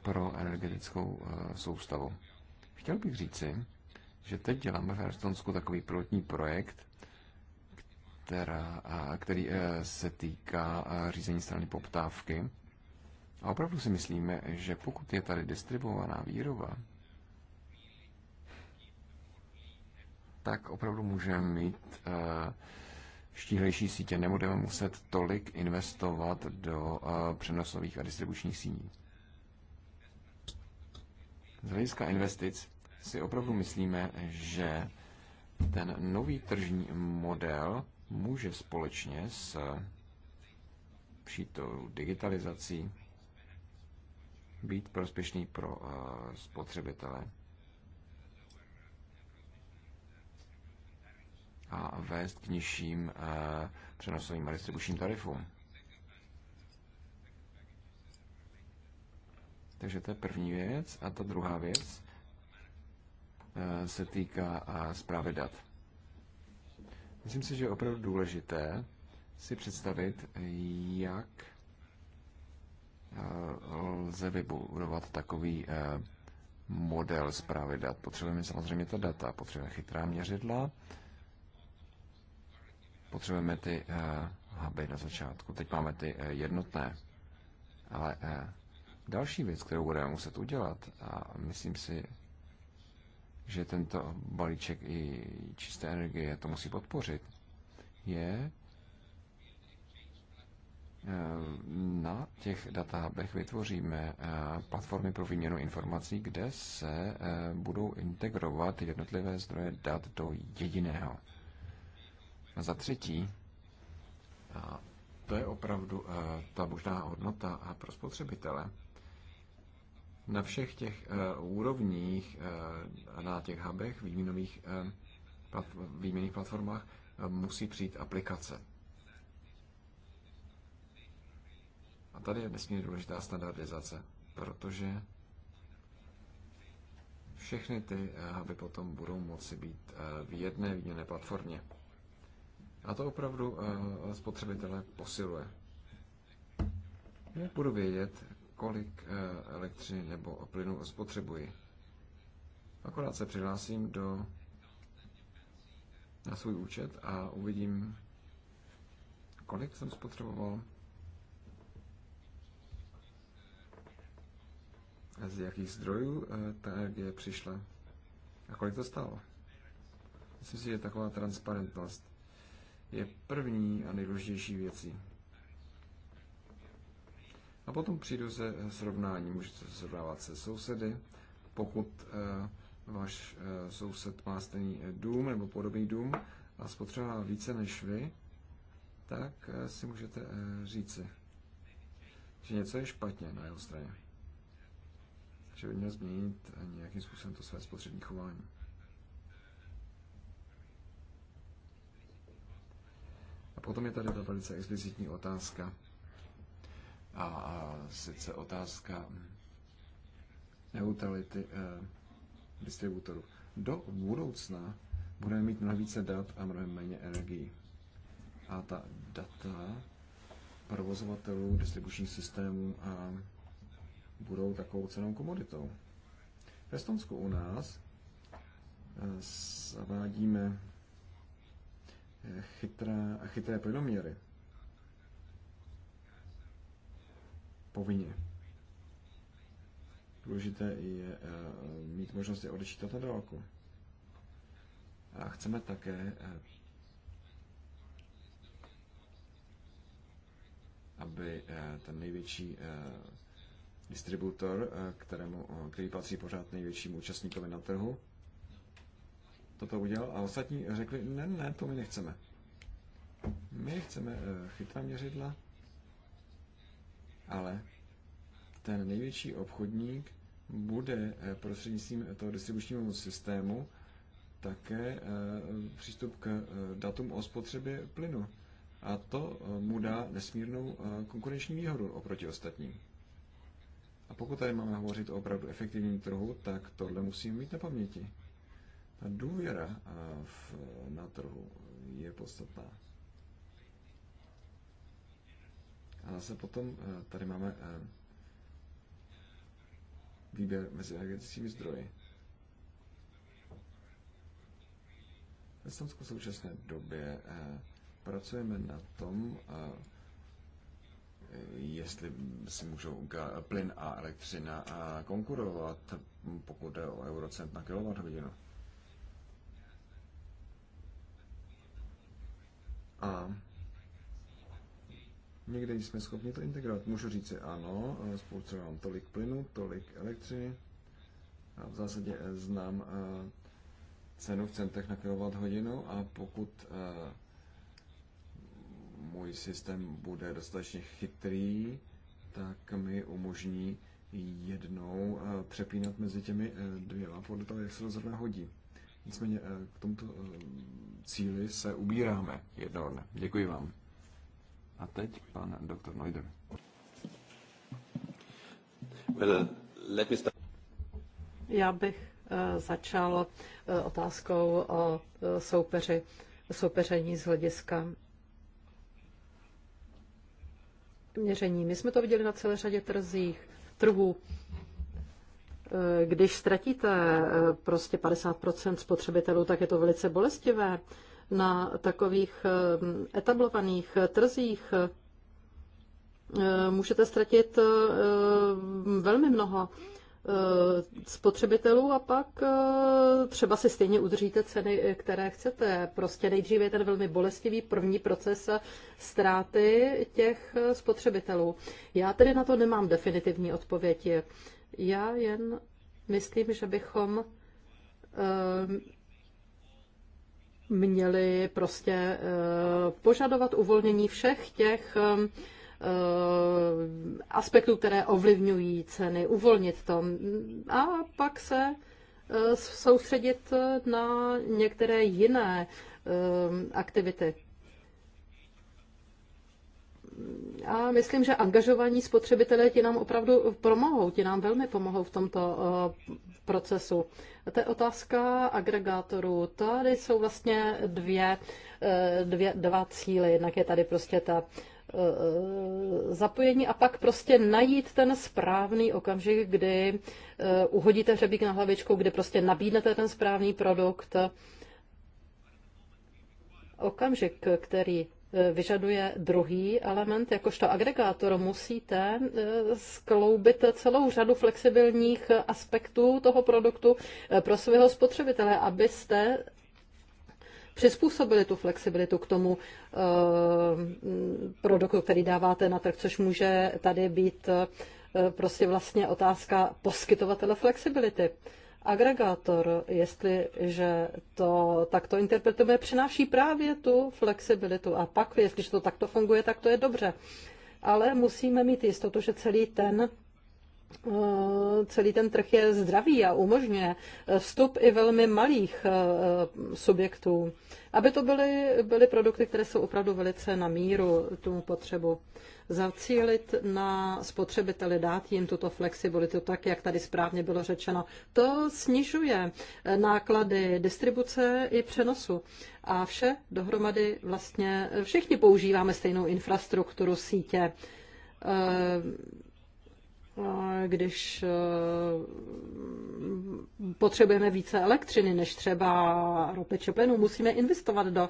pro energetickou e, soustavu. Chtěl bych říci, že teď děláme v Erstonsku takový pilotní projekt, která, který e, se týká řízení strany poptávky a opravdu si myslíme, že pokud je tady distribuovaná výroba, tak opravdu můžeme mít eh, štíhlejší sítě. Nebudeme muset tolik investovat do eh, přenosových a distribučních síní. Z hlediska investic si opravdu myslíme, že ten nový tržní model může společně s přítou digitalizací být prospěšný pro eh, spotřebitele a vést k nižším eh, přenosovým a distribučním tarifům. Takže to je první věc. A ta druhá věc eh, se týká zprávy dat. Myslím si, že je opravdu důležité si představit, jak lze vybudovat takový eh, model zprávy dat. Potřebujeme samozřejmě ta data, potřebujeme chytrá měřidla, potřebujeme ty eh, huby na začátku. Teď máme ty eh, jednotné. Ale další věc, kterou budeme muset udělat, a myslím si, že tento balíček i čisté energie to musí podpořit, je na těch databech vytvoříme eh, platformy pro výměnu informací, kde se eh, budou integrovat jednotlivé zdroje dat do jediného. A za třetí, a to je opravdu eh, ta možná hodnota a pro spotřebitele, na všech těch úrovních, na těch hubech, výměnových, platformách musí přijít aplikace A tady je nesmírně důležitá standardizace, protože všechny ty huby eh, potom budou moci být eh, v jedné výměné platformě. A to opravdu eh, spotřebitele posiluje. Jak budu vědět, kolik elektřiny nebo plynu spotřebuji. Akorát se přihlásím do na svůj účet a uvidím, kolik jsem spotřeboval z jakých zdrojů eh, ta energie přišla a kolik to stálo. Myslím si, že taková transparentnost je první a nejdůležitější věcí. A potom přijdu se srovnání. Můžete se srovnávat se sousedy. Pokud uh, váš uh, soused má stejný dům nebo podobný dům a spotřebová více než vy, tak uh, si můžete uh, říci, že něco je špatně na jeho straně že by měl změnit nějakým způsobem to své spotřební chování. A potom je tady ta velice explicitní otázka, a, a sice otázka neutrality eh, distributoru. Do budoucna budeme mít mnohem více dat a mnohem méně energii. A ta data provozovatelů distribučních systémů a budou takovou cenou komoditou. V Estonsku u nás eh, zavádíme eh, chytré, chytré plynoměry. Povinně. Důležité je eh, mít možnost je odečítat na dálku. A chceme také, aby ten největší distributor, eh, kterému, eh, který patří pořád největšímu účastníkovi na trhu, toto udělal a ostatní řekli, ne, ne, to my nechceme. My chceme eh, chytrá měřidla, ale ten největší obchodník bude prostřednictvím toho distribučního systému také přístup k datům o spotřebě plynu. A to mu dá nesmírnou konkurenční výhodu oproti ostatním. A pokud tady máme hovořit o opravdu efektivním trhu, tak tohle musíme mít na paměti. Ta důvěra eh, v, na trhu je podstatná. A zase potom eh, tady máme eh, výběr mezi energetickými zdroji. V Estonsku v současné době pracujeme na tom, jestli si můžou plyn a elektřina konkurovat, pokud jde o eurocent na hodinu. A někde jsme schopni to integrovat. Můžu říct si ano, mám tolik plynu, tolik elektřiny. A v zásadě eh, znám eh, cenu v centech na kilowatt hodinu a pokud eh, můj systém bude dostatečně chytrý, tak mi umožní jednou eh, přepínat mezi těmi eh, dvěma podle toho, jak se to zrovna hodí. Nicméně eh, k tomuto cíli se ubíráme jednoho dne. Děkuji vám. A teď pan doktor Neuder. Uh, Já bych začal otázkou o soupeři, soupeření z hlediska měření. My jsme to viděli na celé řadě trzích, trhů. E, když ztratíte e, prostě 50% spotřebitelů, tak je to velice bolestivé. Na takových e, etablovaných trzích můžete ztratit velmi mnoho. Eh, spotřebitelů a pak eh, třeba si stejně udržíte ceny, eh, které chcete. Prostě nejdříve je ten velmi bolestivý první proces ztráty těch spotřebitelů. Já tedy na to nemám definitivní odpověď. Já jen myslím, že bychom měli prostě požadovat uvolnění všech těch Eh, aspektů, které ovlivňují ceny, uvolnit to a pak se eh, soustředit na některé jiné eh, aktivity. A myslím, že angažovaní spotřebitelé ti nám opravdu pomohou, ti nám velmi pomohou v tomto procesu. To je otázka agregátorů. Tady jsou vlastně dvě, dvě, dva cíly. Jednak je tady prostě ta Eh, zapojení a pak prostě najít ten správný okamžik, kdy eh, uhodíte hřebík na hlavičku, kdy prostě nabídnete ten správný produkt. Okamžik, který eh, vyžaduje druhý element, jakožto agregátor musíte skloubit celou řadu flexibilních aspektů toho produktu pro svého spotřebitele, abyste přizpůsobili tu flexibilitu k tomu eh, produktu, který dáváte na trh, což může tady být eh, prostě vlastně otázka poskytovatele flexibility. Agregátor, jestliže to takto interpretujeme, přináší právě tu flexibilitu. A pak, jestliže to takto funguje, tak to je dobře. Ale musíme mít jistotu, že celý ten celý ten trh je zdravý a umožňuje vstup i velmi malých eh, subjektů, aby to byly, byly produkty, které jsou opravdu velice na míru tomu potřebu. Zacílit na spotřebiteli, dát jim tuto flexibilitu, tak jak tady správně bylo řečeno, to snižuje eh, náklady distribuce i přenosu. A vše dohromady vlastně všichni používáme stejnou infrastrukturu sítě eh, když eh, potřebujeme více elektřiny než třeba ropy či plynu, musíme investovat do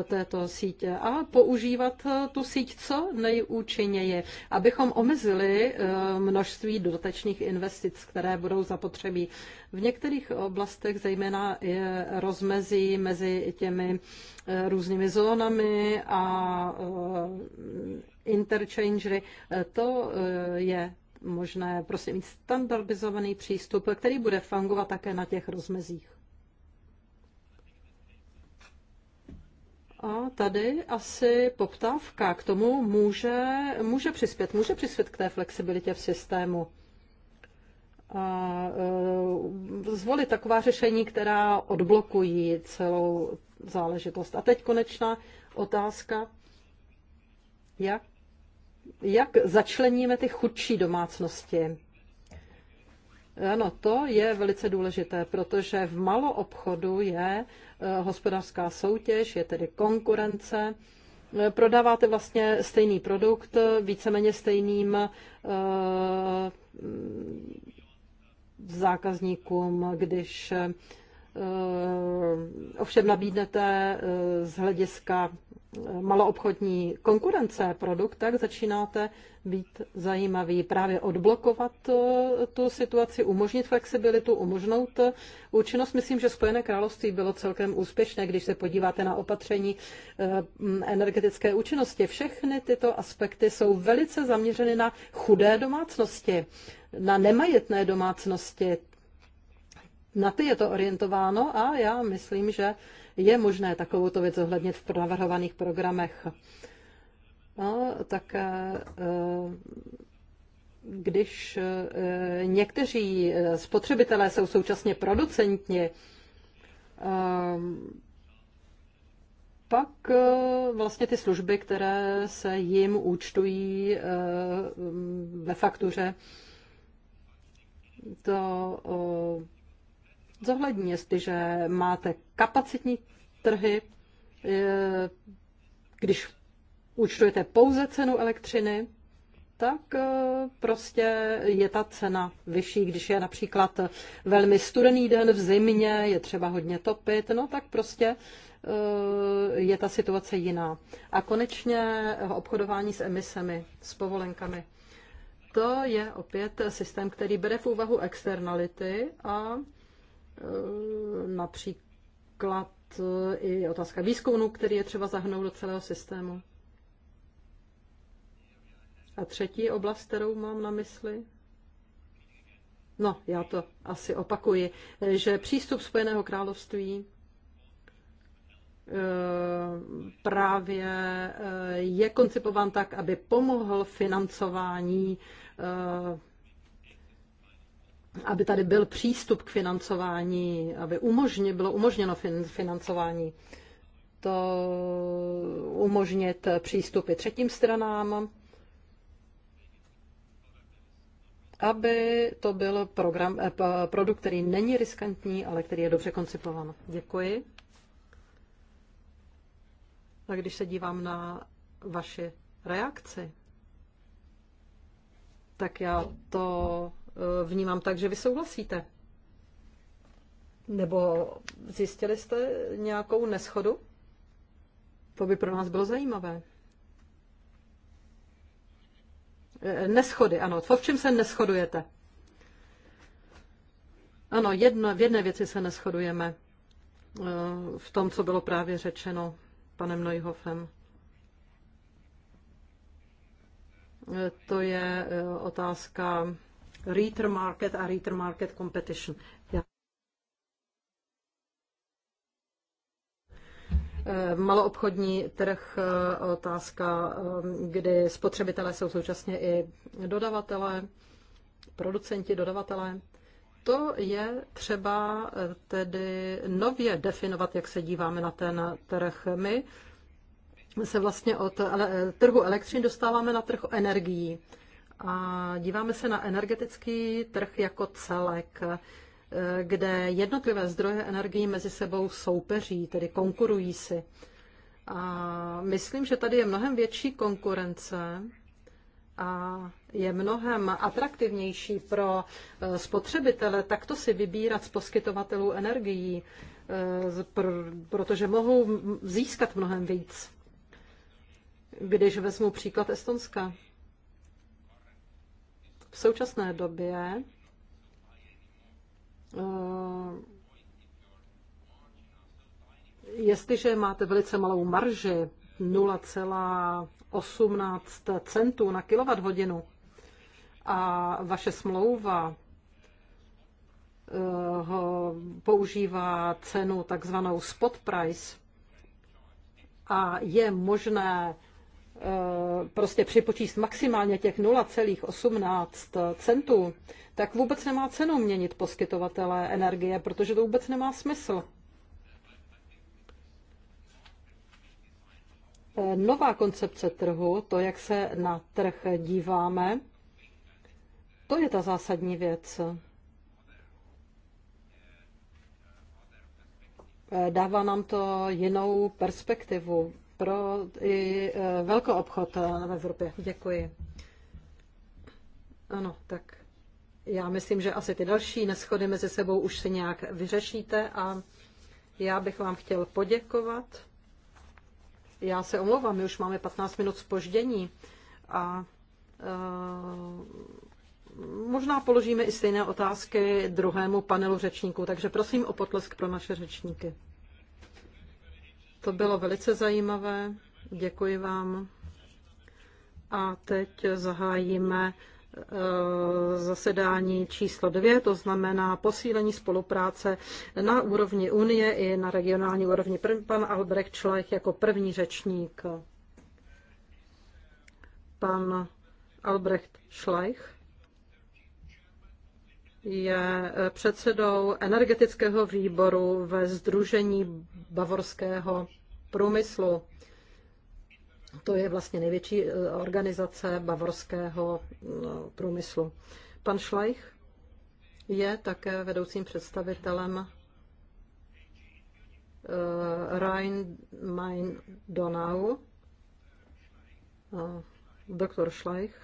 eh, této sítě a používat eh, tu síť co nejúčinněji, abychom omezili množství dodatečných investic, které budou zapotřebí. V některých oblastech zejména je rozmezí mezi těmi různými zónami a interchangery. To je možné prostě mít standardizovaný přístup, který bude fungovat také na těch rozmezích. A tady asi poptávka k tomu může, může přispět, může přispět k té flexibilitě v systému. A e, zvolit taková řešení, která odblokují celou záležitost. A teď konečná otázka, jak jak začleníme ty chudší domácnosti. Ano, to je velice důležité, protože v maloobchodu je eh, hospodářská soutěž, je tedy konkurence. Eh, prodáváte vlastně stejný produkt víceméně stejným eh, zákazníkům, když Eh, ovšem nabídnete eh, z hlediska eh, maloobchodní konkurence produkt, tak začínáte být zajímavý. Právě odblokovat tu situaci, umožnit flexibilitu, umožnout účinnost. Myslím, že Spojené království bylo celkem úspěšné, když se podíváte na opatření energetické účinnosti. Všechny tyto aspekty jsou velice zaměřeny na chudé domácnosti na nemajetné domácnosti na ty je to orientováno a já myslím, že je možné takovouto věc zohlednit v navrhovaných programech. No, tak eh, když eh, někteří eh, spotřebitelé jsou současně producenti, pak vlastně ty služby, které se jim účtují ve faktuře, to zohlední. Jestliže máte kapacitní trhy, eh, když účtujete pouze cenu elektřiny, tak eh, prostě je ta cena vyšší. Když je například velmi studený den v zimě, je třeba hodně topit, no tak prostě eh, je ta situace jiná. A konečně obchodování s emisemi, s povolenkami. To je opět systém, který bere v úvahu externality a Eh, například eh, i otázka výzkumu, který je třeba zahrnout do celého systému. A třetí oblast, kterou mám na mysli, no, já to asi opakuji, eh, že přístup Spojeného království právě je koncipován tak, aby pomohl financování aby tady byl přístup k financování, aby umožně, bylo umožněno fin, financování, to umožnit přístupy třetím stranám, aby to byl program, eh, produkt, který není riskantní, ale který je dobře koncipován. Děkuji. A když se dívám na vaši reakci, tak já to Eh, vnímám tak, že vy souhlasíte. Nebo zjistili jste nějakou neschodu? To by pro nás bylo zajímavé. Eh, neschody, ano. V čem se neschodujete? Ano, jedno, v jedné věci se neschodujeme. Eh, v tom, co bylo právě řečeno panem Neuhofem. To je otázka retail market a retail market competition. Eh, maloobchodní trh, eh, otázka, eh, kdy spotřebitelé jsou současně i dodavatelé, producenti, dodavatelé. To je třeba tedy nově definovat, jak se díváme na ten trh. My se vlastně od trhu elektřiny dostáváme na trh energií a díváme se na energetický trh jako celek, eh, kde jednotlivé zdroje energií mezi sebou soupeří, tedy konkurují si. A myslím, že tady je mnohem větší konkurence a je mnohem atraktivnější pro eh, spotřebitele takto si vybírat z poskytovatelů energií, eh, protože mohou získat mnohem víc. Když vezmu příklad Estonska, v současné době eh, jestliže máte velice malou marži 0,18 centů na kWh a vaše smlouva eh, ho používá cenu takzvanou spot price a je možné Eh, prostě připočíst maximálně těch 0,18 centů, tak vůbec nemá cenu měnit poskytovatele energie, protože to vůbec nemá smysl. Eh, nová koncepce trhu, to, jak se na trh díváme, to je ta zásadní věc. Eh, dává nám to jinou perspektivu, pro i e, velkou obchod e, v Evropě. Děkuji. Ano, tak já myslím, že asi ty další neschody mezi sebou už se nějak vyřešíte a já bych vám chtěl poděkovat. Já se omlouvám, my už máme 15 minut spoždění a uh, možná položíme i stejné otázky druhému panelu řečníků, takže prosím o potlesk pro naše řečníky. To bylo velice zajímavé. Děkuji vám. A teď zahájíme eh, zasedání číslo dvě, to znamená posílení spolupráce na úrovni Unie i na regionální úrovni. Pan Albrecht Šlech jako první řečník. Pan Albrecht Schleich je eh, předsedou energetického výboru ve Združení bavorského průmyslu. To je vlastně největší eh, organizace bavorského eh, průmyslu. Pan Schleich je také vedoucím představitelem Rhein-Main-Donau. Doktor Schleich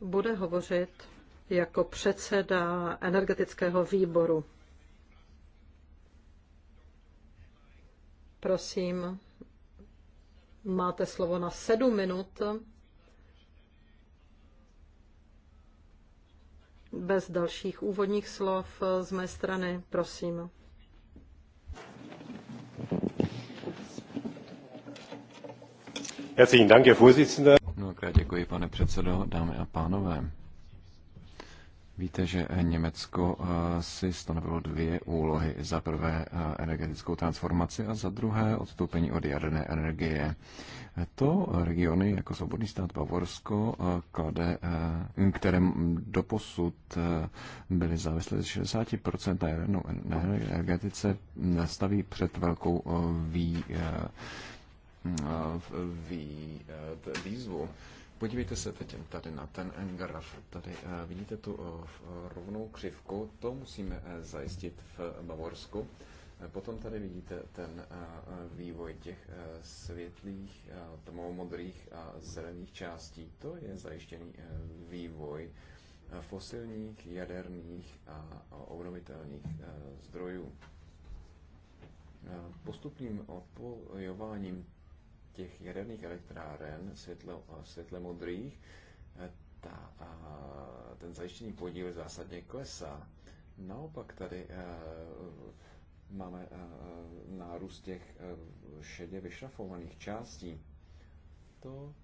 bude hovořit jako předseda energetického výboru. Prosím, máte slovo na sedm minut. Bez dalších úvodních slov z mé strany, prosím. Herzlichen Dank, Herr Vorsitzender. děkuji, pane předsedo, dámy a pánové. Víte, že Německo eh, si stanovilo dvě úlohy. Za prvé eh, energetickou transformaci a za druhé odstoupení od jaderné energie. To regiony jako Svobodný stát Bavorsko, eh, klade, které doposud byly závislé 60% na jadernou energetice, staví před velkou vý, vý, výzvu. Vý, Podívejte se teď tady na ten graf. Tady eh, vidíte tu eh, eh, rovnou křivku, to musíme zajistit v Bavorsku. Potom tady vidíte ten vývoj těch světlých, tmavomodrých a zelených částí. To je zajištěný vývoj fosilních, jaderných a obnovitelných zdrojů. Postupným odpojováním těch jaderných elektráren světlo, eh, světle modrých, eh, ta, ten zajištění podíl zásadně klesá. Naopak tady eh, máme nárůst těch šedě vyšrafovaných částí. To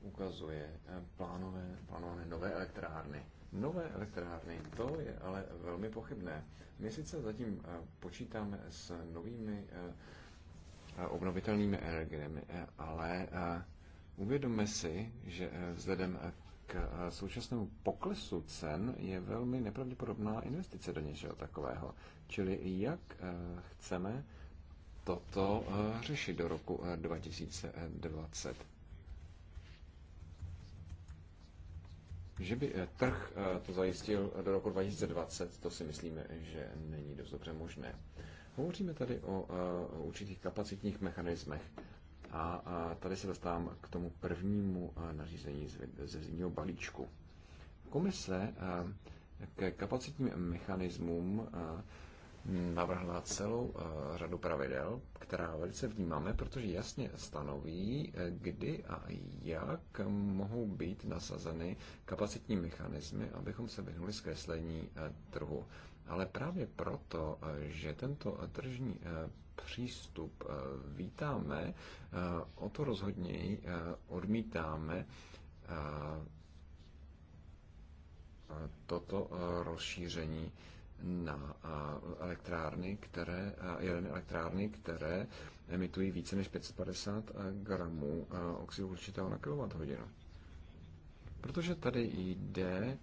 ukazuje plánové, plánované nové elektrárny. Nové elektrárny, to je ale velmi pochybné. My sice zatím počítáme s novými Eh, obnovitelnými energiemi, eh, ale eh, uvědomme si, že vzhledem k současnému poklesu cen je velmi nepravděpodobná investice do něčeho takového. Čili jak chceme toto řešit do roku 2020? Že by trh to zajistil do roku 2020, to si myslíme, že není dost dobře možné. Hovoříme tady o, eh, o určitých kapacitních mechanismech. A, a tady se dostávám k tomu prvnímu eh, nařízení ze zimního balíčku. Komise eh, ke kapacitním mechanismům navrhla celou řadu pravidel, která velice vnímáme, protože jasně stanoví, kdy a jak mohou být nasazeny kapacitní mechanismy, abychom se vyhnuli zkreslení trhu. Ale právě proto, že tento tržní eh, přístup eh, vítáme, eh, o to rozhodněji odmítáme toto rozšíření na elektrárny, které, jeden elektrárny, které emitují více než 550 gramů oxidu uhličitého na kWh. Protože tady jde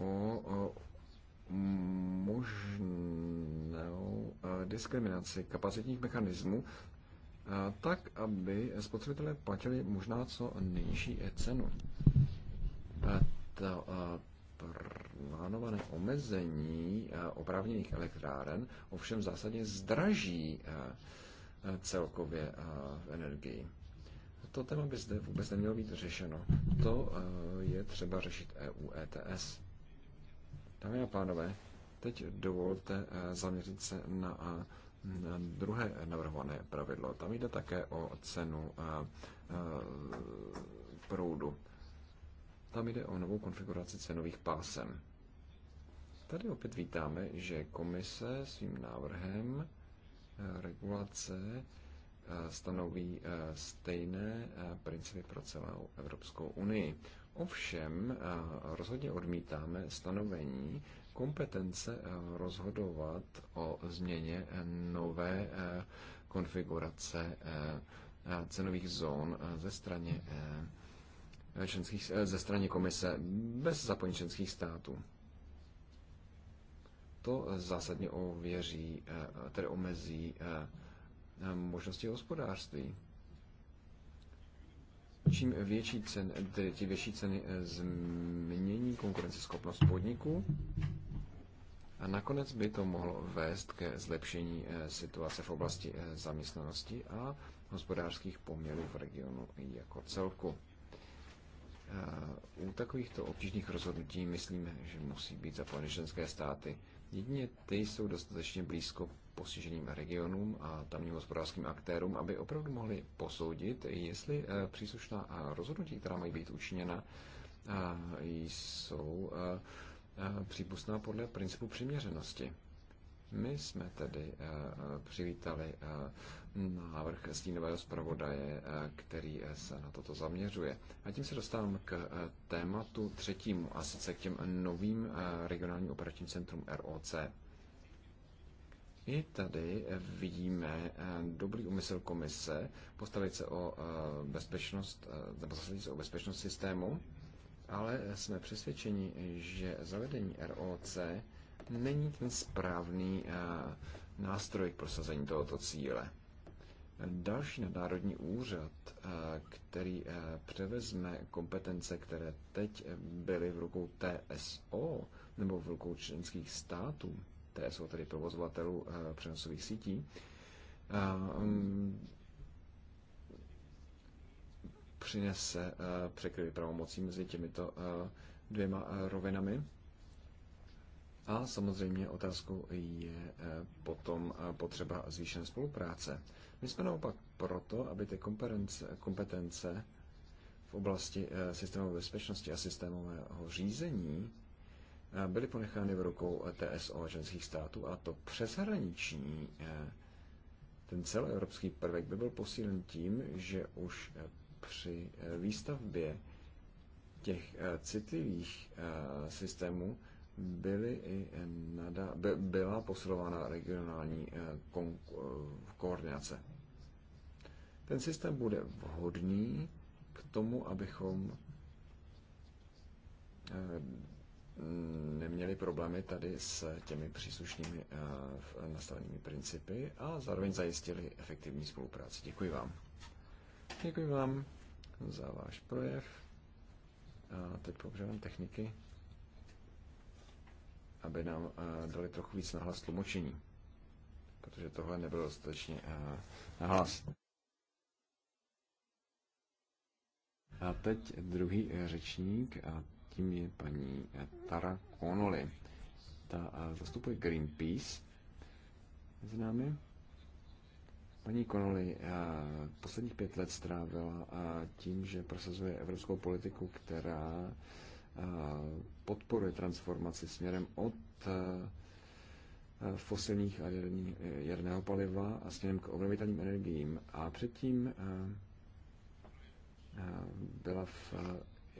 o možnou eh, diskriminaci kapacitních mechanismů, eh, tak, aby spotřebitelé platili možná co nejnižší cenu. Eh, to plánované omezení opravněných elektráren ovšem zásadně zdraží celkově v energii. To téma by zde vůbec nemělo být řešeno. To je třeba řešit EU ETS. Dámy a pánové, teď dovolte eh, zaměřit se eh, na druhé navrhované pravidlo. Tam jde také o cenu eh, proudu. Tam jde o novou konfiguraci cenových pásem. Tady opět vítáme, že komise svým návrhem regulace stanoví stejné principy pro celou Evropskou unii. Ovšem eh, rozhodně odmítáme stanovení kompetence eh, rozhodovat o změně eh, nové konfigurace cenových zón ze straně, členských, ze straně komise bez zapojení členských států. To zásadně ověří, tedy omezí možnosti hospodářství čím větší cen, tedy ty větší ceny eh, změní konkurenceschopnost podniků a nakonec by to mohlo vést ke zlepšení eh, situace v oblasti eh, zaměstnanosti a hospodářských poměrů v regionu jako celku. U takovýchto obtížných rozhodnutí myslím, že musí být zapojeny ženské státy. Jedině ty jsou dostatečně blízko postiženým regionům a tamním hospodářským aktérům, aby opravdu mohli posoudit, jestli eh, příslušná eh, rozhodnutí, která mají být učiněna, eh, jsou přípustná podle principu přiměřenosti. My jsme tedy přivítali návrh stínového zpravodaje, který se na toto zaměřuje. A tím se dostávám k tématu třetímu, a sice k těm novým regionálním operačním centrum ROC. I tady vidíme eh, dobrý úmysl komise postavit se o eh, bezpečnost, eh, nebo zasadit se o bezpečnost systému, ale jsme přesvědčeni, že zavedení ROC není ten správný nástroj k prosazení tohoto cíle. Další nadnárodní úřad, který převezme kompetence, které teď byly v rukou TSO nebo v rukou členských států, které jsou tedy provozovatelů eh, přenosových sítí, eh, mm, přinese eh, překryvy pravomocí mezi těmito dvěma rovinami. A samozřejmě otázkou je potom potřeba zvýšené spolupráce. My jsme naopak proto, aby ty kompetence, kompetence v oblasti systémové bezpečnosti a systémového řízení Eh, byly ponechány v rukou eh, TSO ženských států a to přeshraniční eh, ten celoevropský prvek by byl posílen tím, že už při výstavbě těch citlivých systémů byly i nada, by, byla posilována regionální koordinace. Ten systém bude vhodný k tomu, abychom neměli problémy tady s těmi příslušnými eh, nastavenými principy a zároveň zajistili efektivní spolupráci. Děkuji vám. Děkuji vám za váš projev. A teď popřávám techniky, aby nám eh, dali trochu víc nahlas tlumočení, protože tohle nebylo dostatečně eh, nahlas. A teď druhý řečník a tím je paní eh, Tara Connolly. Ta eh, zastupuje Greenpeace mezi námi. Paní Connolly eh, posledních pět let strávila tím, že prosazuje evropskou politiku, která podporuje transformaci směrem od fosilních a jaderní, jaderného paliva a směrem k obnovitelným energiím. A předtím byla v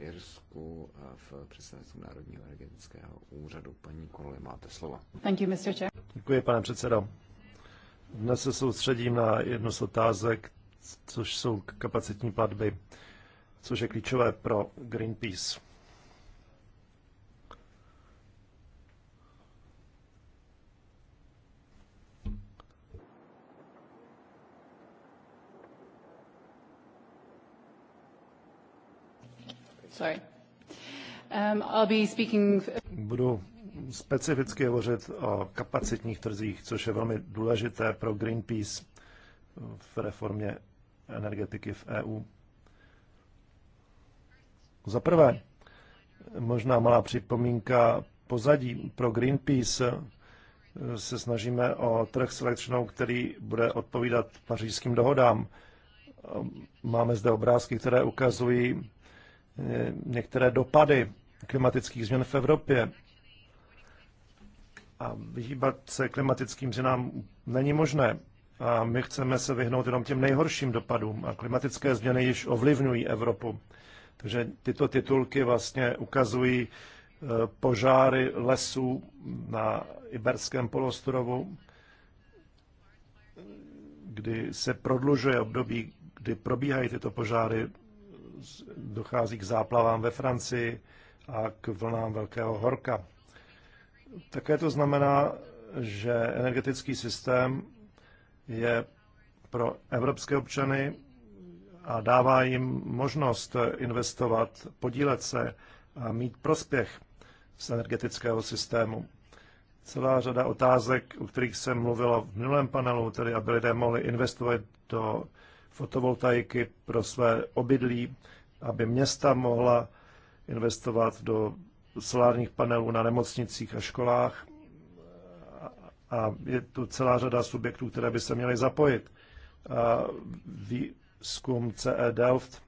Irsku a v představenstvu Národního energetického úřadu. Paní Korole, máte slovo. Thank you, Mr. Chair. Děkuji, pane předsedo. Dnes se soustředím na jednu z otázek, což jsou kapacitní platby, což je klíčové pro Greenpeace. Sorry. Um, I'll be speaking... Budu specificky hovořit o kapacitních trzích, což je velmi důležité pro Greenpeace v reformě energetiky v EU. Za prvé, možná malá připomínka pozadí. Pro Greenpeace eh, se snažíme o trh s elektřinou, který bude odpovídat pařížským dohodám. Máme zde obrázky, které ukazují Eh, některé dopady klimatických změn v Evropě. A vyhýbat se klimatickým změnám není možné. A my chceme se vyhnout jenom těm nejhorším dopadům. A klimatické změny již ovlivňují Evropu. Takže tyto titulky vlastně ukazují eh, požáry lesů na Iberském polostrovu, kdy se prodlužuje období, kdy probíhají tyto požáry dochází k záplavám ve Francii a k vlnám velkého horka. Také to znamená, že energetický systém je pro evropské občany a dává jim možnost investovat, podílet se a mít prospěch z energetického systému. Celá řada otázek, o kterých jsem mluvila v minulém panelu, tedy aby lidé mohli investovat do fotovoltaiky pro své obydlí, aby města mohla investovat do solárních panelů na nemocnicích a školách. A je tu celá řada subjektů, které by se měly zapojit. A výzkum CE Delft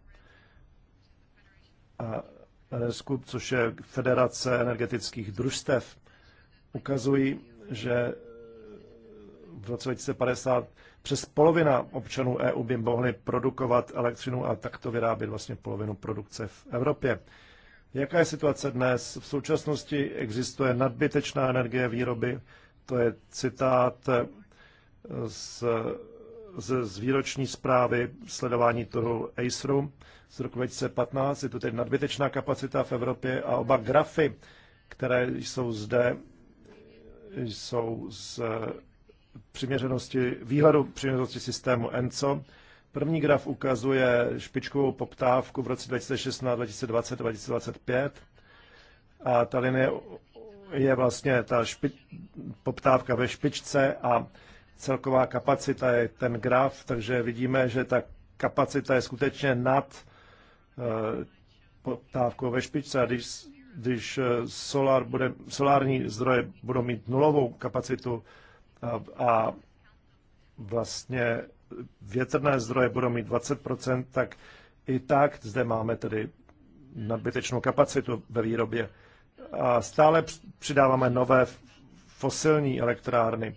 a RSKUB, což je Federace energetických družstev, ukazují, že v roce 2050 přes polovina občanů EU by mohly produkovat elektřinu a takto vyrábět vlastně polovinu produkce v Evropě. Jaká je situace dnes? V současnosti existuje nadbytečná energie výroby, to je citát eh, z, z, z výroční zprávy sledování toho ACERu z roku 2015. Je to tedy nadbytečná kapacita v Evropě a oba grafy, které jsou zde, jsou z přiměřenosti, výhledu přiměřenosti systému ENCO. První graf ukazuje špičkovou poptávku v roce 2016, 2020, 2025 a ta linie je vlastně ta špi- poptávka ve špičce a celková kapacita je ten graf, takže vidíme, že ta kapacita je skutečně nad e, poptávkou ve špičce a když, když eh, solar bude, solární zdroje budou mít nulovou kapacitu, a, vlastně větrné zdroje budou mít 20%, tak i tak zde máme tedy nadbytečnou kapacitu ve výrobě. A stále přidáváme nové fosilní elektrárny.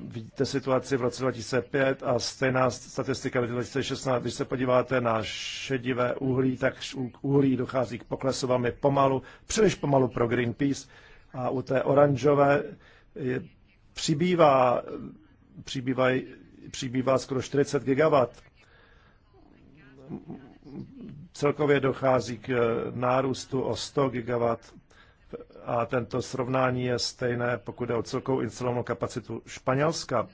Vidíte situaci v roce 2005 a stejná statistika v roce 2016. Když se podíváte na šedivé uhlí, tak uhlí dochází k poklesu velmi pomalu, příliš pomalu pro Greenpeace. A u té oranžové přibývá, přibývá, přibývá skoro 40 GW. Celkově dochází k nárůstu o 100 GW a tento srovnání je stejné, pokud je o celkovou instalovanou kapacitu Španělska.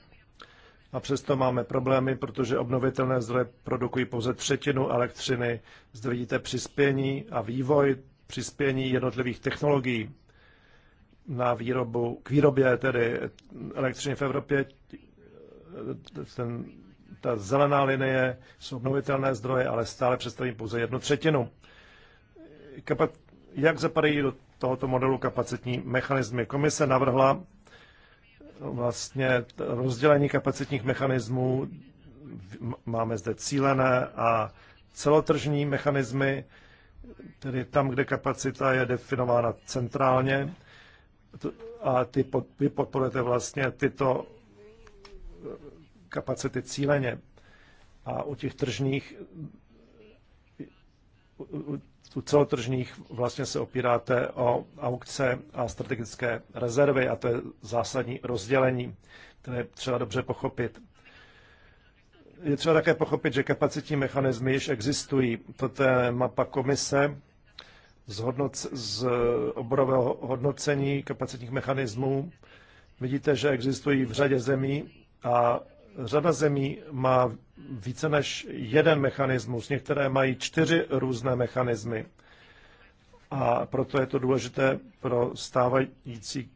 A přesto máme problémy, protože obnovitelné zdroje produkují pouze třetinu elektřiny. Zde vidíte přispění a vývoj přispění jednotlivých technologií na výrobu, k výrobě tedy elektřiny v Evropě. Ten, ta zelená linie jsou obnovitelné zdroje, ale stále představí pouze jednu třetinu. Kapat, jak zapadají do tohoto modelu kapacitní mechanismy? Komise navrhla vlastně rozdělení kapacitních mechanismů. Máme zde cílené a celotržní mechanismy, tedy tam, kde kapacita je definována centrálně a ty pod, vy podporujete vlastně tyto eh, kapacity cíleně. A u těch tržních, u, u celotržních vlastně se opíráte o aukce a strategické rezervy a to je zásadní rozdělení, které je třeba dobře pochopit. Je třeba také pochopit, že kapacitní mechanismy již existují. Toto je mapa komise, z, hodnoc, z oborového hodnocení kapacitních mechanismů. Vidíte, že existují v řadě zemí a řada zemí má více než jeden mechanismus. Některé mají čtyři různé mechanismy. A proto je to důležité pro stávající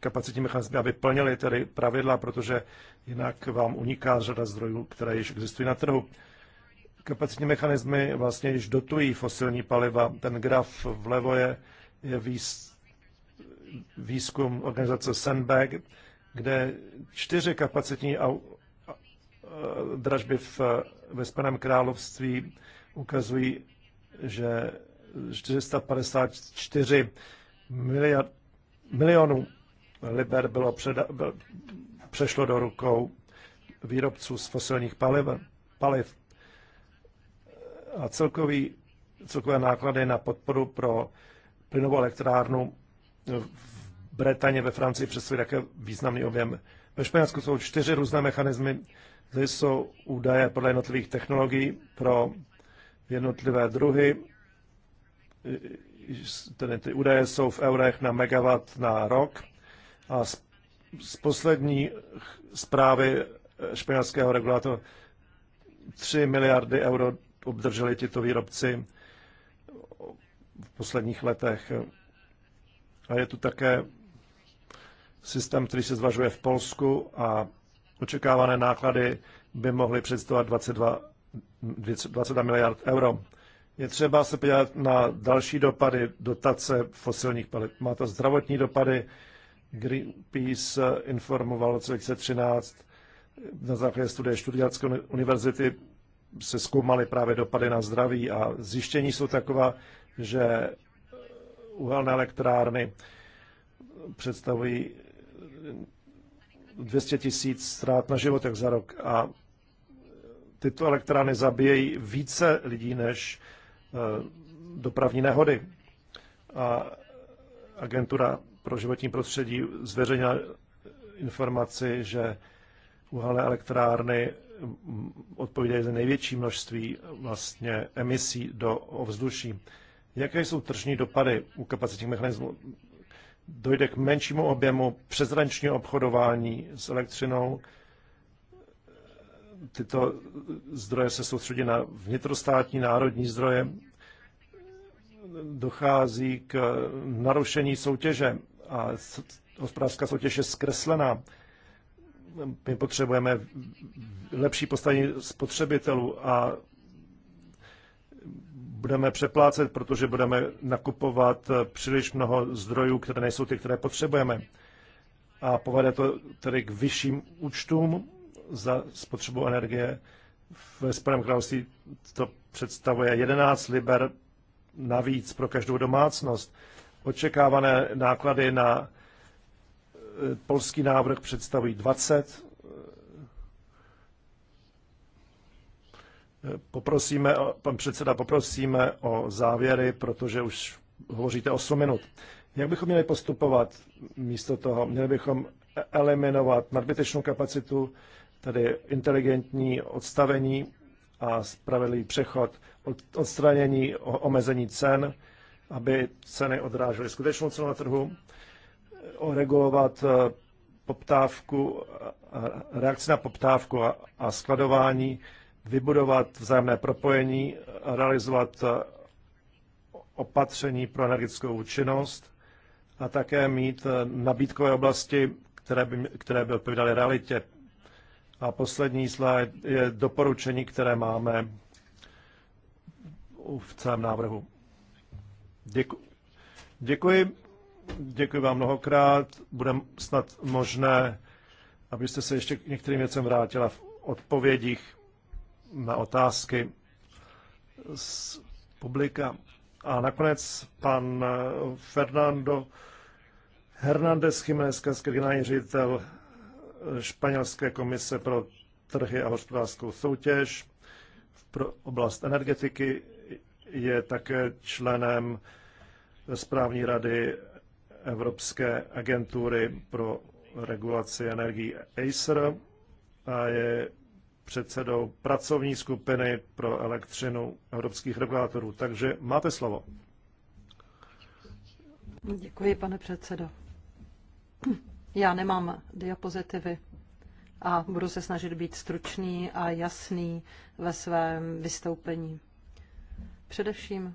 kapacitní mechanismy, aby plnili tedy pravidla, protože jinak vám uniká řada zdrojů, které již existují na trhu kapacitní mechanismy vlastně již dotují fosilní paliva. Ten graf vlevo je, je výs, výzkum organizace Sandbag, kde čtyři kapacitní au, dražby v, ve Spaném království ukazují, že 454 miliard, milionů liber bylo předa, byl, přešlo do rukou výrobců z fosilních paliv. paliv a celkový, celkové náklady na podporu pro plynovou elektrárnu v Bretaně ve Francii představují také významný objem. Ve Španělsku jsou čtyři různé mechanismy, zde jsou údaje podle jednotlivých technologií pro jednotlivé druhy. Tedy ty údaje jsou v eurech na megawatt na rok a z, z poslední zprávy španělského regulátora 3 miliardy euro obdrželi tito výrobci v posledních letech. A je tu také systém, který se zvažuje v Polsku a očekávané náklady by mohly představovat 22, 20 miliard euro. Je třeba se podívat na další dopady dotace fosilních paliv. Má to zdravotní dopady. Greenpeace informoval v 2013 na základě studie Študijatské univerzity se zkoumaly právě dopady na zdraví a zjištění jsou taková, že uhelné elektrárny představují 200 tisíc ztrát na životech za rok a tyto elektrárny zabíjejí více lidí než eh, dopravní nehody. A agentura pro životní prostředí zveřejnila informaci, že uhelné elektrárny odpovídají za největší množství vlastně emisí do ovzduší. Jaké jsou tržní dopady u kapacitních mechanismů? Dojde k menšímu objemu přezrančního obchodování s elektřinou. Tyto zdroje se soustředí na vnitrostátní národní zdroje. Dochází k narušení soutěže a hospodářská soutěž je zkreslená my potřebujeme lepší postavení spotřebitelů a budeme přeplácet, protože budeme nakupovat příliš mnoho zdrojů, které nejsou ty, které potřebujeme. A povede to tedy k vyšším účtům za spotřebu energie. V Spojeném království to představuje 11 liber navíc pro každou domácnost. Očekávané náklady na Eh, polský návrh představují 20. Eh, poprosíme, pan předseda, poprosíme o závěry, protože už hovoříte 8 minut. Jak bychom měli postupovat místo toho? Měli bychom eliminovat nadbytečnou kapacitu, tedy inteligentní odstavení a spravedlivý přechod, odstranění omezení cen, aby ceny odrážely skutečnou cenu na trhu, oregulovat eh, poptávku, eh, reakci na poptávku a, a skladování, vybudovat vzájemné propojení, realizovat eh, opatření pro energetickou účinnost a také mít nabídkové oblasti, které by, které by odpovídaly realitě. A poslední slide je doporučení, které máme v celém návrhu. Děku, děkuji. Děkuji vám mnohokrát. Bude snad možné, abyste se ještě k některým věcem vrátila v odpovědích na otázky z publika. A nakonec pan Fernando Hernández Jiménez, generální ředitel Španělské komise pro trhy a hospodářskou soutěž pro oblast energetiky, je také členem správní rady Evropské agentury pro regulaci energií ACER a je předsedou pracovní skupiny pro elektřinu evropských regulátorů. Takže máte slovo. Děkuji, pane předsedo. Já nemám diapozitivy a budu se snažit být stručný a jasný ve svém vystoupení. Především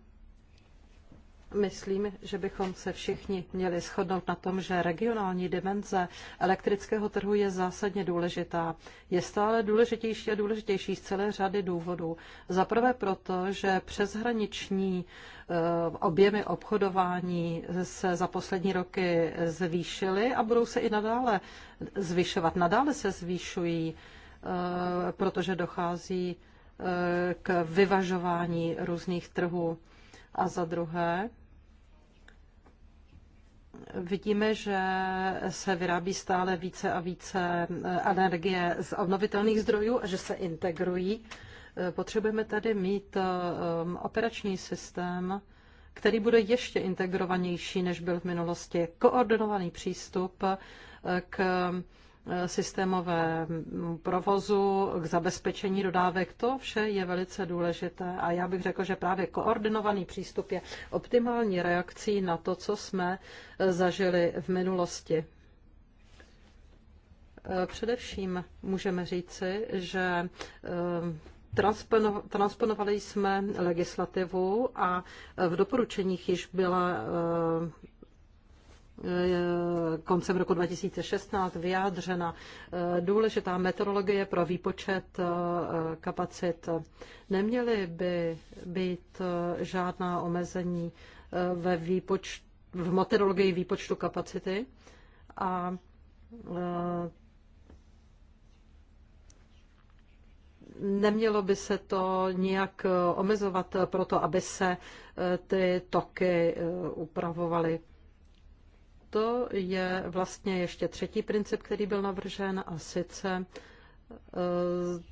Myslím, že bychom se všichni měli shodnout na tom, že regionální dimenze elektrického trhu je zásadně důležitá. Je stále důležitější a důležitější z celé řady důvodů. Za prvé proto, že přeshraniční eh, objemy obchodování se za poslední roky zvýšily a budou se i nadále zvyšovat. Nadále se zvýšují, eh, protože dochází eh, k vyvažování různých trhů. A za druhé, Vidíme, že se vyrábí stále více a více eh, energie z obnovitelných zdrojů a že se integrují. Eh, potřebujeme tady mít eh, operační systém, který bude ještě integrovanější, než byl v minulosti. Koordinovaný přístup k systémové provozu, k zabezpečení dodávek, to vše je velice důležité. A já bych řekl, že právě koordinovaný přístup je optimální reakcí na to, co jsme eh, zažili v minulosti. Eh, především můžeme říci, že eh, transponovali jsme legislativu a v doporučeních již byla Eh, koncem roku 2016 vyjádřena eh, důležitá meteorologie pro výpočet eh, kapacit. Neměly by být žádná omezení ve výpočtu, v meteorologii výpočtu kapacity a nemělo by se to nějak omezovat proto, aby se ty toky upravovaly to je vlastně ještě třetí princip, který byl navržen, a sice eh,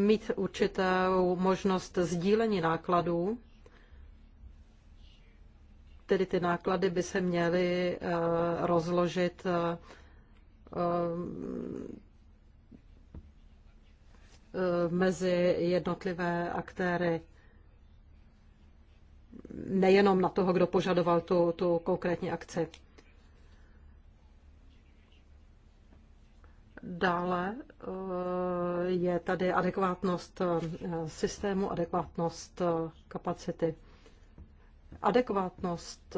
mít určitou možnost sdílení nákladů. Tedy ty náklady by se měly eh, rozložit eh, mezi jednotlivé aktéry nejenom na toho, kdo požadoval tu, tu konkrétní akci. Dále eh, je tady adekvátnost eh, systému, adekvátnost eh, kapacity. Adekvátnost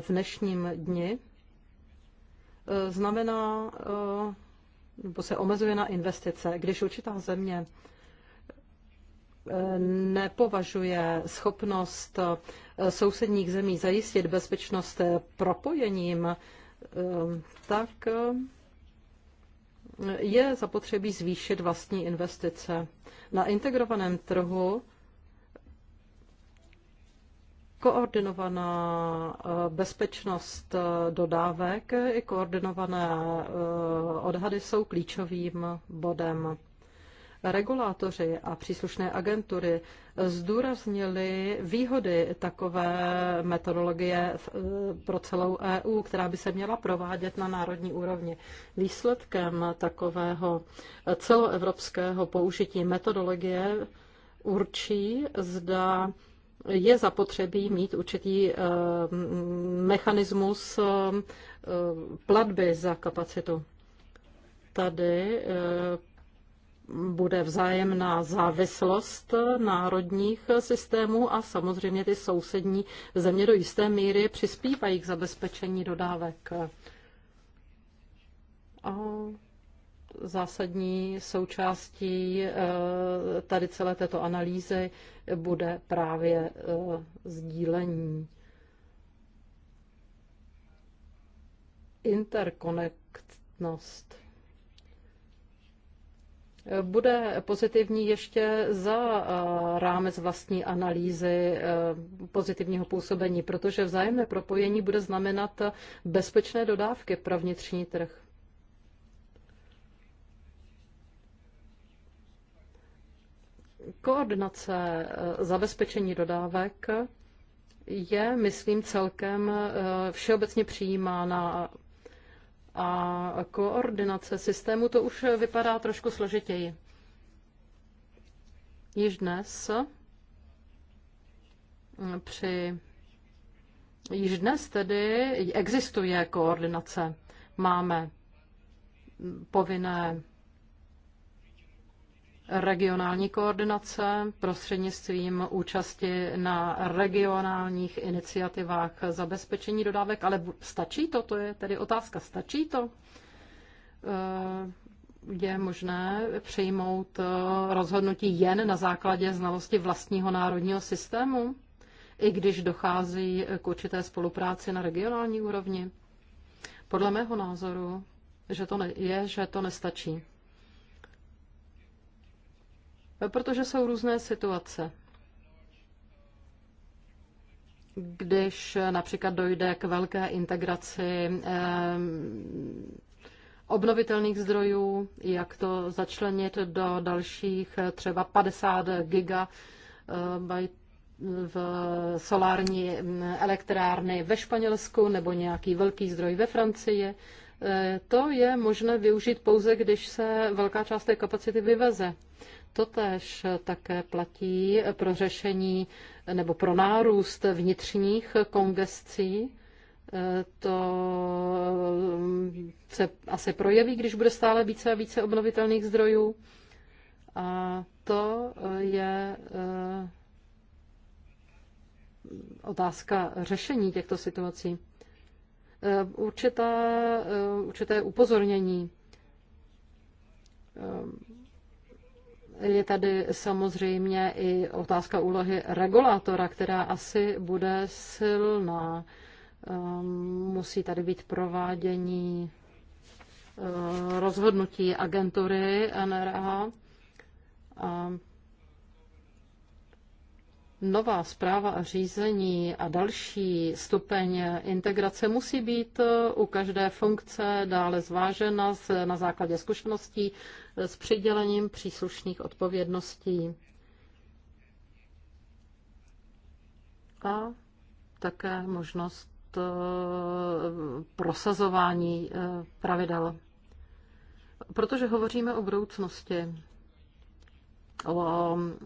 v dnešním dni znamená, nebo se omezuje na investice. Když určitá země nepovažuje schopnost eh, sousedních zemí zajistit bezpečnost eh, propojením, eh, tak je zapotřebí zvýšit vlastní investice. Na integrovaném trhu koordinovaná bezpečnost dodávek i koordinované odhady jsou klíčovým bodem. Regulátoři a příslušné agentury zdůraznili výhody takové metodologie e, pro celou EU, která by se měla provádět na národní úrovni. Výsledkem takového celoevropského použití metodologie určí, zda je zapotřebí mít určitý e, mechanismus e, platby za kapacitu. Tady bude vzájemná závislost národních systémů a samozřejmě ty sousední země do jisté míry přispívají k zabezpečení dodávek. A zásadní součástí eh, tady celé této analýzy bude právě eh, sdílení. Interkonektnost bude pozitivní ještě za eh, rámec vlastní analýzy eh, pozitivního působení, protože vzájemné propojení bude znamenat eh, bezpečné dodávky pro vnitřní trh. Koordinace zabezpečení dodávek je, myslím, celkem všeobecně přijímána a koordinace systému, to už vypadá trošku složitěji. Již dnes při Již dnes tedy existuje koordinace. Máme povinné regionální koordinace prostřednictvím účasti na regionálních iniciativách zabezpečení dodávek, ale stačí to? To je tedy otázka, stačí to? Eh, je možné přijmout eh, rozhodnutí jen na základě znalosti vlastního národního systému, i když dochází k určité spolupráci na regionální úrovni? Podle mého názoru že to ne, je, že to nestačí protože jsou různé situace. Když například dojde k velké integraci eh, obnovitelných zdrojů, jak to začlenit do dalších třeba 50 giga eh, v solární eh, elektrárny ve Španělsku nebo nějaký velký zdroj ve Francii. To je možné využít pouze, když se velká část té kapacity vyveze. Totež také platí pro řešení nebo pro nárůst vnitřních kongescí. To se asi projeví, když bude stále více a více obnovitelných zdrojů. A to je eh, otázka řešení těchto situací. Eh, určité, eh, určité upozornění je tady samozřejmě i otázka úlohy regulátora, která asi bude silná. Ehm, musí tady být provádění eh, rozhodnutí agentury NRA. Ehm, nová zpráva a řízení a další stupeň integrace musí být eh, u každé funkce dále zvážena na základě zkušeností s přidělením příslušných odpovědností. A také možnost eh, prosazování eh, pravidel. Protože hovoříme o budoucnosti. Um,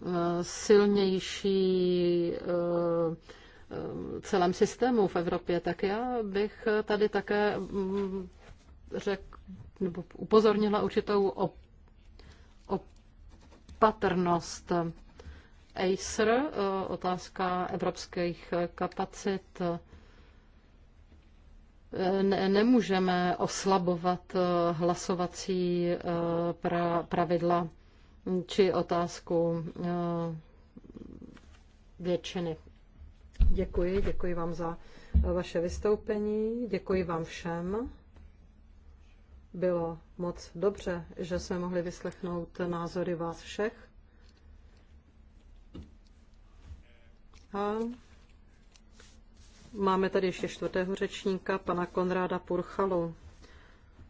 silnější um, um, celém systému v Evropě, tak já bych tady také řekl, nebo upozornila určitou opatrnost. Acer, uh, otázka evropských kapacit, ne, nemůžeme oslabovat uh, hlasovací uh, pravidla či otázku eh, většiny. Děkuji, děkuji vám za eh, vaše vystoupení, děkuji vám všem. Bylo moc dobře, že jsme mohli vyslechnout názory vás všech. A máme tady ještě čtvrtého řečníka, pana Konráda Purchalu,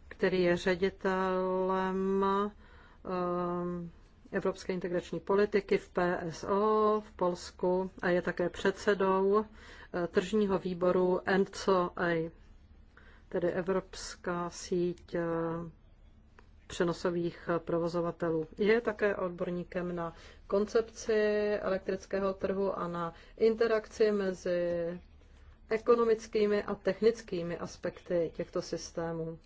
který je ředitelem um, evropské integrační politiky v PSO v Polsku a je také předsedou eh, tržního výboru ENCOA, tedy Evropská síť eh, přenosových eh, provozovatelů. Je také odborníkem na koncepci elektrického trhu a na interakci mezi ekonomickými a technickými aspekty těchto systémů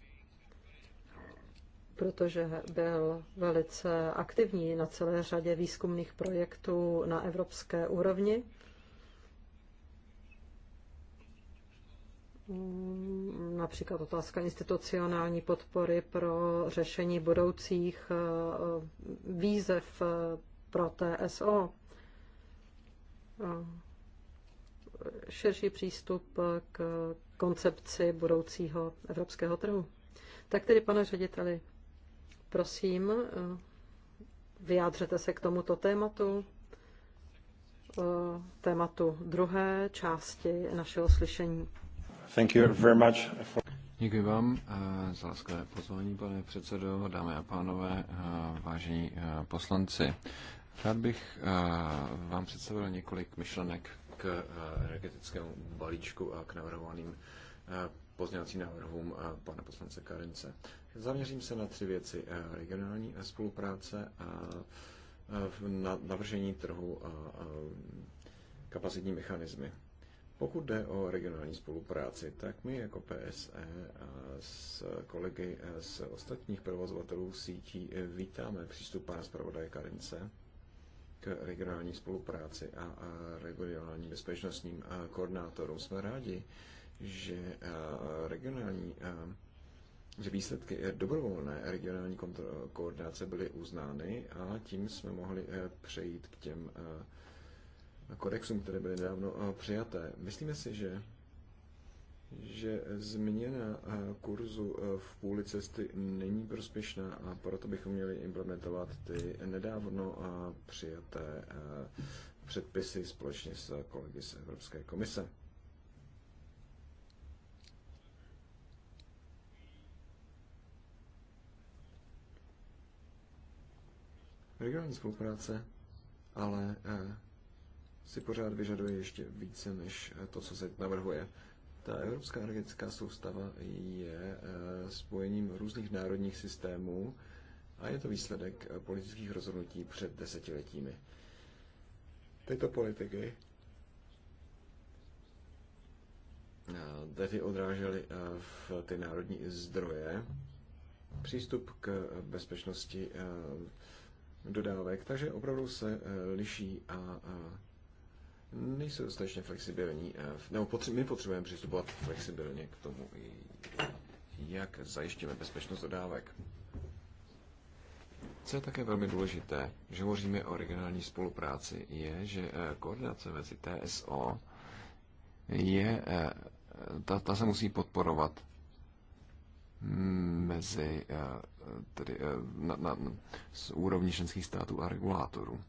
protože byl velice aktivní na celé řadě výzkumných projektů na evropské úrovni. Mm, například otázka institucionální podpory pro řešení budoucích eh, výzev eh, pro TSO. Eh, širší přístup k koncepci budoucího evropského trhu. Tak tedy, pane řediteli, Prosím, eh, vyjádřete se k tomuto tématu, eh, tématu druhé části našeho slyšení. Thank you very much for... Děkuji vám eh, za laskavé pozvání, pane předsedo, dámy a pánové, vážení poslanci. Rád bych vám představil několik myšlenek k energetickému balíčku a k navrhovaným pozměňovacím návrhům eh, pana poslance Karence. Zaměřím se na tři věci. Eh, regionální spolupráce, eh, na navržení trhu a kapacitní mechanismy. Pokud jde o regionální spolupráci, tak my jako PSE a s kolegy z ostatních provozovatelů sítí vítáme přístup pana zpravodaje Karince k regionální spolupráci a regionálním bezpečnostním koordinátorům. Jsme rádi, že eh, regionální eh, že výsledky dobrovolné regionální koordinace byly uznány a tím jsme mohli eh, přejít k těm kodexům, které byly nedávno přijaté. Myslíme si, že že změna kurzu v půli cesty není prospěšná a proto bychom měli implementovat ty nedávno přijaté předpisy společně s kolegy z Evropské komise. regionální spolupráce, ale eh, si pořád vyžaduje ještě více než eh, to, co se navrhuje. Ta evropská energetická soustava je eh, spojením různých národních systémů a je to výsledek politických rozhodnutí před desetiletími. Tyto politiky tedy odrážely v ty národní zdroje, přístup k bezpečnosti dodávek, takže opravdu se eh, liší a nejsou dostatečně flexibilní. Eh, nebo potře- my potřebujeme přistupovat flexibilně k tomu, jak zajištíme bezpečnost dodávek. Co je také velmi důležité, že hovoříme o regionální spolupráci, je, že eh, koordinace mezi TSO je, ta, ta se musí podporovat mm, mezi tedy eh, na, na, z úrovní členských států a regulátorů.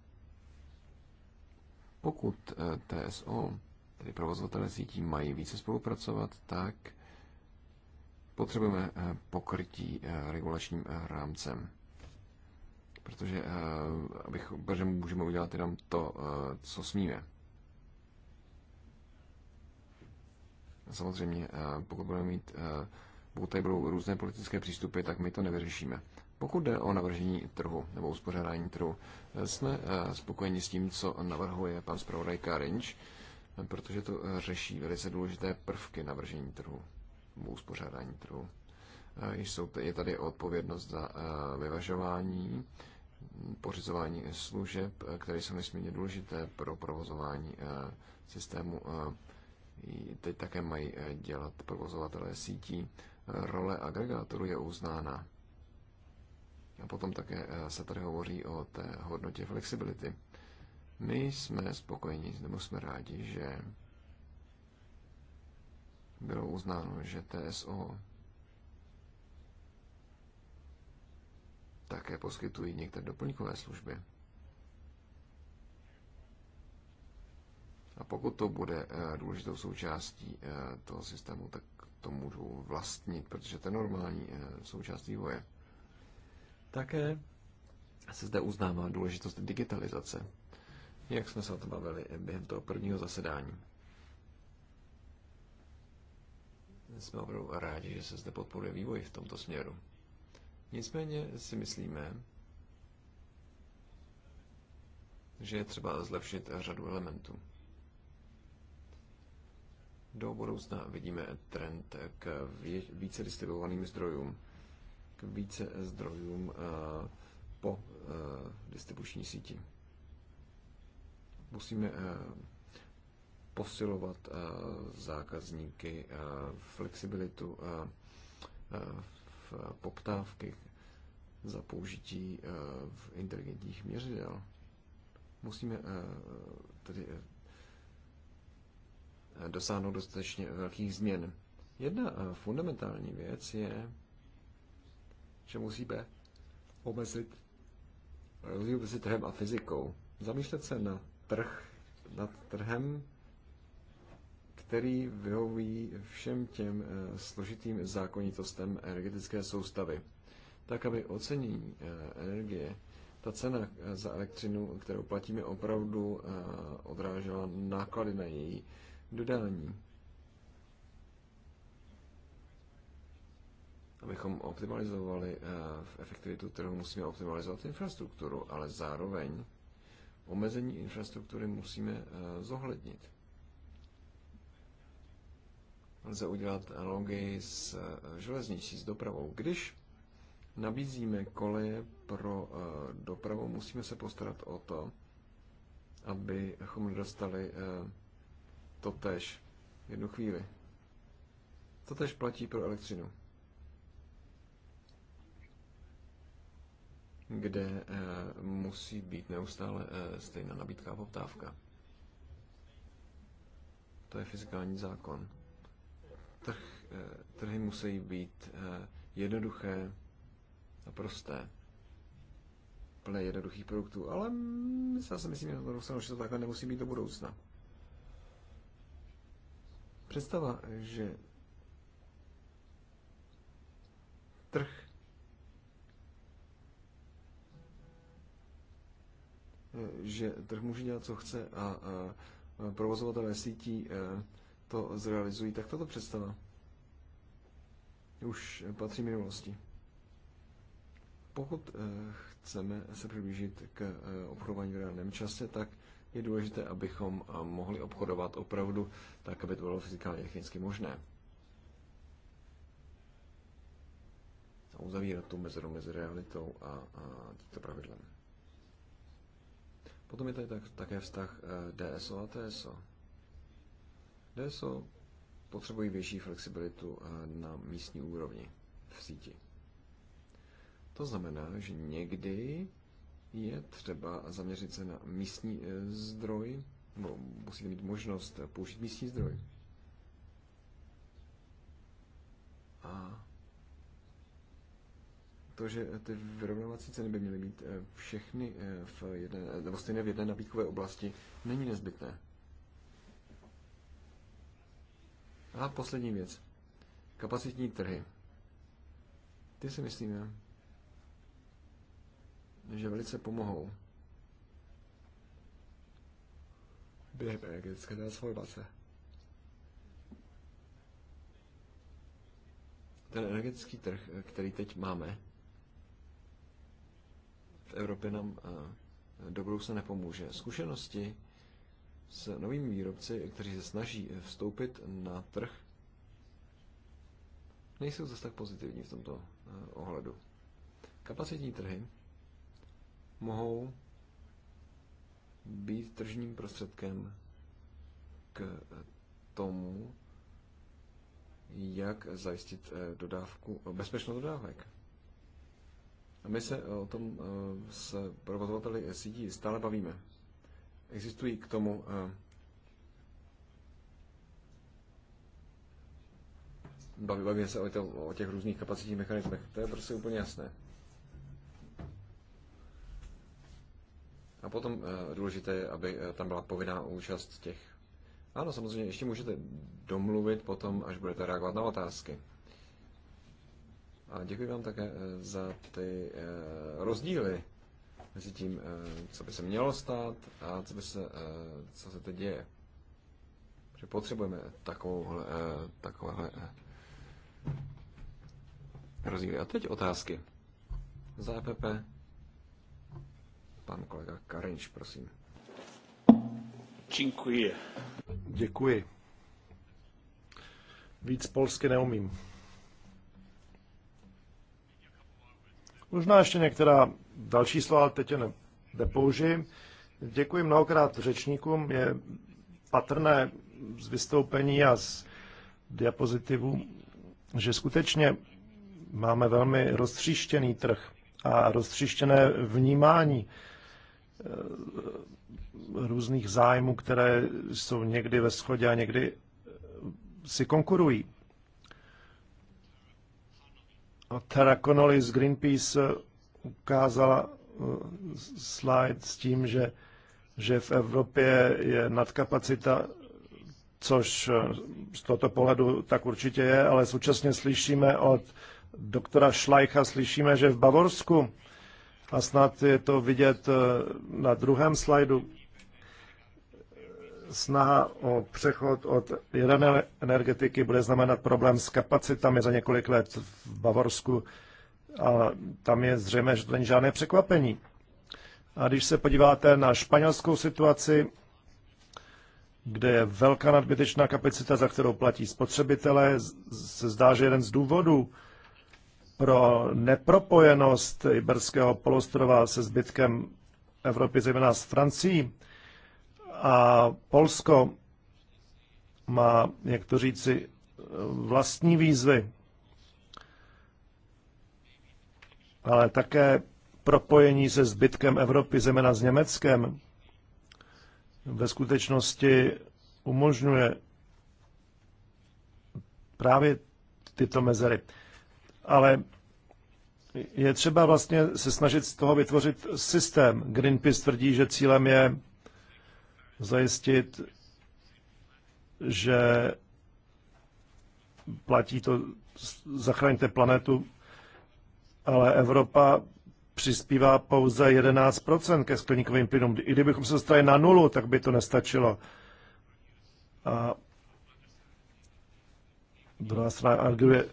Pokud eh, TSO, tedy provozovatelé sítí, mají více spolupracovat, tak potřebujeme eh, pokrytí regulačním rámcem. Protože, abych, protože můžeme udělat jenom to, co smíme. Samozřejmě, pokud budeme mít pokud tady budou různé politické přístupy, tak my to nevyřešíme. Pokud jde o navržení trhu nebo uspořádání trhu, jsme eh, spokojeni s tím, co navrhuje pan zpravodaj Karinč, protože to eh, řeší velice důležité prvky navržení trhu nebo uspořádání trhu. Eh, je tady odpovědnost za vyvažování, pořizování služeb, které jsou nesmírně důležité pro provozování systému. Teď také mají dělat provozovatelé sítí role agregátoru je uznána. A potom také eh, se tady hovoří o té hodnotě flexibility. My jsme spokojeni, nebo jsme rádi, že bylo uznáno, že TSO také poskytují některé doplňkové služby. A pokud to bude eh, důležitou součástí eh, toho systému, tak to můžou vlastnit, protože to je normální eh, součást vývoje. Také se zde uznává důležitost digitalizace, jak jsme se o tom bavili během toho prvního zasedání. Jsme opravdu rádi, že se zde podporuje vývoj v tomto směru. Nicméně si myslíme, že je třeba zlepšit řadu elementů do budoucna vidíme trend k více distribuovaným zdrojům, k více zdrojům eh, po eh, distribuční síti. Musíme eh, posilovat zákazníky, flexibilitu v poptávky za použití v inteligentních měřidel. Musíme tedy dosáhnout dostatečně velkých změn. Jedna eh, fundamentální věc je, že musíme omezit rozdíl mezi trhem a fyzikou. Zamýšlet se na trh, nad trhem, který vyhoví všem těm eh, složitým zákonitostem energetické soustavy. Tak, aby ocenění eh, energie, ta cena za elektřinu, kterou platíme, opravdu odrážela náklady na její dodání. Abychom optimalizovali v eh, efektivitu trhu, musíme optimalizovat infrastrukturu, ale zároveň omezení infrastruktury musíme eh, zohlednit. Lze udělat analogii s eh, železnicí, s dopravou. Když nabízíme koleje pro dopravu, musíme se postarat o to, abychom dostali to totež. Jednu chvíli. To tež platí pro elektřinu. kde eh, musí být neustále eh, stejná nabídka a poptávka. To je fyzikální zákon. Trh, eh, trhy musí být jednoduché a prosté, plné jednoduchých produktů, ale já si myslím, že to, že to takhle nemusí být do budoucna. Představa, že trh že trh může dělat, co chce a, a provozovatelé sítí e, to zrealizují, tak tato představa už patří minulosti. Pokud e, chceme se přiblížit k e, obchodování v reálném čase, tak je důležité, abychom eh, mohli obchodovat opravdu tak, aby to bylo fyzikálně technicky možné. A uzavírat tu mezeru mezi realitou a, a tímto pravidlem. Potom je tady tak, také vztah eh, DSO a TSO. DSO potřebují větší flexibilitu eh, na místní úrovni v síti. To znamená, že někdy je třeba zaměřit se na místní eh, zdroj, nebo musíte mít možnost použít místní zdroj. A to, že ty vyrovnávací ceny by měly být eh, všechny eh, v jedné, nebo stejné v jedné nabídkové oblasti, není nezbytné. A poslední věc. Kapacitní trhy. Ty si myslíme, že velice pomohou během energetické transformace. Ten energetický trh, eh, který teď máme, v Evropě nám eh, do budoucna nepomůže. Zkušenosti s novými výrobci, kteří se snaží eh, vstoupit na trh, nejsou zase tak pozitivní v tomto ohledu. Kapacitní trhy mohou být tržním prostředkem k tomu, jak zajistit eh, dodávku, bezpečnost dodávek. A my se eh, o tom eh, s provozovateli sítí stále bavíme. Existují k tomu bavíme se o, o těch různých kapacitních mechanismech. To je prostě úplně jasné. A potom eh, důležité je, aby eh, tam byla povinná účast těch. Ano, samozřejmě, ještě můžete domluvit potom, až budete reagovat na otázky. A děkuji vám také eh, za ty rozdíly mezi tím, co by se mělo stát a co, by se, co se teď děje. Protože potřebujeme takovouhle, takovéhle rozdíly. A teď otázky. Za EPP Pan kolega Karinč, prosím. Děkuji. Děkuji. Víc polsky neumím. Možná ještě některá další slova, teď je ne, nepoužijím. Děkuji mnohokrát řečníkům. Je patrné z vystoupení a z diapozitivů, že skutečně máme velmi roztříštěný trh a roztříštěné vnímání Eh, různých zájmů, které jsou někdy ve shodě a někdy eh, si konkurují. A Tara Connolly z Greenpeace eh, ukázala slide s tím, že, že v Evropě je nadkapacita, což z tohoto pohledu tak určitě je, ale současně slyšíme od doktora Schleicha, slyšíme, že v Bavorsku a snad je to vidět eh, na druhém slajdu. Snaha o přechod od jaderné energetiky bude znamenat problém s kapacitami za několik let v Bavorsku a tam je zřejmé, že to není žádné překvapení. A když se podíváte na španělskou situaci, kde je velká nadbytečná kapacita, za kterou platí spotřebitelé, se zdá, že jeden z důvodů, pro nepropojenost Iberského polostrova se zbytkem Evropy, zejména s Francií. A Polsko má, jak to říci, vlastní výzvy, ale také propojení se zbytkem Evropy, zejména s Německem, ve skutečnosti umožňuje právě tyto mezery ale je třeba vlastně se snažit z toho vytvořit systém. Greenpeace tvrdí, že cílem je zajistit, že platí to zachraňte planetu, ale Evropa přispívá pouze 11% ke skleníkovým plynům. I kdybychom se dostali na nulu, tak by to nestačilo. A druhá strana arguje,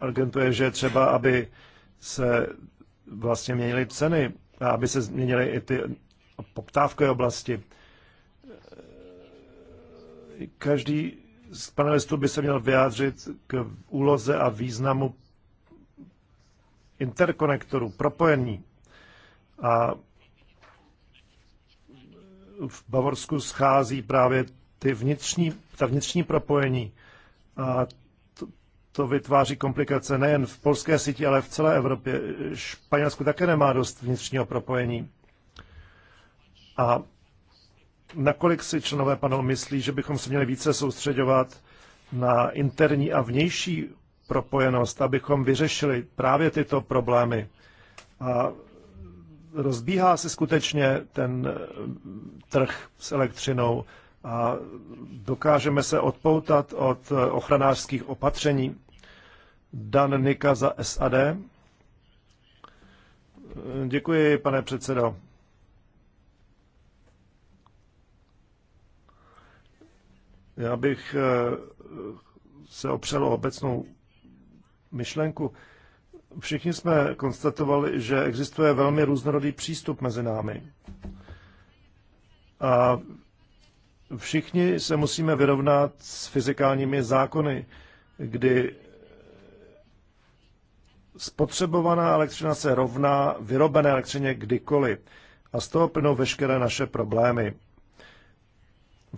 argumentuje, že třeba, aby se vlastně měnily ceny a aby se změnily i ty poptávkové oblasti. Každý z panelistů by se měl vyjádřit k úloze a významu interkonektorů, propojení. A v Bavorsku schází právě ty vnitřní, ta vnitřní propojení. A to vytváří komplikace nejen v polské síti, ale v celé Evropě. Španělsku také nemá dost vnitřního propojení. A nakolik si členové panelu myslí, že bychom se měli více soustředovat na interní a vnější propojenost, abychom vyřešili právě tyto problémy. A rozbíhá se skutečně ten eh, trh s elektřinou a dokážeme se odpoutat od eh, ochranářských opatření. Dan Nika za SAD. Eh, děkuji, pane předsedo. Já bych eh, se opřel o obecnou myšlenku. Všichni jsme konstatovali, že existuje velmi různorodý přístup mezi námi. A Všichni se musíme vyrovnat s fyzikálními zákony, kdy spotřebovaná elektřina se rovná vyrobené elektřině kdykoliv. A z toho plynou veškeré naše problémy.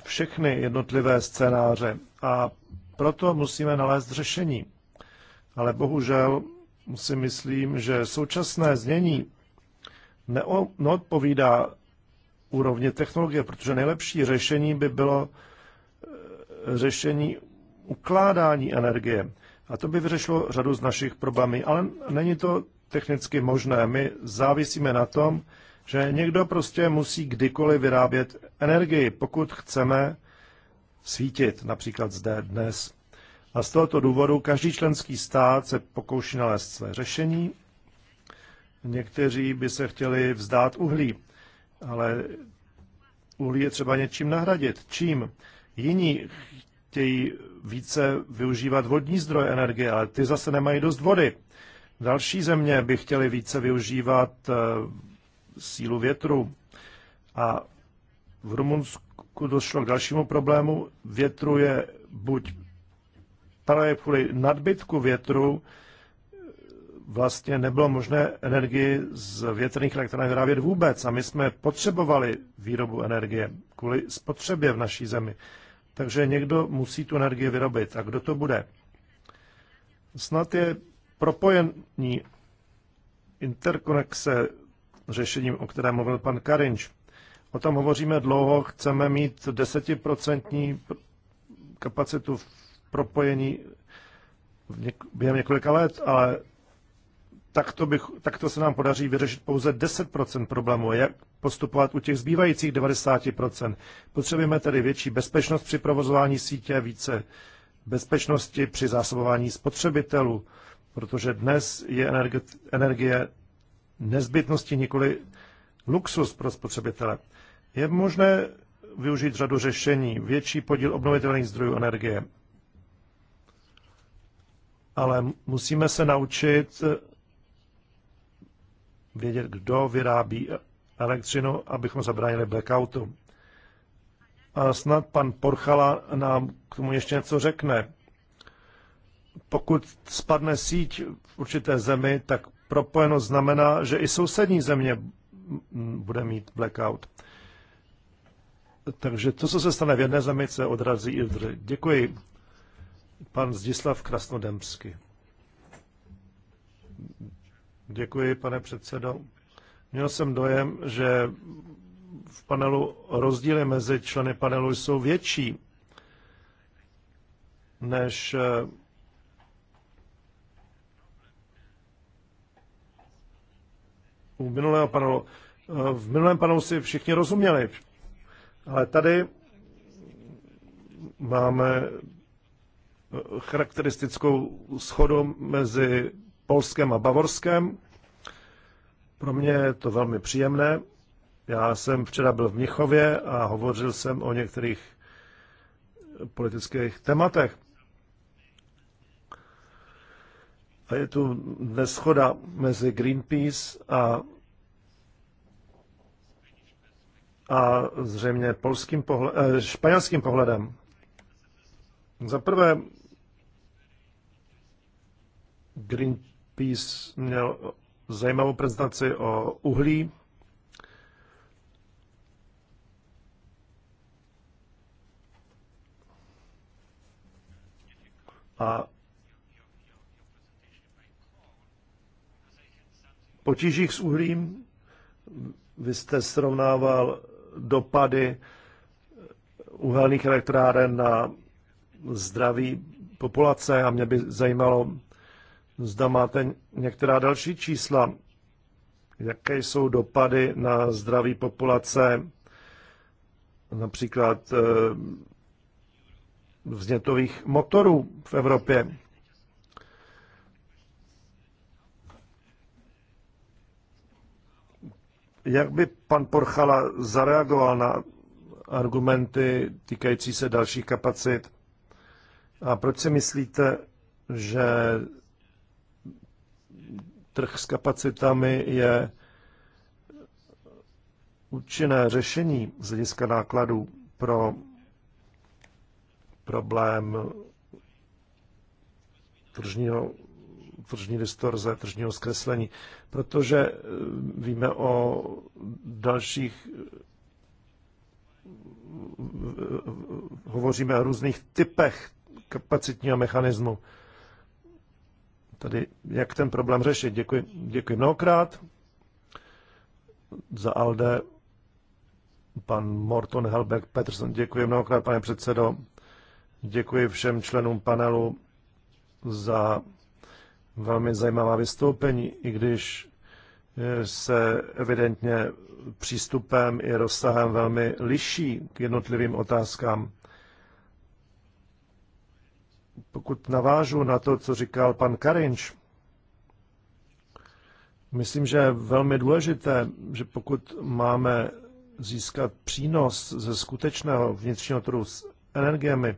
Všechny jednotlivé scénáře. A proto musíme nalézt řešení. Ale bohužel si myslím, že současné znění neodpovídá úrovně technologie, protože nejlepší řešení by bylo eh, řešení ukládání energie. A to by vyřešilo řadu z našich problémů, ale není to technicky možné. My závisíme na tom, že někdo prostě musí kdykoliv vyrábět energii, pokud chceme svítit, například zde dnes. A z tohoto důvodu každý členský stát se pokouší nalézt své řešení. Někteří by se chtěli vzdát uhlí ale uhlí je třeba něčím nahradit. Čím? Jiní chtějí více využívat vodní zdroje energie, ale ty zase nemají dost vody. Další země by chtěly více využívat eh, sílu větru. A v Rumunsku došlo k dalšímu problému. Větru je buď právě kvůli nadbytku větru vlastně nebylo možné energii z větrných elektráren vyrábět vůbec. A my jsme potřebovali výrobu energie kvůli spotřebě v naší zemi. Takže někdo musí tu energii vyrobit. A kdo to bude? Snad je propojení interkonexe řešením, o kterém mluvil pan Karinč. O tom hovoříme dlouho, chceme mít desetiprocentní kapacitu v propojení v něk- během několika let, ale takto, bych, to se nám podaří vyřešit pouze 10% problému. Jak postupovat u těch zbývajících 90%? Potřebujeme tedy větší bezpečnost při provozování sítě, více bezpečnosti při zásobování spotřebitelů, protože dnes je energie, energie nezbytnosti nikoli luxus pro spotřebitele. Je možné využít řadu řešení, větší podíl obnovitelných zdrojů energie. Ale musíme se naučit vědět, kdo vyrábí elektřinu, abychom zabránili blackoutu. A snad pan Porchala nám k tomu ještě něco řekne. Pokud spadne síť v určité zemi, tak propojenost znamená, že i sousední země bude mít blackout. Takže to, co se stane v jedné zemi, se odrazí i v druhé. Děkuji. Pan Zdislav Krasnodemsky. Děkuji, pane předsedo. Měl jsem dojem, že v panelu rozdíly mezi členy panelu jsou větší než eh, u minulého panelu. Eh, v minulém panelu si všichni rozuměli, ale tady máme eh, charakteristickou schodu mezi Polském a bavorském Pro mě je to velmi příjemné. Já jsem včera byl v Mnichově a hovořil jsem o některých politických tématech. A je tu neschoda mezi Greenpeace a, a zřejmě polským pohle- eh, španělským pohledem. Za prvé, Green, Peace měl zajímavou prezentaci o uhlí. A potížích s uhlím vy jste srovnával dopady uhelných elektráren na zdraví populace a mě by zajímalo, Zda máte některá další čísla, jaké jsou dopady na zdraví populace, například eh, vznětových motorů v Evropě. Jak by pan Porchala zareagoval na argumenty týkající se dalších kapacit? A proč si myslíte, že trh s kapacitami je účinné řešení z hlediska nákladů pro problém tržního, tržní distorze, tržního zkreslení, protože eh, víme o dalších eh, eh, hovoříme o různých typech kapacitního mechanismu. Tady jak ten problém řešit. Děkuji, děkuji mnohokrát. Za ALDE pan Morton Helbeck Peterson. Děkuji mnohokrát, pane předsedo. Děkuji všem členům panelu za velmi zajímavá vystoupení, i když eh, se evidentně přístupem i rozsahem velmi liší k jednotlivým otázkám. Pokud navážu na to, co říkal pan Karinč, myslím, že je velmi důležité, že pokud máme získat přínos ze skutečného vnitřního trhu s energiemi,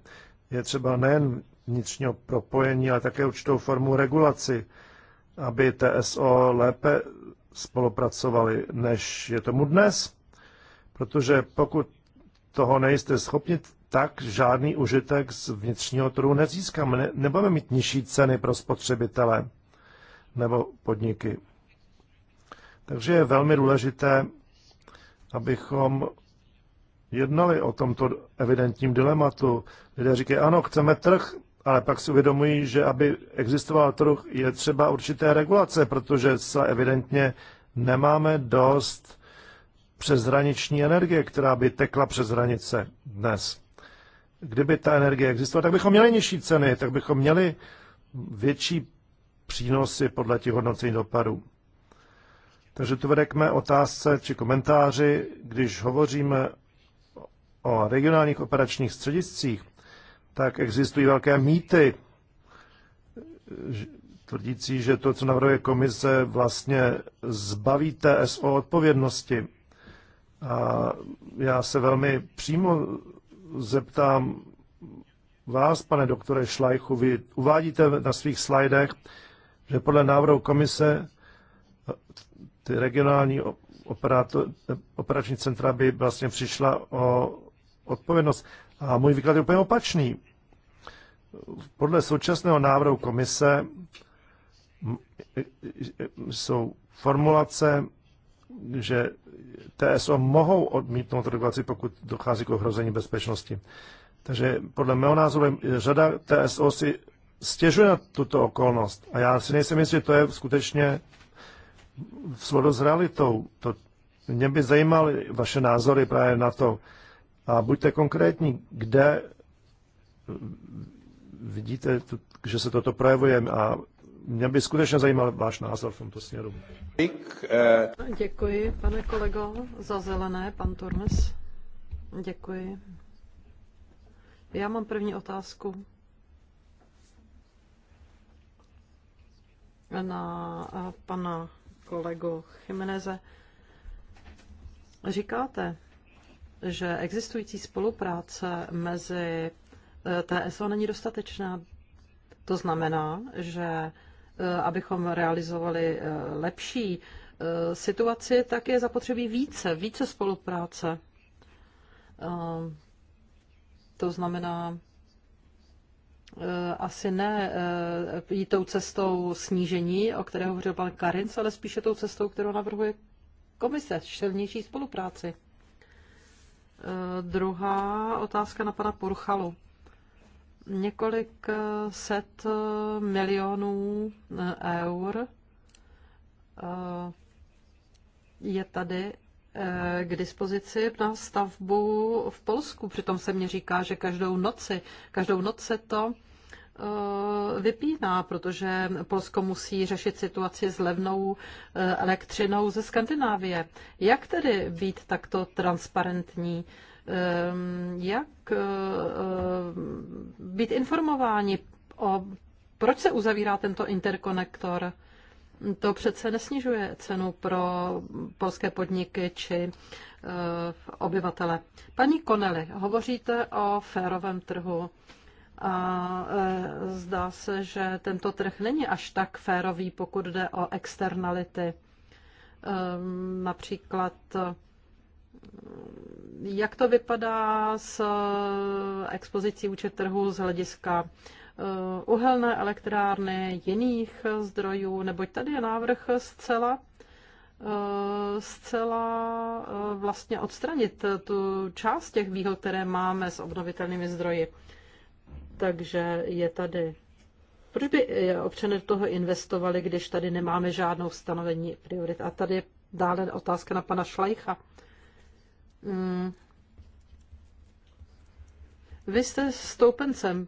je třeba nejen vnitřního propojení, ale také určitou formu regulaci, aby TSO lépe spolupracovali, než je tomu dnes. Protože pokud toho nejste schopni, tak žádný užitek z vnitřního trhu nezískáme. Ne, nebudeme mít nižší ceny pro spotřebitele nebo podniky. Takže je velmi důležité, abychom jednali o tomto evidentním dilematu. Lidé říkají, ano, chceme trh, ale pak si uvědomují, že aby existoval trh, je třeba určité regulace, protože se evidentně nemáme dost přeshraniční energie, která by tekla přes hranice dnes kdyby ta energie existovala, tak bychom měli nižší ceny, tak bychom měli větší přínosy podle těch hodnocení dopadů. Takže to vede k mé otázce či komentáři, když hovoříme o regionálních operačních střediscích, tak existují velké mýty, tvrdící, že to, co navrhuje komise, vlastně zbaví TSO odpovědnosti. A já se velmi přímo zeptám vás, pane doktore Šlajchu, vy uvádíte na svých slajdech, že podle návrhu komise eh, ty regionální operátor, operační centra by vlastně přišla o odpovědnost. A můj výklad je úplně opačný. Podle současného návrhu komise jsou formulace, že TSO mohou odmítnout regulaci, pokud dochází k ohrození bezpečnosti. Takže podle mého názoru řada TSO si stěžuje na tuto okolnost. A já si nejsem jistý, že to je skutečně v souladu s realitou. To, mě by zajímaly vaše názory právě na to. A buďte konkrétní, kde vidíte, že se toto projevuje a mě by skutečně zajímal váš názor v tomto směru. Děkuji, pane kolego, za zelené, pan Tormes. Děkuji. Já mám první otázku. Na eh, pana kolego Chimeneze. Říkáte, že existující spolupráce mezi eh, TSO není dostatečná. To znamená, že Eh, abychom realizovali eh, lepší eh, situaci, tak je zapotřebí více, více spolupráce. To znamená, asi ne jít tou cestou snížení, o které hovořil pan Karinc, ale spíše tou cestou, kterou navrhuje komise, silnější spolupráci. Druhá otázka na pana Porchalu několik eh, set eh, milionů eh, eur je tady k dispozici na stavbu v Polsku. Přitom se mně říká, že každou noci, každou noc se to vypíná, protože Polsko musí řešit situaci s levnou elektřinou ze Skandinávie. Jak tedy být takto transparentní Ehm, jak ehm, být informováni o proč se uzavírá tento interkonektor? To přece nesnižuje cenu pro polské podniky či eh, obyvatele. Paní Konely, hovoříte o férovém trhu. A eh, zdá se, že tento trh není až tak férový, pokud jde o externality. Ehm, například jak to vypadá s eh, expozicí účet trhu z hlediska eh, uhelné elektrárny, jiných eh, zdrojů, neboť tady je návrh zcela zcela vlastně odstranit tu část těch výhod, které máme s obnovitelnými zdroji. Takže je tady. Proč by občany do toho investovali, když tady nemáme žádnou stanovení priorit? A tady je dále otázka na pana Šlejcha. Mm. Vy jste stoupencem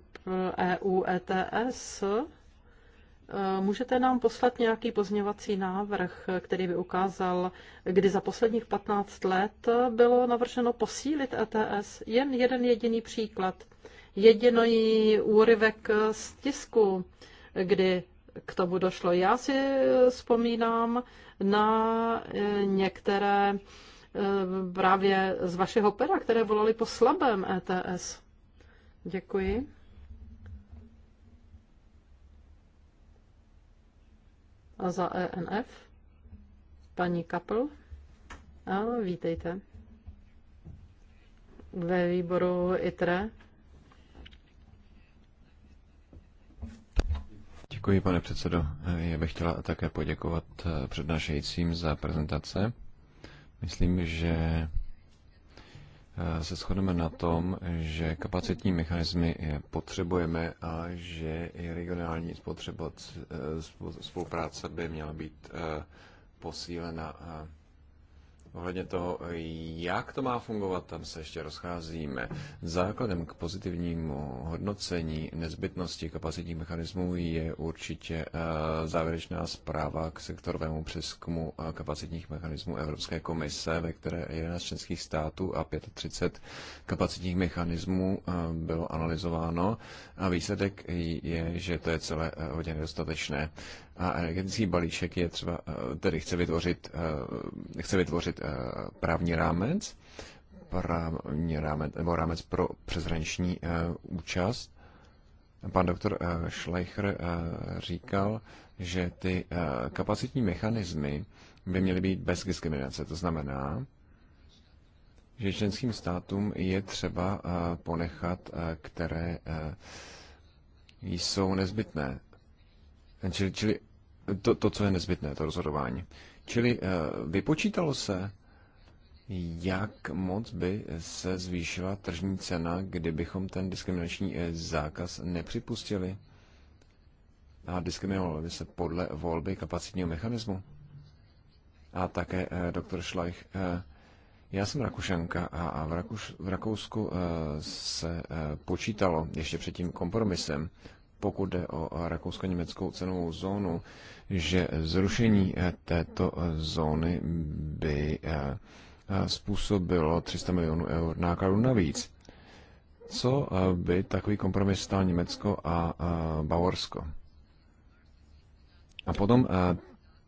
EU ETS. Eh, můžete nám poslat nějaký pozměvací návrh, který by ukázal, kdy za posledních 15 let bylo navrženo posílit ETS? Jen jeden jediný příklad. Jediný úryvek z tisku, kdy k tomu došlo. Já si vzpomínám na eh, některé Eh, právě z vašeho pera, které volali po slabém ETS. Děkuji. A za ENF paní Kapl. A vítejte ve výboru ITRE. Děkuji, pane předsedo. Já bych chtěla také poděkovat eh, přednášejícím za prezentace. Myslím, že eh, se shodneme na tom, že kapacitní mechanismy potřebujeme a že i regionální eh, spolupráce by měla být eh, posílena. Ohledně toho, jak to má fungovat, tam se ještě rozcházíme. Základem k pozitivnímu hodnocení nezbytnosti kapacitních mechanismů je určitě eh, závěrečná zpráva k sektorovému přeskumu eh, kapacitních mechanismů Evropské komise, ve které 11 členských států a 35 kapacitních mechanismů eh, bylo analyzováno a výsledek je, že to je celé hodně nedostatečné. A energetický balíček je třeba, eh, tedy chce vytvořit, eh, chce vytvořit eh, právní rámec, právní rámec, nebo rámec pro přezraniční účast. Pan doktor Schleicher říkal, že ty kapacitní mechanismy by měly být bez diskriminace. To znamená, že členským státům je třeba ponechat, které jsou nezbytné. Čili, čili to, to, co je nezbytné, to rozhodování. Čili eh, vypočítalo se, jak moc by se zvýšila tržní cena, kdybychom ten diskriminační eh, zákaz nepřipustili a diskriminovali by se podle volby kapacitního mechanismu? A také eh, doktor Schleich, já jsem Rakušanka a v, Rakuš, v Rakousku se počítalo ještě před tím kompromisem pokud jde o rakousko-německou cenovou zónu, že zrušení eh, této eh, zóny by eh, způsobilo 300 milionů eur nákladů navíc. Co by takový kompromis stál Německo a Bavorsko? A potom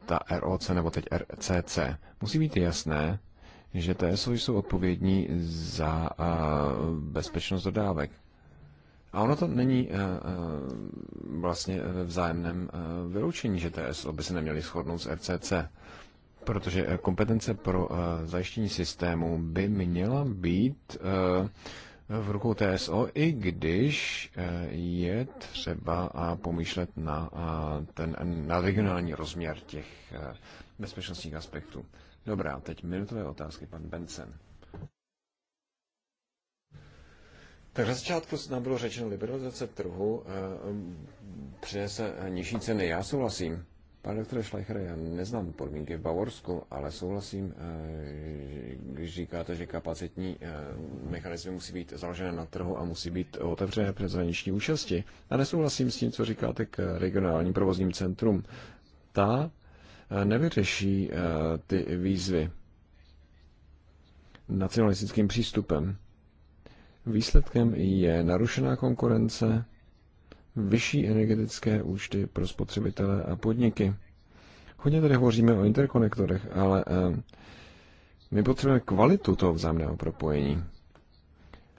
ta ROC nebo teď RCC. Musí být jasné, že TSO jsou odpovědní za bezpečnost dodávek. A ono to není eh, eh, vlastně ve vzájemném eh, vyloučení, že TSO by se neměly shodnout s RCC, protože kompetence pro zajištění systému by měla být v rukou TSO, i když je třeba a pomýšlet na, ten, na regionální rozměr těch bezpečnostních aspektů. Dobrá, teď minutové otázky, pan Benson. Tak na začátku nám bylo řečeno, liberalizace trhu eh, mm, přinese eh, nižší ceny. Já souhlasím. Pane doktore Schleicher, já neznám podmínky v Bavorsku, ale souhlasím, eh, když říkáte, že kapacitní mechanizmy musí být založené na trhu a musí být otevřené před zahraniční účasti. A nesouhlasím s tím, co říkáte k regionálním provozním centrum. Ta nevyřeší ty výzvy nacionalistickým přístupem. Výsledkem je narušená konkurence, vyšší energetické účty pro spotřebitele a podniky. Hodně tady hovoříme o interkonektorech, ale eh, my potřebujeme kvalitu toho vzájemného propojení.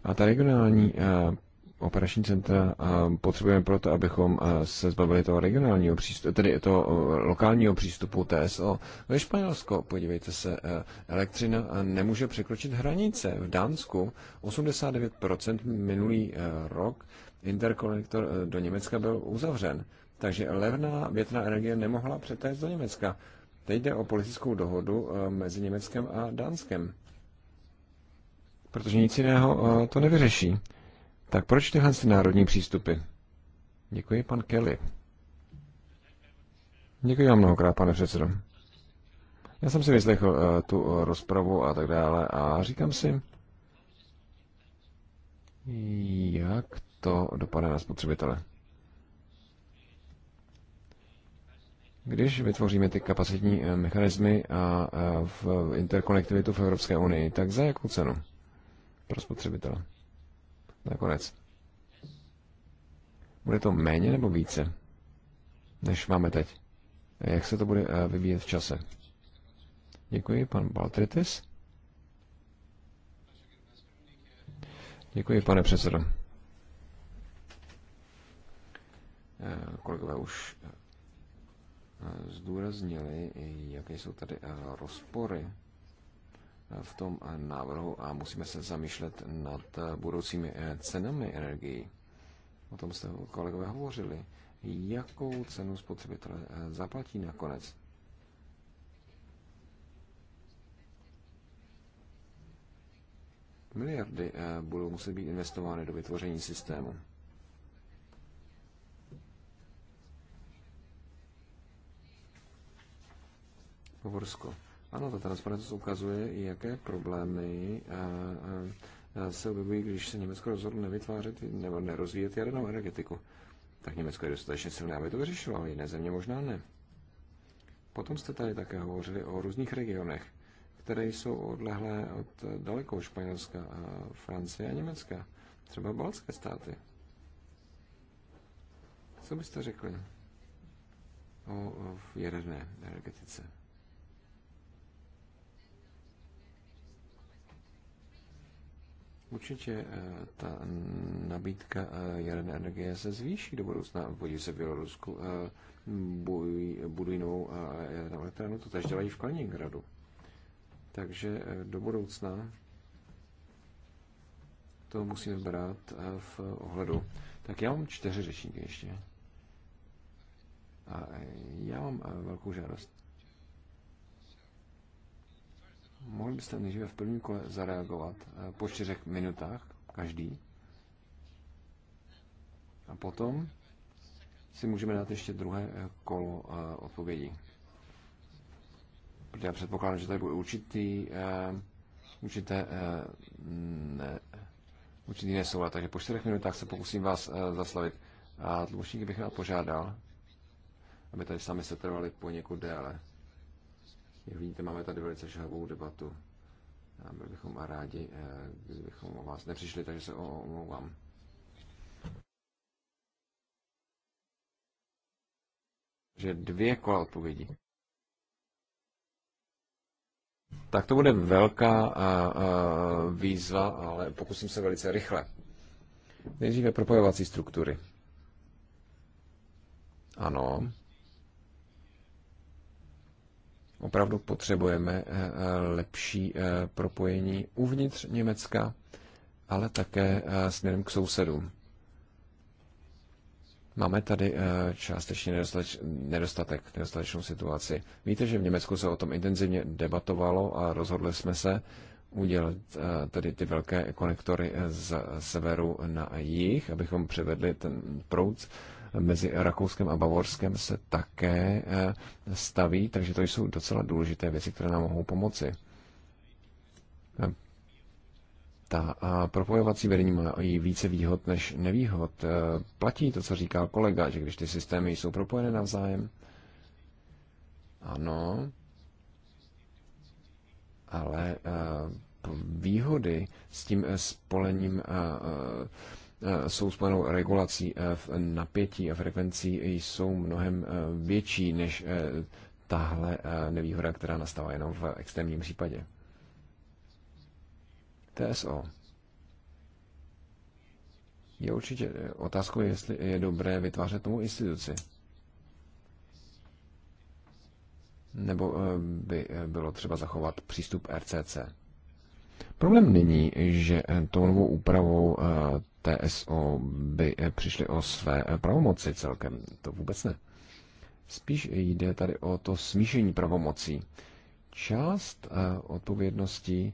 A ta regionální eh, operační centra potřebujeme proto, abychom eh, se zbavili toho regionálního přístupu, tedy toho eh, lokálního přístupu TSO. Ve Španělsku, podívejte se, eh, elektřina nemůže překročit hranice. V Dánsku 89% minulý rok interkonektor do Německa byl uzavřen. Takže levná větrná energie nemohla přetéct do Německa. Teď jde o politickou dohodu mezi Německem a Dánskem. Protože nic jiného to nevyřeší. Tak proč tyhle národní přístupy? Děkuji, pan Kelly. Děkuji vám mnohokrát, pane předsedo. Já jsem si vyslechl uh, tu uh, rozpravu a tak dále a říkám si, jak to dopadne na spotřebitele. Když vytvoříme ty kapacitní eh, mechanismy a v interkonektivitu v Evropské unii, tak za jakou cenu pro spotřebitele? nakonec. Bude to méně nebo více, než máme teď? Jak se to bude eh, vyvíjet v čase? Děkuji, pan Baltritis. Děkuji, pane předsedo. Eh, kolegové už eh, zdůraznili, jaké jsou tady rozpory v tom návrhu a musíme se zamýšlet nad budoucími eh, cenami energií. O tom jste kolegové hovořili. Jakou cenu spotřebitel eh, zaplatí nakonec? Miliardy eh, budou muset být investovány do vytvoření systému. Hovorsko. Ano, ta transparentnost ukazuje, jaké problémy eh, eh, se objevují, když se Německo rozhodlo nevytvářet nebo nerozvíjet jadernou energetiku. Tak Německo je dostatečně silné, aby to vyřešilo, ale jiné země možná ne. Potom jste tady také hovořili o různých regionech, které jsou odlehlé od daleko Španělska, a Francie a Německa, třeba balské státy. Co byste řekli o, o jaderné energetice? Určitě eh, ta nabídka eh, jaderné energie se zvýší do budoucna. Podívej se v Bělorusku, eh, budují novou jadernou elektrárnu, to tež dělají v Kaliningradu. Takže do budoucna to musíme brát v ohledu. Tak já mám čtyři řečníky ještě. A já mám velkou žádost. Mohli byste nejdříve v prvním kole zareagovat eh, po čtyřech minutách každý. A potom si můžeme dát ještě druhé eh, kolo eh, odpovědí. Protože já předpokládám, že tady bude určitý, určité, ne, určitý nesoulad. Takže po čtyřech minutách se pokusím vás zaslavit. A tlumočníky bych rád požádal, aby tady sami se trvali poněkud déle. Jak vidíte, máme tady velice žhavou debatu. A byli bychom a rádi, eh, kdybychom o vás nepřišli, takže se omlouvám. Že dvě kola odpovědí. Tak to bude velká a, eh, a, eh, výzva, ale pokusím se velice rychle. Nejdříve propojovací struktury. Ano opravdu potřebujeme eh, eh, lepší eh, propojení uvnitř Německa, ale také směrem k sousedům. Máme tady částečně nedostatek, nedostatečnou situaci. Víte, že v Německu se o tom intenzivně debatovalo a rozhodli jsme se udělat tedy ty velké konektory z severu na jih, abychom převedli ten proud mezi Rakouskem a Bavorskem se také eh, staví, takže to jsou docela důležité věci, které nám mohou pomoci. Ta a propojovací vedení má i více výhod než nevýhod. Eh, platí to, co říkal kolega, že když ty systémy jsou propojené navzájem, ano, ale eh, výhody s tím spolením Eh, jsou spojenou regulací eh, napětí a frekvencí jsou mnohem eh, větší než tahle nevýhoda, která nastává jenom v extrémním případě. TSO. Je určitě otázkou, jestli je dobré vytvářet tomu instituci. Nebo by bylo třeba zachovat přístup RCC. Problém není, že tou novou úpravou TSO by eh, přišli o své eh, pravomoci celkem. To vůbec ne. Spíš jde tady o to smíšení pravomocí. Část eh, odpovědnosti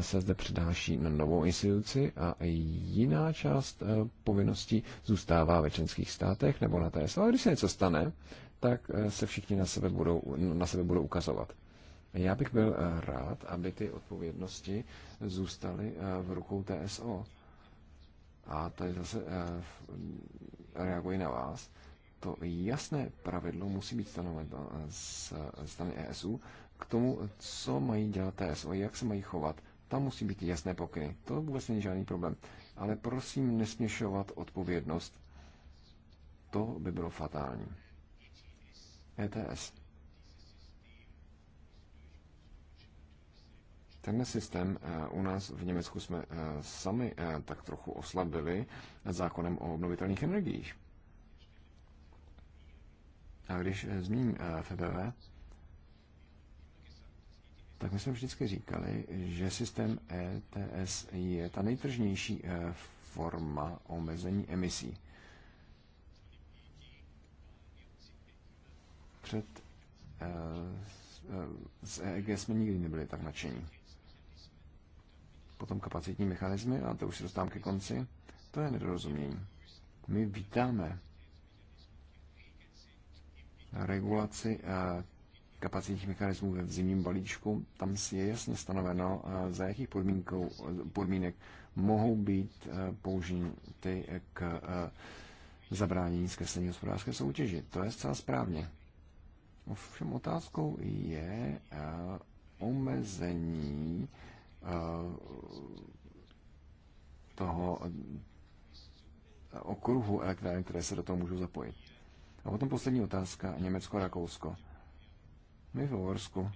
se zde předáší na novou instituci a jiná část povinností zůstává ve členských státech nebo na TSO. A když se něco stane, tak se všichni na sebe budou, na sebe budou ukazovat. Já bych byl rád, aby ty odpovědnosti zůstaly v rukou TSO a tady zase eh, reaguji na vás, to jasné pravidlo musí být stanoveno z strany ESU k tomu, co mají dělat TSO, jak se mají chovat. Tam musí být jasné pokyny. To vůbec není žádný problém. Ale prosím nesměšovat odpovědnost. To by bylo fatální. ETS. Tenhle systém eh, u nás v Německu jsme eh, sami eh, tak trochu oslabili zákonem o obnovitelných energiích. A když zmíním FBV, tak my jsme vždycky říkali, že systém ETS je ta nejtržnější forma omezení emisí. Před z EEG jsme nikdy nebyli tak nadšení. Potom kapacitní mechanismy, a to už se dostávám ke konci, to je nedorozumění. My vítáme regulaci eh, kapacitních mechanismů ve zimním balíčku. Tam si je jasně stanoveno, eh, za jakých eh, podmínek mohou být použity k zabránění zkreslení hospodářské soutěži. To je zcela správně. Ovšem otázkou je omezení Eh, toho okruhu elektráren, které se do toho můžou zapojit. A potom poslední otázka, Německo-Rakousko. a My v Uhorsku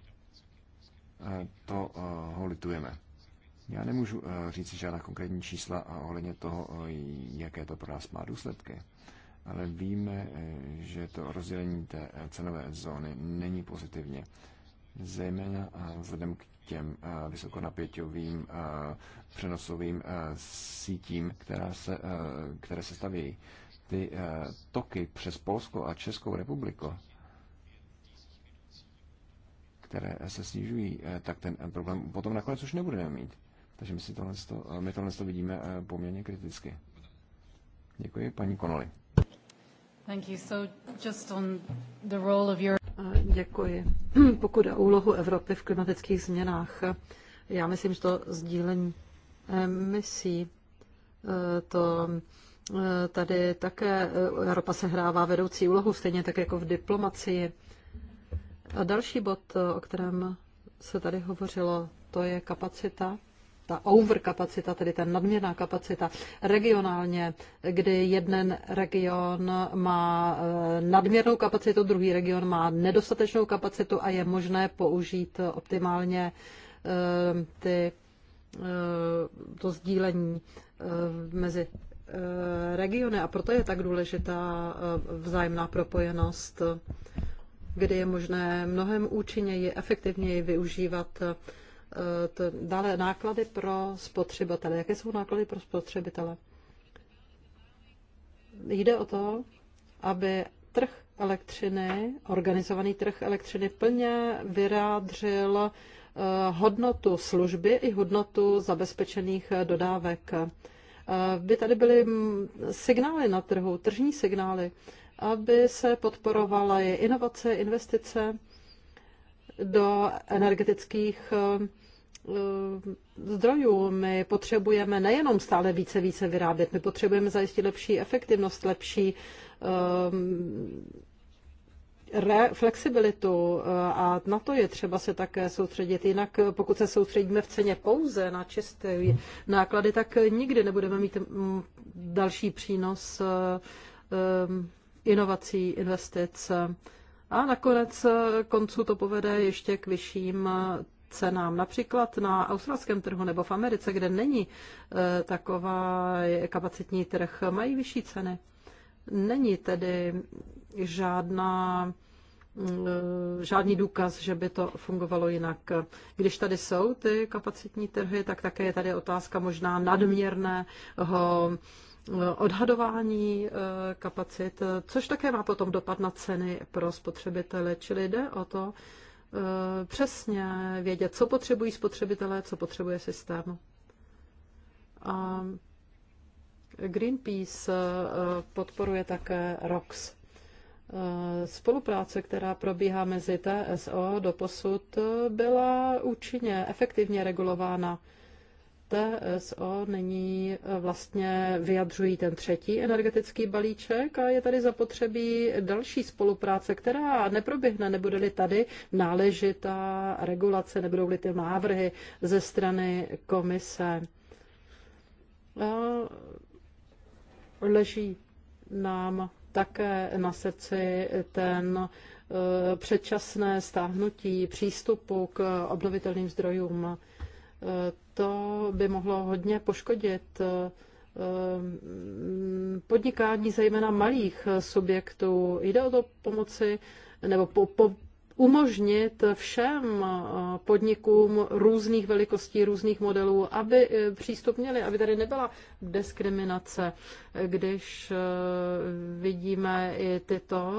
eh, to eh, ho litujeme. Já nemůžu říct žádná konkrétní čísla ohledně toho, jaké to pro nás má důsledky, ale víme, že to rozdělení té cenové zóny není pozitivně, zejména vzhledem k těm eh, vysokonapěťovým eh, přenosovým eh, sítím, která se, které se stavějí. Ty toky přes Polsko a Českou republiku, které se snižují, tak ten problém potom nakonec už nebudeme mít. Takže my, si tohle, my tohle to vidíme poměrně kriticky. Děkuji, paní Konoli. Thank you. So just on the role of your... Děkuji. Pokud o úlohu Evropy v klimatických změnách, já myslím, že to sdílení emisí, eh, eh, to eh, tady také Evropa sehrává vedoucí úlohu, stejně tak jako v diplomacii. A další bod, o kterém se tady hovořilo, to je kapacita ta overkapacita, tedy ta nadměrná kapacita regionálně, kdy jeden region má eh, nadměrnou kapacitu, druhý region má nedostatečnou kapacitu a je možné použít optimálně eh, ty, eh, to sdílení mezi regiony a proto je tak důležitá vzájemná propojenost, kdy je možné mnohem účinněji, efektivněji využívat Eh, dále náklady pro spotřebitele. Jaké jsou náklady pro spotřebitele? Jde o to, aby trh elektřiny, organizovaný trh elektřiny plně vyrádřil eh, hodnotu služby i hodnotu zabezpečených eh, dodávek. By tady byly mm, signály na trhu, tržní signály, aby se podporovaly inovace, investice do energetických Eh, zdrojů. My potřebujeme nejenom stále více více vyrábět, my potřebujeme zajistit lepší efektivnost, lepší eh, flexibilitu eh, a na to je třeba se také soustředit. Jinak pokud se soustředíme v ceně pouze na čisté náklady, tak nikdy nebudeme mít mm, další přínos inovací, investic. A nakonec konců to povede ještě k vyšším cenám. Například na australském trhu nebo v Americe, kde není e, taková kapacitní trh, mají vyšší ceny. Není tedy žádná e, žádný důkaz, že by to fungovalo jinak. Když tady jsou ty kapacitní trhy, tak také je tady otázka možná nadměrného e, odhadování kapacit, což také má potom dopad na ceny pro spotřebitele, čili jde o to Eh, přesně vědět, co potřebují spotřebitelé, co potřebuje systém. A Greenpeace eh, podporuje také ROX. Eh, spolupráce, která probíhá mezi TSO doposud, byla účinně, efektivně regulována TSO nyní eh, vlastně vyjadřují ten třetí energetický balíček a je tady zapotřebí další spolupráce, která neproběhne, nebude-li tady náležitá regulace, nebudou-li ty návrhy ze strany komise. Leží nám také na srdci ten eh, předčasné stáhnutí přístupu k obnovitelným zdrojům to by mohlo hodně poškodit eh, mm, podnikání zejména malých subjektů. Jde o to pomoci nebo po, po, umožnit všem eh, podnikům různých velikostí, různých modelů, aby eh, přístup měli, aby tady nebyla diskriminace, když vidíme i tyto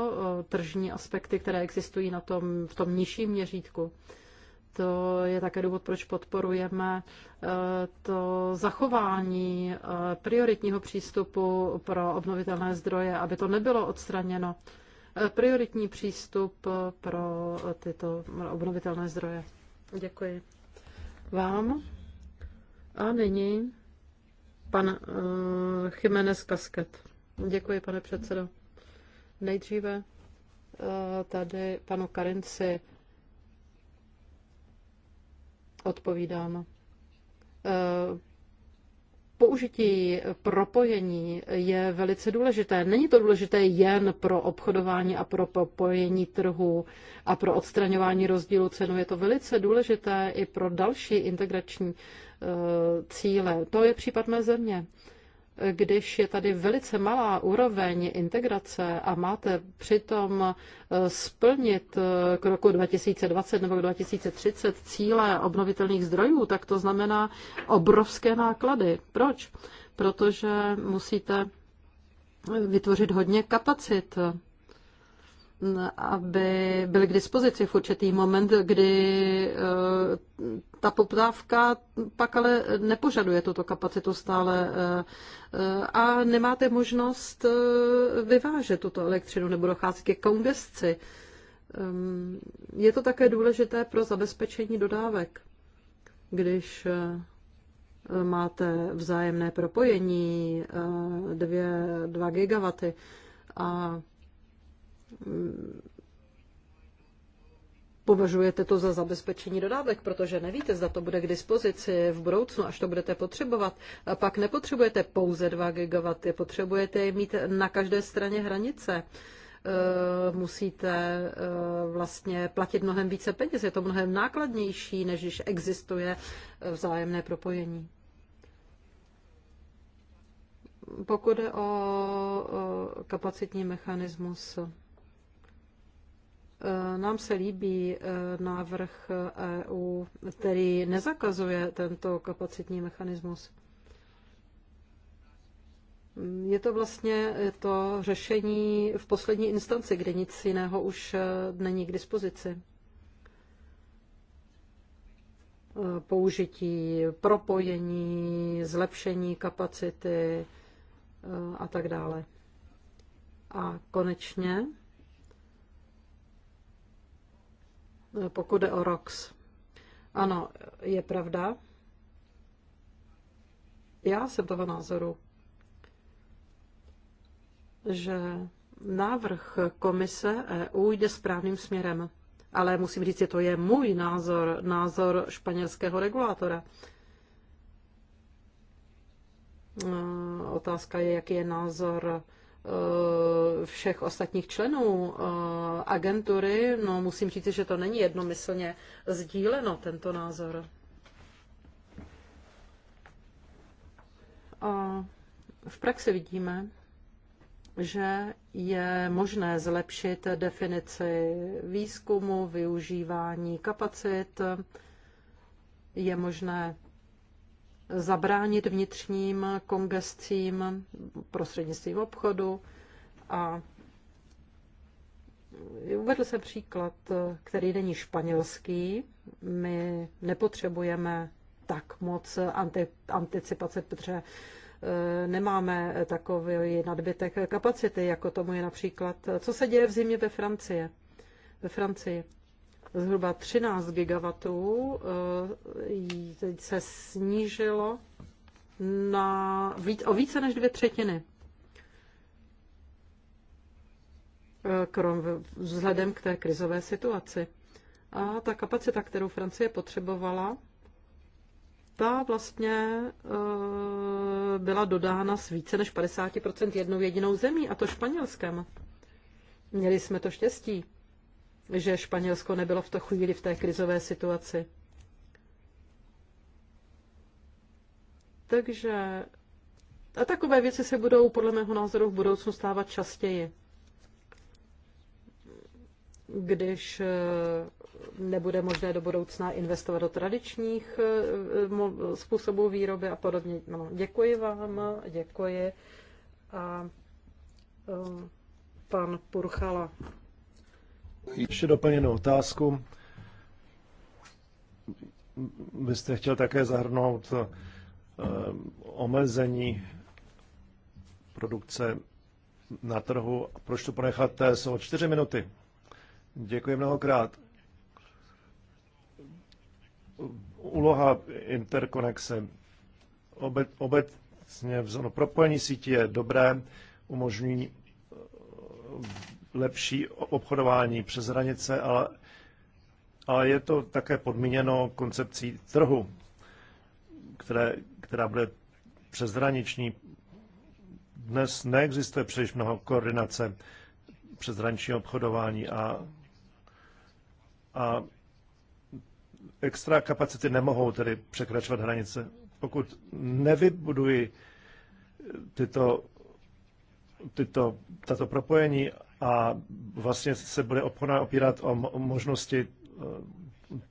tržní aspekty, které existují na tom, v tom nižším měřítku. To je také důvod, proč podporujeme eh, to zachování eh, prioritního přístupu pro obnovitelné zdroje, aby to nebylo odstraněno. Eh, prioritní přístup pro tyto obnovitelné zdroje. Děkuji vám. A nyní pan uh, Jiménez Kasket. Děkuji, pane předsedo. Nejdříve uh, tady panu Karinci Odpovídám. Eh, použití propojení je velice důležité. Není to důležité jen pro obchodování a pro propojení trhu a pro odstraňování rozdílu cenu. Je to velice důležité i pro další integrační eh, cíle. To je případ mé země když je tady velice malá úroveň integrace a máte přitom eh, splnit eh, k roku 2020 nebo 2030 cíle obnovitelných zdrojů, tak to znamená obrovské náklady. Proč? Protože musíte vytvořit hodně kapacit aby byly k dispozici v určitý moment, kdy eh, ta poptávka pak ale nepožaduje tuto kapacitu stále eh, a nemáte možnost eh, vyvážet tuto elektřinu nebo dochází ke kongesci. Je to také důležité pro zabezpečení dodávek, když máte vzájemné propojení 2, 2 gigawaty a Považujete to za zabezpečení dodávek, protože nevíte, zda to bude k dispozici v budoucnu, až to budete potřebovat. A pak nepotřebujete pouze 2 gigawaty, potřebujete je mít na každé straně hranice. E, musíte e, vlastně platit mnohem více peněz. Je to mnohem nákladnější, než když existuje e, vzájemné propojení. Pokud je o kapacitní mechanismus Eh, nám se líbí eh, návrh EU, eh, e který nezakazuje tento kapacitní mechanismus. Je to vlastně to řešení v poslední instanci, kde nic jiného už není k dispozici. Použití, propojení, zlepšení kapacity a tak dále. A konečně pokud jde o ROX. Ano, je pravda. Já jsem toho názoru, že návrh komise EU jde správným směrem. Ale musím říct, že to je můj názor, názor španělského regulátora. Otázka je, jaký je názor Eh, všech ostatních členů eh, agentury, no musím říct, že to není jednomyslně sdíleno, tento názor. A v praxi vidíme, že je možné zlepšit definici výzkumu, využívání kapacit, je možné zabránit vnitřním kongescím prostřednictvím obchodu a Uvedl jsem příklad, který není španělský. My nepotřebujeme tak moc anti, anticipace, protože e, nemáme takový nadbytek kapacity, jako tomu je například, co se děje v zimě ve Francii. Ve Francii zhruba 13 gigawatů eh, se snížilo na víc, o více než dvě třetiny. Eh, krom, vzhledem k té krizové situaci. A ta kapacita, kterou Francie potřebovala, ta vlastně eh, byla dodána s více než 50% jednou jedinou zemí, a to španělskem. Měli jsme to štěstí že Španělsko nebylo v to chvíli v té krizové situaci. Takže a takové věci se budou podle mého názoru v budoucnu stávat častěji. Když eh, nebude možné do budoucna investovat do tradičních eh, způsobů výroby a podobně. No, děkuji vám, děkuji. A eh, pan Purchala. Ještě doplněnou otázku. Vy jste chtěl také zahrnout eh, omezení produkce na trhu. Proč to ponechat TSO? Čtyři minuty. Děkuji mnohokrát. Úloha interkonexe. Obec, obecně vzorno propojení sítí je dobré, umožní eh, lepší obchodování přes hranice, ale, ale je to také podmíněno koncepcí trhu, které, která bude přeshraniční. Dnes neexistuje příliš mnoho koordinace přeshraničního obchodování a, a extra kapacity nemohou tedy překračovat hranice. Pokud nevybuduji tyto, tyto, tato propojení a vlastně se bude opona opírat o možnosti e,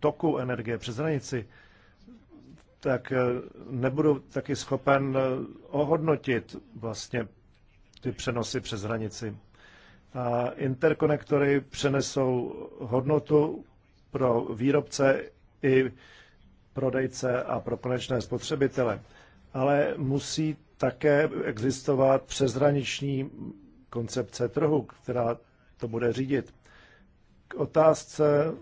toku energie přes hranici, tak e, nebudu taky schopen e, ohodnotit vlastně ty přenosy přes hranici. A interkonektory přenesou hodnotu pro výrobce i prodejce a pro konečné spotřebitele. Ale musí také existovat přeshraniční koncepce trhu, která to bude řídit. K otázce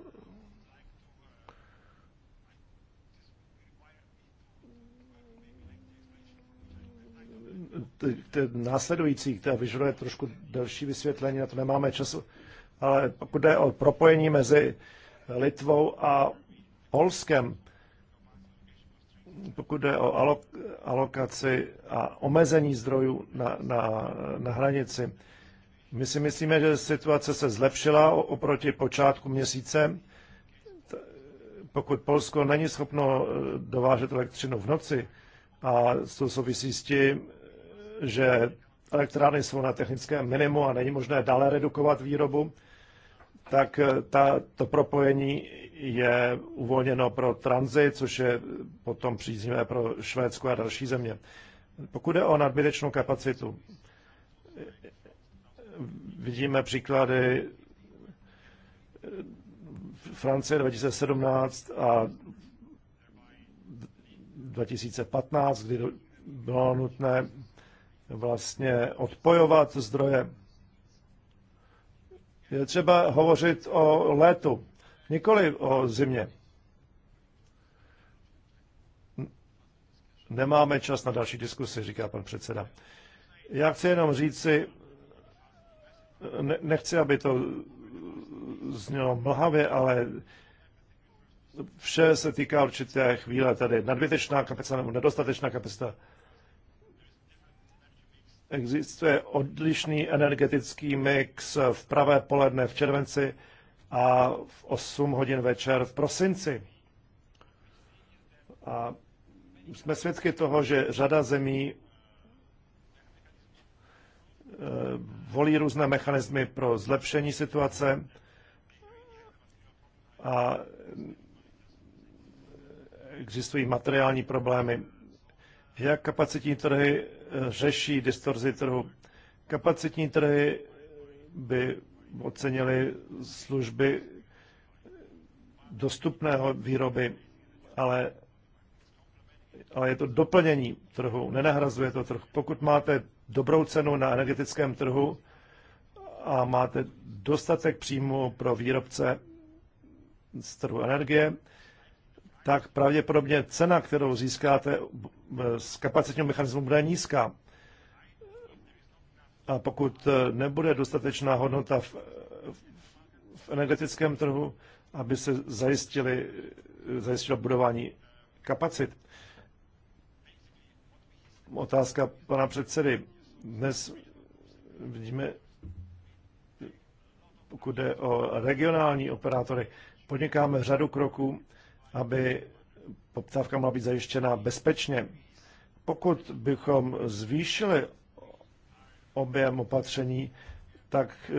následující, která vyžaduje trošku delší vysvětlení, na to nemáme času, ale pokud jde o propojení mezi Litvou a Polskem, pokud jde o alokaci a omezení zdrojů na, na, na hranici, my si myslíme, že situace se zlepšila oproti počátku měsíce. Pokud Polsko není schopno e, dovážet elektřinu v noci, a to souvisí s tím, že elektrárny jsou na technickém minimu a není možné dále redukovat výrobu, tak eh, ta, to propojení je uvolněno pro tranzit, což je potom příznivé pro Švédsko a další země. Pokud je o nadbytečnou kapacitu, vidíme příklady eh, Francie 2017 a 2015, kdy bylo nutné vlastně odpojovat zdroje je třeba hovořit o létu, nikoli o zimě. Nemáme čas na další diskusy, říká pan předseda. Já chci jenom říci, ne, nechci, aby to znělo mlhavě, ale vše se týká určité chvíle, tady nadbytečná kapacita nebo nedostatečná kapacita. Existuje odlišný energetický mix v pravé poledne v červenci a v 8 hodin večer v prosinci. A jsme svědky toho, že řada zemí e, volí různé mechanismy pro zlepšení situace a existují materiální problémy jak kapacitní trhy eh, řeší distorzi trhu? Kapacitní trhy by ocenili služby dostupného výroby, ale, ale je to doplnění trhu, nenahrazuje to trh. Pokud máte dobrou cenu na energetickém trhu a máte dostatek příjmu pro výrobce z trhu energie, tak pravděpodobně cena, kterou získáte eh, z kapacitního mechanismu, bude nízká. A pokud eh, nebude dostatečná hodnota v, v energetickém trhu, aby se zajistili, eh, zajistilo budování kapacit. Otázka pana předsedy. Dnes vidíme, pokud jde o regionální operátory, podnikáme řadu kroků, aby poptávka mohla být zajištěna bezpečně. Pokud bychom zvýšili objem opatření, tak e,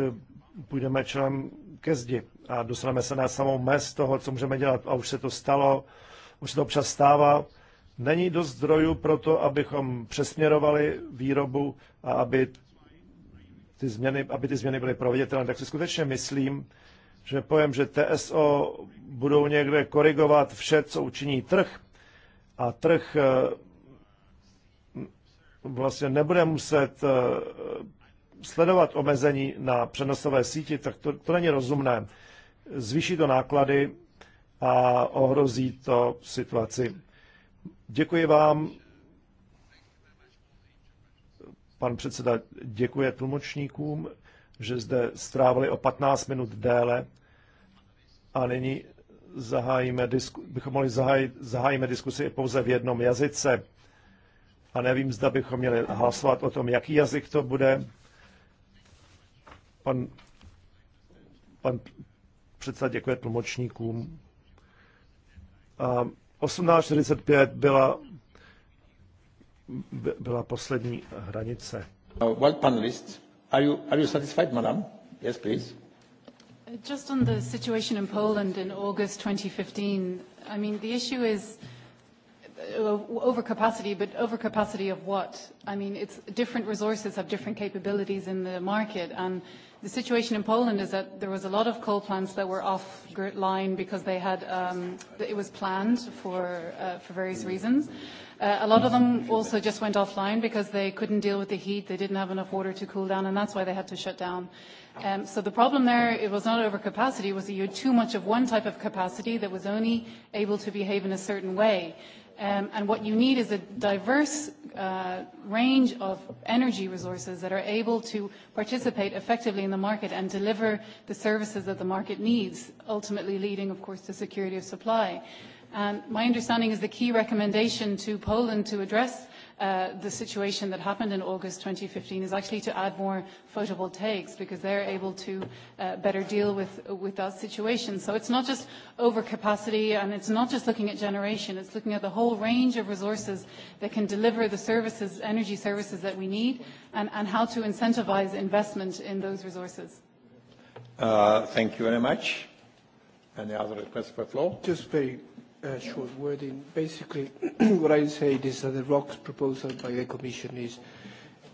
půjdeme čelem ke zdi a dostaneme se na samou mez toho, co můžeme dělat. A už se to stalo, už se to občas stává. Není dost zdrojů pro to, abychom přesměrovali výrobu a aby ty změny, aby ty změny byly proveditelné. Tak si skutečně myslím, že pojem, že TSO budou někde korigovat vše, co učiní trh a trh eh, vlastně nebude muset eh, sledovat omezení na přenosové síti, tak to, to není rozumné. Zvýší to náklady a ohrozí to situaci. Děkuji vám. Pan předseda děkuje tlumočníkům že zde strávili o 15 minut déle a nyní zahájíme disku, bychom mohli zahájit, zahájíme diskusi pouze v jednom jazyce. A nevím, zda bychom měli hlasovat o tom, jaký jazyk to bude. Pan, pan předseda děkuje tlumočníkům. A 18.45 byla, byla poslední hranice. Uh, panelist Are you, are you satisfied, madam? Yes, please. Just on the situation in Poland in August 2015, I mean, the issue is uh, overcapacity, but overcapacity of what? I mean, it's different resources have different capabilities in the market, and the situation in Poland is that there was a lot of coal plants that were offline because they had, um, it was planned for, uh, for various reasons. Uh, a lot of them also just went offline because they couldn't deal with the heat. They didn't have enough water to cool down, and that's why they had to shut down. Um, so the problem there, it was not overcapacity, it was that you had too much of one type of capacity that was only able to behave in a certain way. Um, and what you need is a diverse uh, range of energy resources that are able to participate effectively in the market and deliver the services that the market needs, ultimately leading, of course, to security of supply. And um, my understanding is the key recommendation to Poland to address uh, the situation that happened in August 2015 is actually to add more photovoltaics because they're able to uh, better deal with, with that situation. So it's not just overcapacity and it's not just looking at generation, it's looking at the whole range of resources that can deliver the services, energy services that we need and, and how to incentivize investment in those resources. Uh, thank you very much. Any other requests for floor? Just very Uh, short wording. Basically, what I say is that the ROC's proposal by the Commission is,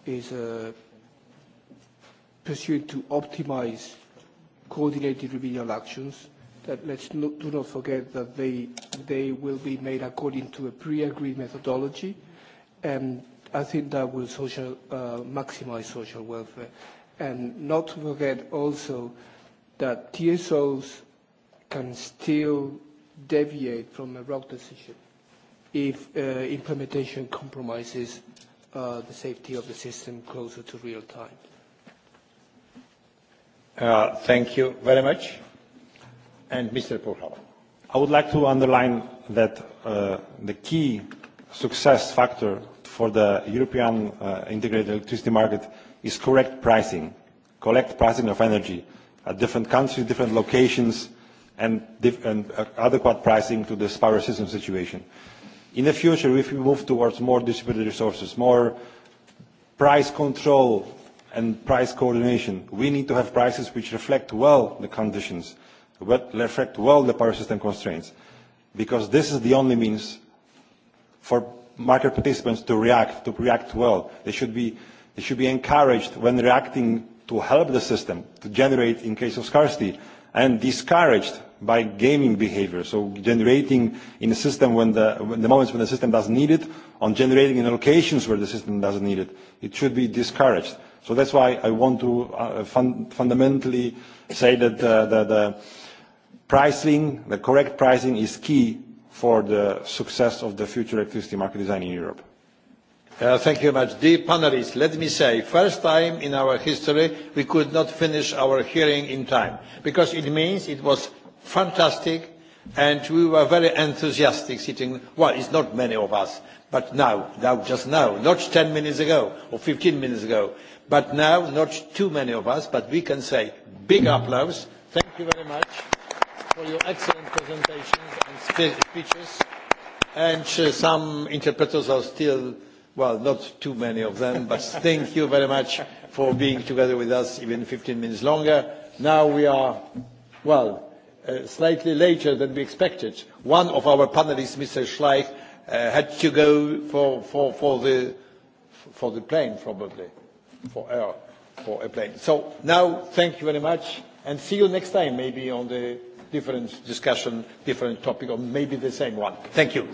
is uh, to optimize coordinated remedial actions that let's not, do not forget that they, they will be made according to a pre-agreed methodology, and I think that will social, uh, maximize social welfare. And not to forget also that TSOs can still deviate from a rogue decision if uh, implementation compromises uh, the safety of the system closer to real time. Uh, thank you very much. And Mr. Pohlava. I would like to underline that uh, the key success factor for the European uh, integrated electricity market is correct pricing, correct pricing of energy at different countries, different locations, and, adequate pricing to this power system situation. In the future, if we move towards more distributed resources, more price control and price coordination, we need to have prices which reflect well the conditions, but reflect well the power system constraints, because this is the only means for market participants to react, to react well. They should be, they should be encouraged when reacting to help the system to generate in case of scarcity and discouraged by gaming behavior. So generating in the system when the, when the moments when the system doesn't need it, on generating in locations where the system doesn't need it. It should be discouraged. So that's why I want to uh, fun fundamentally say that uh, the, the pricing, the correct pricing is key for the success of the future electricity market design in Europe. Uh, thank you very much. Dear panelists, let me say, first time in our history we could not finish our hearing in time, because it means it was fantastic, and we were very enthusiastic sitting, well, it's not many of us, but now, now, just now, not 10 minutes ago or 15 minutes ago, but now, not too many of us, but we can say big applause. Thank you very much for your excellent presentations and speeches. And uh, some interpreters are still, well, not too many of them, but thank you very much for being together with us even 15 minutes longer. Now we are, well, Uh, slightly later than we expected. One of our panelists, Mr. Schleich, uh, had to go for, for, for, the, for the plane, probably, for, uh, for a plane. So now, thank you very much, and see you next time, maybe on the different discussion, different topic, or maybe the same one. Thank you.